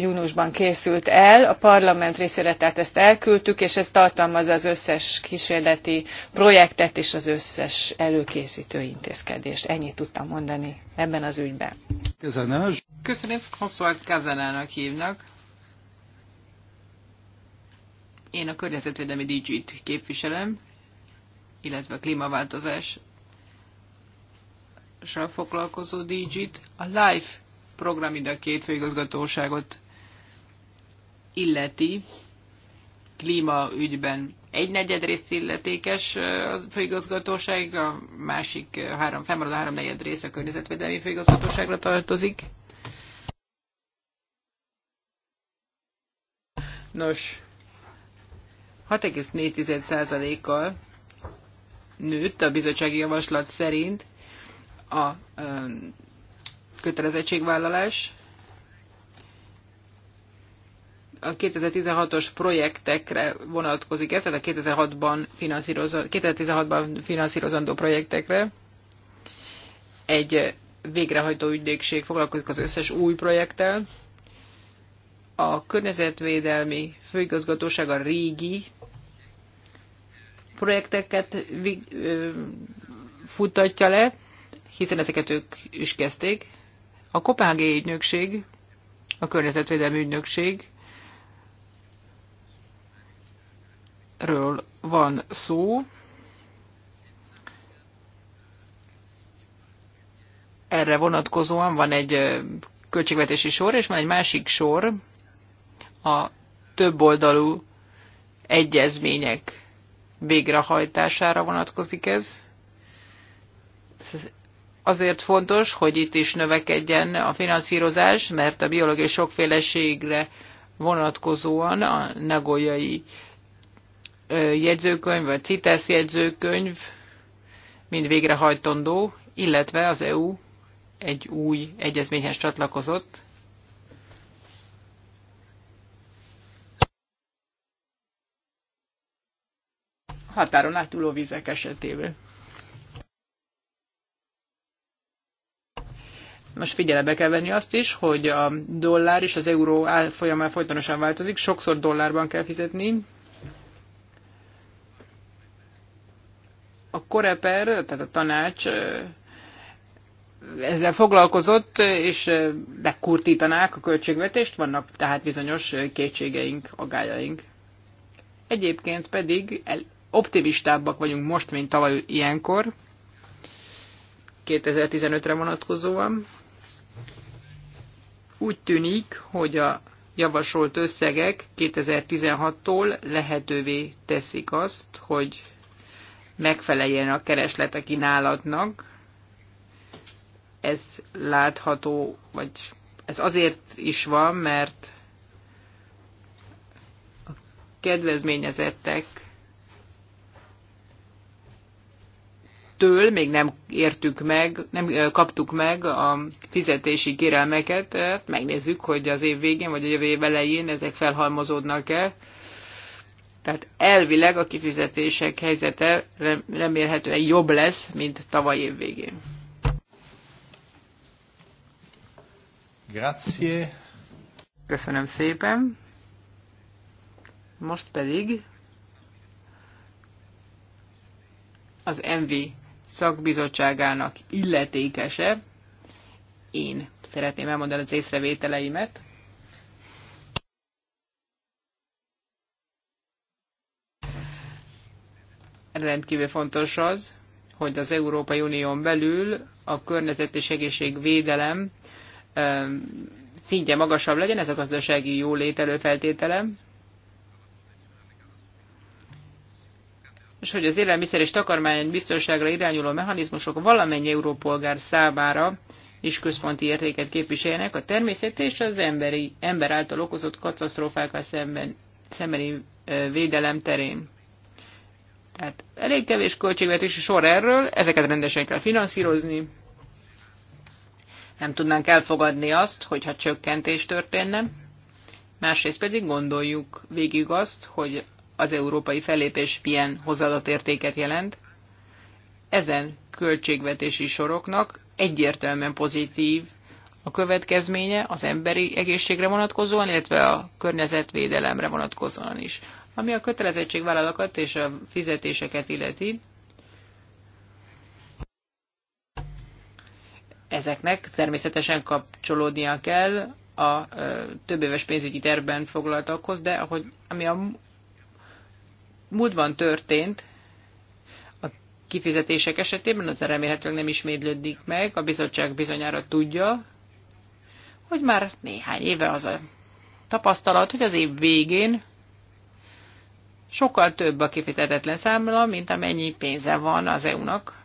júniusban készült el. A parlament részére tehát ezt elküldtük, és ez tartalmazza az összes kísérleti projektet és az összes előkészítő intézkedést. Ennyit tudtam mondani ebben az ügyben. Köszönöm. Köszönöm, François Kazanának hívnak. Én a környezetvédelmi DG-t képviselem, illetve a klímaváltozás foglalkozó DG-t. A LIFE program ide a két főigazgatóságot illeti, klímaügyben egy negyed rész illetékes a főigazgatóság, a másik három, a három negyed rész a környezetvédelmi főigazgatóságra tartozik. Nos, 6,4%-kal nőtt a bizottsági javaslat szerint a kötelezettségvállalás. A 2016-os projektekre vonatkozik ez, tehát a 2006-ban finanszírozandó, 2016-ban finanszírozandó projektekre. Egy végrehajtó ügynökség foglalkozik az összes új projekttel, a környezetvédelmi főigazgatóság a régi projekteket futatja le, hiszen ezeket ők is kezdték. A Kopenhági ügynökség, a környezetvédelmi ügynökség ről van szó. Erre vonatkozóan van egy költségvetési sor, és van egy másik sor, a többoldalú egyezmények végrehajtására vonatkozik ez. Azért fontos, hogy itt is növekedjen a finanszírozás, mert a biológiai sokféleségre vonatkozóan a nagoljai jegyzőkönyv, vagy CITES jegyzőkönyv mind végrehajtandó, illetve az EU egy új egyezményhez csatlakozott, határon átuló vizek esetében. Most figyelembe kell venni azt is, hogy a dollár és az euró folyamán folytonosan változik, sokszor dollárban kell fizetni. A koreper, tehát a tanács ezzel foglalkozott, és megkurtítanák a költségvetést, vannak tehát bizonyos kétségeink, agályaink. Egyébként pedig el, optimistábbak vagyunk most, mint tavaly ilyenkor, 2015-re vonatkozóan. Úgy tűnik, hogy a javasolt összegek 2016-tól lehetővé teszik azt, hogy megfeleljen a kereslet a kínálatnak. Ez látható, vagy ez azért is van, mert a kedvezményezettek től még nem értük meg, nem kaptuk meg a fizetési kérelmeket. Megnézzük, hogy az év végén vagy a jövő év elején ezek felhalmozódnak-e. Tehát elvileg a kifizetések helyzete remélhetően jobb lesz, mint tavaly év végén. Grazie. Köszönöm szépen. Most pedig az MV szakbizottságának illetékese. Én szeretném elmondani az észrevételeimet. Rendkívül fontos az, hogy az Európai Unión belül a környezet és egészségvédelem szintje magasabb legyen, ez a gazdasági jólét előfeltétele, és hogy az élelmiszer és takarmány biztonságra irányuló mechanizmusok valamennyi európolgár számára is központi értéket képviseljenek a természet és az emberi, ember által okozott katasztrófákkal szemben, szembeni védelem terén. Tehát elég kevés költségvetési sor erről, ezeket rendesen kell finanszírozni. Nem tudnánk elfogadni azt, hogyha csökkentés történne. Másrészt pedig gondoljuk végig azt, hogy az európai fellépés milyen hozzáadott értéket jelent. Ezen költségvetési soroknak egyértelműen pozitív a következménye az emberi egészségre vonatkozóan, illetve a környezetvédelemre vonatkozóan is. Ami a kötelezettségvállalakat és a fizetéseket illeti, ezeknek természetesen kapcsolódnia kell a többéves pénzügyi tervben foglaltakhoz, de ahogy, ami a múltban történt, a kifizetések esetében, az remélhetőleg nem ismétlődik meg, a bizottság bizonyára tudja, hogy már néhány éve az a tapasztalat, hogy az év végén sokkal több a kifizetetlen számla, mint amennyi pénze van az EU-nak.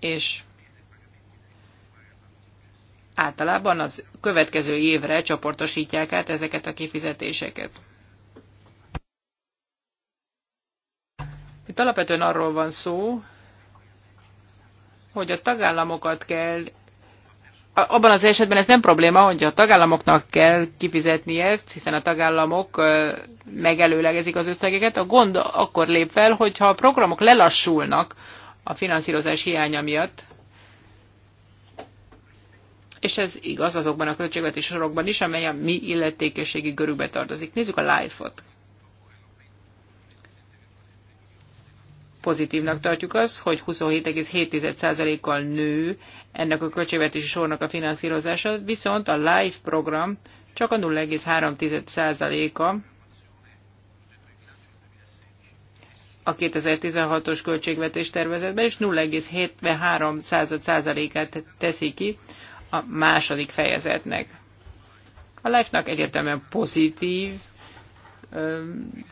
És általában az következő évre csoportosítják át ezeket a kifizetéseket. Itt alapvetően arról van szó, hogy a tagállamokat kell, abban az esetben ez nem probléma, hogy a tagállamoknak kell kifizetni ezt, hiszen a tagállamok megelőlegezik az összegeket. A gond akkor lép fel, hogyha a programok lelassulnak a finanszírozás hiánya miatt, és ez igaz azokban a költségvetési sorokban is, amely a mi illetékességi görübe tartozik. Nézzük a life-ot. Pozitívnak tartjuk az, hogy 27,7%-kal nő ennek a költségvetési sornak a finanszírozása, viszont a LIFE program csak a 0,3%-a a 2016-os költségvetés tervezetben, és 0,73%-át teszi ki a második fejezetnek. A lifenak egyértelműen pozitív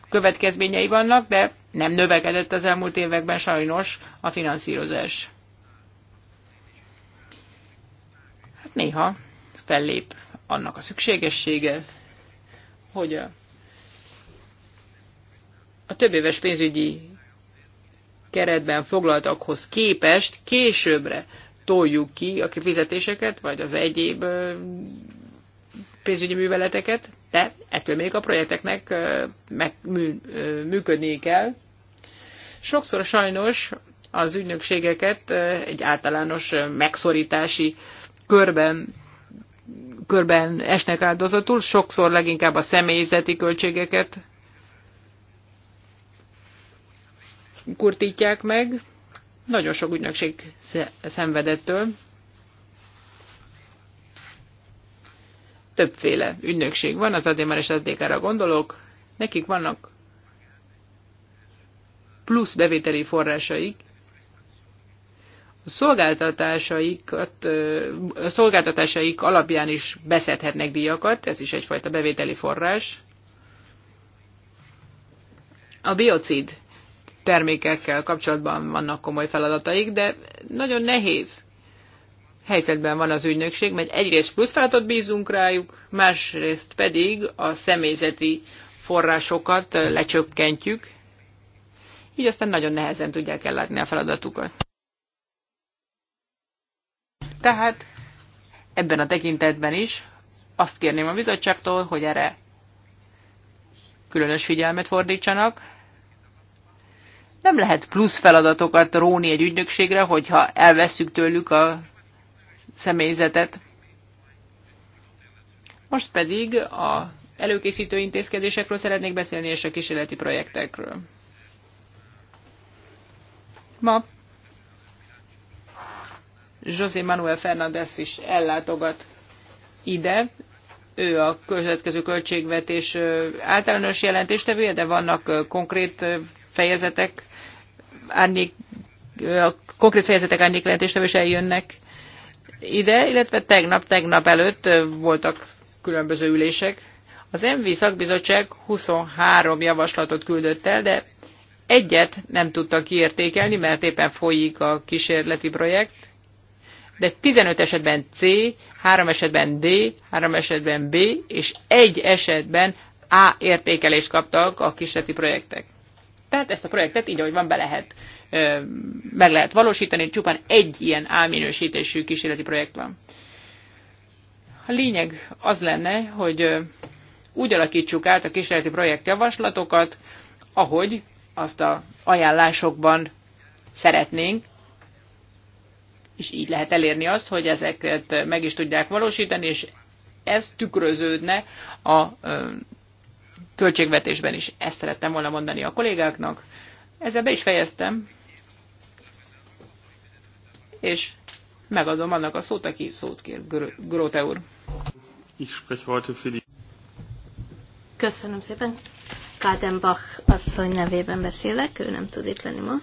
következményei vannak, de nem növekedett az elmúlt években sajnos a finanszírozás. Hát néha fellép annak a szükségessége, hogy a, a több éves pénzügyi keretben foglaltakhoz képest későbbre toljuk ki a kifizetéseket, vagy az egyéb pénzügyi műveleteket, de ettől még a projekteknek meg, mű, működni kell. Sokszor sajnos az ügynökségeket egy általános megszorítási körben körben esnek áldozatul, sokszor leginkább a személyzeti költségeket kurtítják meg. Nagyon sok ügynökség szenvedettől. Többféle ügynökség van, az adémar és ra gondolok. Nekik vannak plusz bevételi forrásaik, a szolgáltatásaikat, a szolgáltatásaik alapján is beszedhetnek díjakat, ez is egyfajta bevételi forrás. A biocid termékekkel kapcsolatban vannak komoly feladataik, de nagyon nehéz helyzetben van az ügynökség, mert egyrészt plusz feladatot bízunk rájuk, másrészt pedig a személyzeti forrásokat lecsökkentjük, így aztán nagyon nehezen tudják ellátni a feladatukat. Tehát ebben a tekintetben is azt kérném a bizottságtól, hogy erre különös figyelmet fordítsanak, nem lehet plusz feladatokat róni egy ügynökségre, hogyha elveszük tőlük a személyzetet. Most pedig a előkészítő intézkedésekről szeretnék beszélni, és a kísérleti projektekről. Ma José Manuel Fernández is ellátogat ide. Ő a következő költségvetés általános jelentéstevője, de vannak konkrét fejezetek, árnyék, a konkrét fejezetek árnyék jelentéstől is eljönnek ide, illetve tegnap, tegnap előtt voltak különböző ülések. Az MV szakbizottság 23 javaslatot küldött el, de egyet nem tudta kiértékelni, mert éppen folyik a kísérleti projekt, de 15 esetben C, 3 esetben D, 3 esetben B, és egy esetben A értékelést kaptak a kísérleti projektek. Tehát ezt a projektet így, ahogy van, be lehet, meg lehet valósítani, csupán egy ilyen álminősítésű kísérleti projekt van. A lényeg az lenne, hogy úgy alakítsuk át a kísérleti projekt javaslatokat, ahogy azt a ajánlásokban szeretnénk, és így lehet elérni azt, hogy ezeket meg is tudják valósítani, és ez tükröződne a költségvetésben is. Ezt szerettem volna mondani a kollégáknak. Ezzel be is fejeztem, és megadom annak a szót, aki szót kér, Gróte úr. Köszönöm szépen. Kádenbach asszony nevében beszélek, ő nem tud itt lenni ma.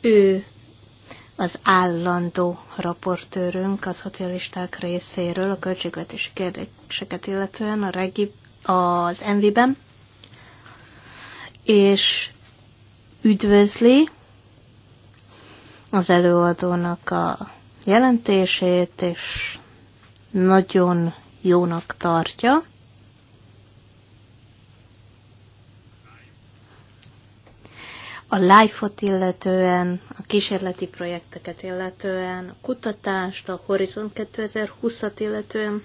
Ő az állandó raportőrünk a szocialisták részéről a költségvetési kérdéseket illetően a regi, az Envi-ben, és üdvözli az előadónak a jelentését, és nagyon jónak tartja, Life-ot illetően, a kísérleti projekteket illetően, a kutatást, a Horizon 2020-at illetően.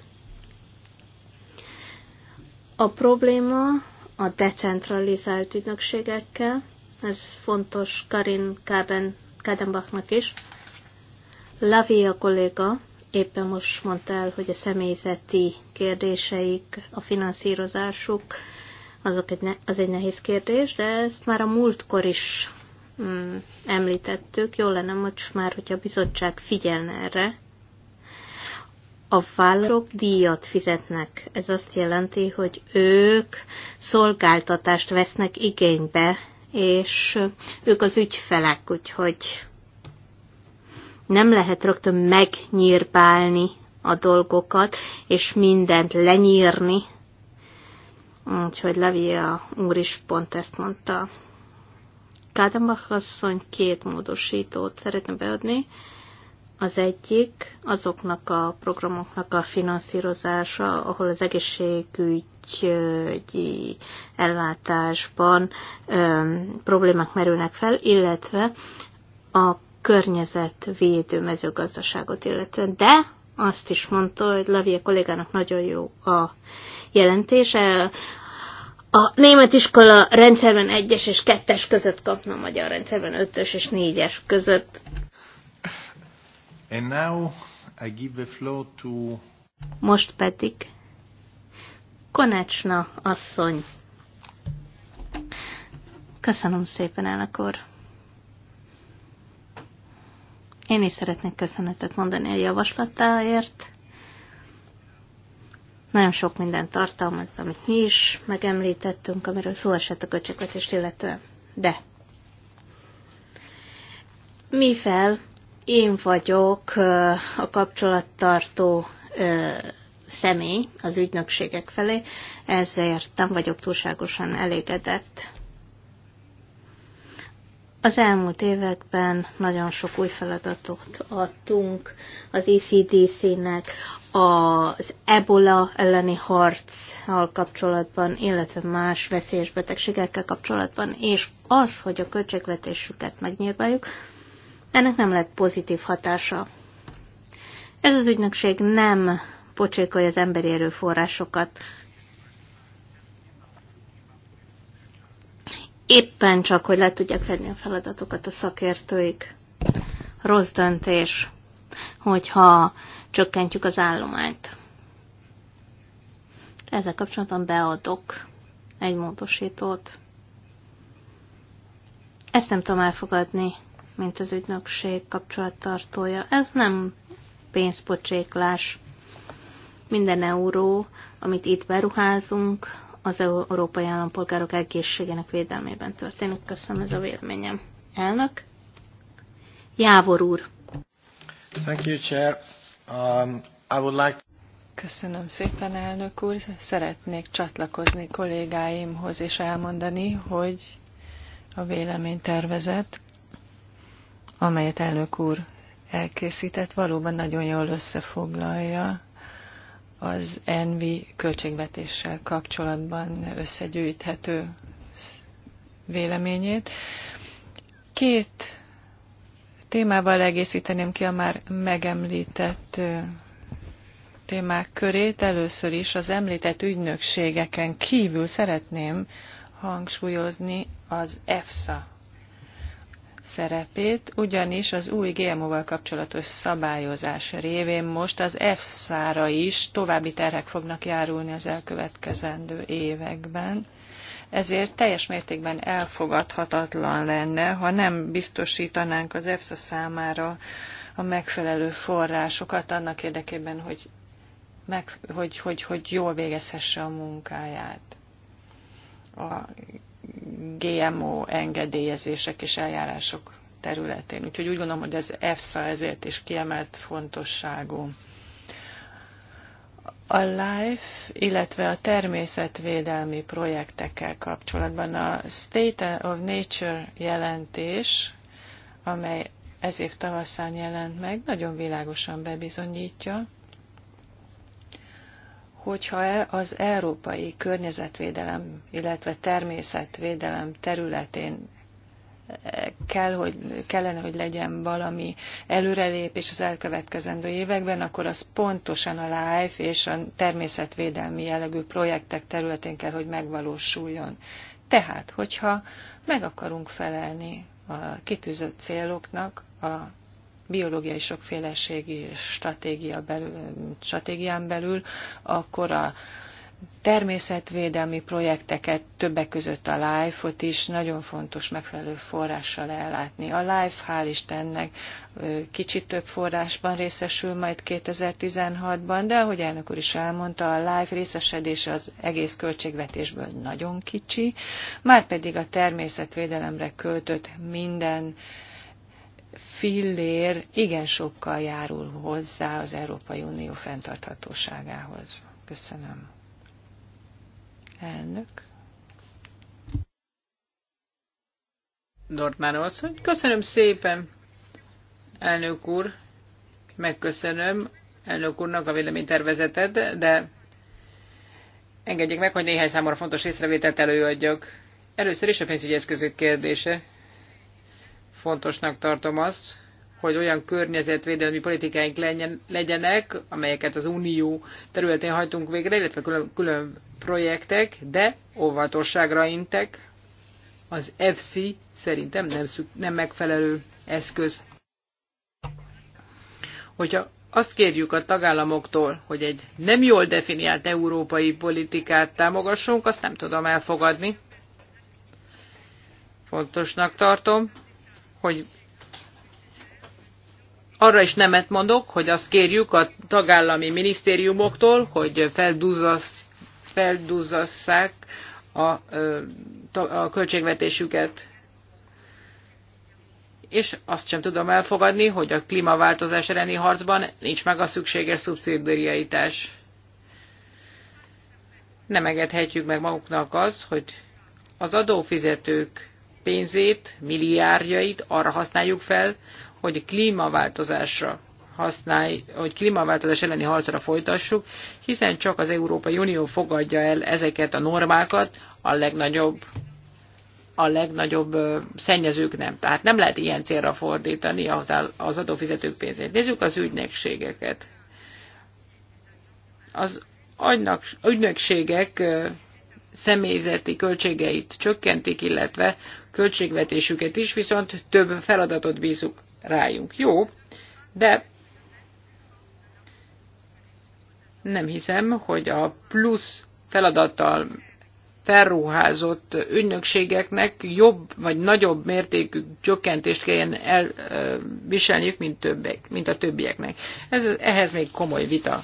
A probléma a decentralizált ügynökségekkel, ez fontos Karin Káben, Kádenbachnak is. Lavi a kolléga éppen most mondta el, hogy a személyzeti kérdéseik, a finanszírozásuk azok egy ne, az egy nehéz kérdés, de ezt már a múltkor is mm, említettük. Jó lenne most már, hogyha a bizottság figyelne erre. A vállalatok díjat fizetnek. Ez azt jelenti, hogy ők szolgáltatást vesznek igénybe, és ők az ügyfelek, úgyhogy nem lehet rögtön megnyírbálni a dolgokat, és mindent lenyírni, Úgyhogy a úr is pont ezt mondta. Kádenbach asszony két módosítót szeretne beadni. Az egyik azoknak a programoknak a finanszírozása, ahol az egészségügyi ellátásban öm, problémák merülnek fel, illetve a környezetvédő mezőgazdaságot illetően. De azt is mondta, hogy Lavia kollégának nagyon jó a jelentése. A német iskola rendszerben 1-es és 2-es között kapna, a magyar rendszerben 5-ös és 4-es között. And now I give the floor to... Most pedig Konecsna asszony. Köszönöm szépen, elnök úr. Én is szeretnék köszönetet mondani a javaslatáért. Nagyon sok mindent tartalmaz, amit mi is megemlítettünk, amiről szó esett a költségvetést illetően. De mivel én vagyok a kapcsolattartó személy az ügynökségek felé, ezért nem vagyok túlságosan elégedett az elmúlt években nagyon sok új feladatot adtunk az ECDC-nek az ebola elleni harccal kapcsolatban, illetve más veszélyes betegségekkel kapcsolatban, és az, hogy a költségvetésüket megnyírbáljuk, ennek nem lett pozitív hatása. Ez az ügynökség nem pocsékolja az emberi erőforrásokat, éppen csak, hogy le tudják fedni a feladatokat a szakértőik. Rossz döntés, hogyha csökkentjük az állományt. Ezzel kapcsolatban beadok egy módosítót. Ezt nem tudom elfogadni, mint az ügynökség kapcsolattartója. Ez nem pénzpocséklás. Minden euró, amit itt beruházunk, az európai állampolgárok egészségének védelmében történik. Köszönöm ez a véleményem. Elnök? Jávor úr. Thank you, Chair. Um, I would like... Köszönöm szépen, elnök úr. Szeretnék csatlakozni kollégáimhoz és elmondani, hogy a véleménytervezet, amelyet elnök úr elkészített, valóban nagyon jól összefoglalja az ENVI költségvetéssel kapcsolatban összegyűjthető véleményét. Két témával egészíteném ki a már megemlített témák körét. Először is az említett ügynökségeken kívül szeretném hangsúlyozni az EFSA szerepét, ugyanis az új GMO-val kapcsolatos szabályozás révén most az EFSA-ra is további terhek fognak járulni az elkövetkezendő években. Ezért teljes mértékben elfogadhatatlan lenne, ha nem biztosítanánk az EFSA számára a megfelelő forrásokat annak érdekében, hogy, meg, hogy, hogy, hogy jól végezhesse a munkáját. A GMO engedélyezések és eljárások területén. Úgyhogy úgy gondolom, hogy ez EFSA ezért is kiemelt fontosságú. A LIFE, illetve a természetvédelmi projektekkel kapcsolatban a State of Nature jelentés, amely ez év tavaszán jelent meg, nagyon világosan bebizonyítja, hogyha az európai környezetvédelem, illetve természetvédelem területén eh, kell, hogy, kellene, hogy legyen valami előrelépés az elkövetkezendő években, akkor az pontosan a LIFE és a természetvédelmi jellegű projektek területén kell, hogy megvalósuljon. Tehát, hogyha meg akarunk felelni a kitűzött céloknak a biológiai sokféleségi stratégia belül, stratégián belül, akkor a természetvédelmi projekteket, többek között a LIFE-ot is nagyon fontos megfelelő forrással ellátni. A LIFE, hál' Istennek, kicsit több forrásban részesül majd 2016-ban, de ahogy elnök úr is elmondta, a LIFE részesedése az egész költségvetésből nagyon kicsi, márpedig a természetvédelemre költött minden Fillér igen sokkal járul hozzá az Európai Unió fenntarthatóságához. Köszönöm. Elnök. Dortmán asszony, köszönöm szépen, elnök úr, megköszönöm elnök úrnak a véleménytervezetet, de engedjék meg, hogy néhány számomra fontos észrevételt előadjak. Először is a pénzügyi eszközök kérdése fontosnak tartom azt, hogy olyan környezetvédelmi politikáink legyenek, amelyeket az Unió területén hajtunk végre, illetve külön, külön projektek, de óvatosságra intek. Az FC szerintem nem, szük, nem megfelelő eszköz. Hogyha azt kérjük a tagállamoktól, hogy egy nem jól definiált európai politikát támogassunk, azt nem tudom elfogadni. Fontosnak tartom, hogy arra is nemet mondok, hogy azt kérjük a tagállami minisztériumoktól, hogy felduzzasszák a, a költségvetésüket. És azt sem tudom elfogadni, hogy a klímaváltozás elleni harcban nincs meg a szükséges szubszidiaritás. Nem engedhetjük meg maguknak azt, hogy az adófizetők pénzét, milliárdjait arra használjuk fel, hogy klímaváltozásra használj, hogy klímaváltozás elleni harcra folytassuk, hiszen csak az Európai Unió fogadja el ezeket a normákat, a legnagyobb a legnagyobb szennyezők nem. Tehát nem lehet ilyen célra fordítani az adófizetők pénzét. Nézzük az ügynökségeket. Az ügynökségek személyzeti költségeit csökkentik, illetve költségvetésüket is, viszont több feladatot bízunk rájuk. Jó, de nem hiszem, hogy a plusz feladattal felruházott ügynökségeknek jobb vagy nagyobb mértékű csökkentést kelljen elviselniük, mint, többek, mint a többieknek. Ez, ehhez még komoly vita,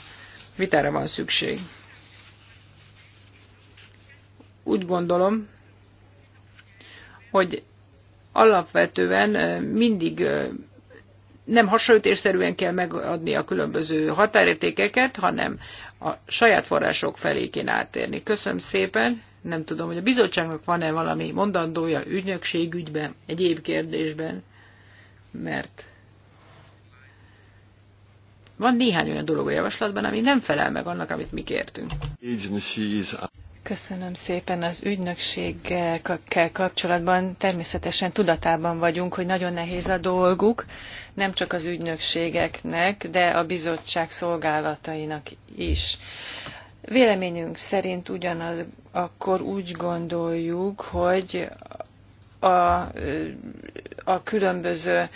vitára van szükség úgy gondolom, hogy alapvetően mindig nem hasonlítésszerűen kell megadni a különböző határértékeket, hanem a saját források felé kéne átérni Köszönöm szépen, nem tudom, hogy a bizottságnak van-e valami mondandója ügynökségügyben, egyéb kérdésben, mert van néhány olyan dolog a javaslatban, ami nem felel meg annak, amit mi kértünk. Köszönöm szépen az ügynökséggel kapcsolatban. Természetesen tudatában vagyunk, hogy nagyon nehéz a dolguk, nem csak az ügynökségeknek, de a bizottság szolgálatainak is. Véleményünk szerint ugyanaz, akkor úgy gondoljuk, hogy a, a különböző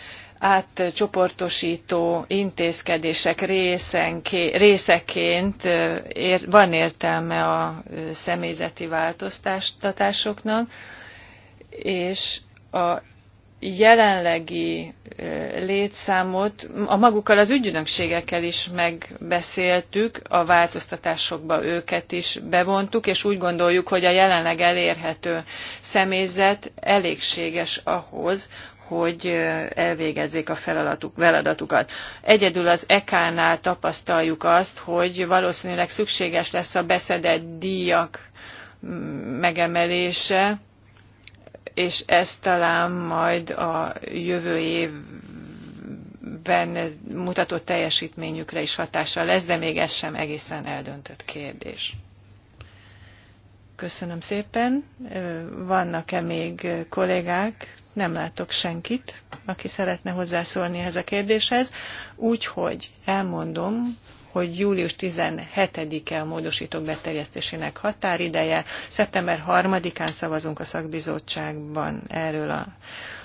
átcsoportosító intézkedések részenké, részeként ér, van értelme a személyzeti változtatásoknak, és a jelenlegi létszámot a magukkal az ügynökségekkel is megbeszéltük, a változtatásokba őket is bevontuk, és úgy gondoljuk, hogy a jelenleg elérhető személyzet elégséges ahhoz, hogy elvégezzék a feladatuk, feladatukat. Egyedül az EK-nál tapasztaljuk azt, hogy valószínűleg szükséges lesz a beszedett díjak mm, megemelése, és ez talán majd a jövő évben mutatott teljesítményükre is hatása. lesz, de még ez sem egészen eldöntött kérdés. Köszönöm szépen. Vannak-e még kollégák? nem látok senkit, aki szeretne hozzászólni ehhez a kérdéshez, úgyhogy elmondom, hogy július 17-e a módosítók beterjesztésének határideje. Szeptember 3-án szavazunk a szakbizottságban erről a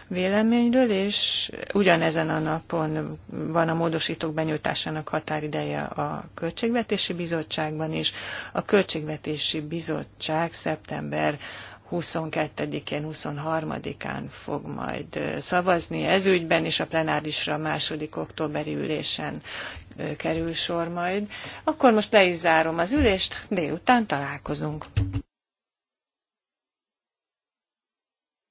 véleményről, és ugyanezen a napon van a módosítók benyújtásának határideje a Költségvetési Bizottságban is. A Költségvetési Bizottság szeptember 22-én, 23-án fog majd szavazni ez ügyben, és a plenárisra a második októberi ülésen kerül sor majd. Akkor most le is zárom az ülést, délután találkozunk.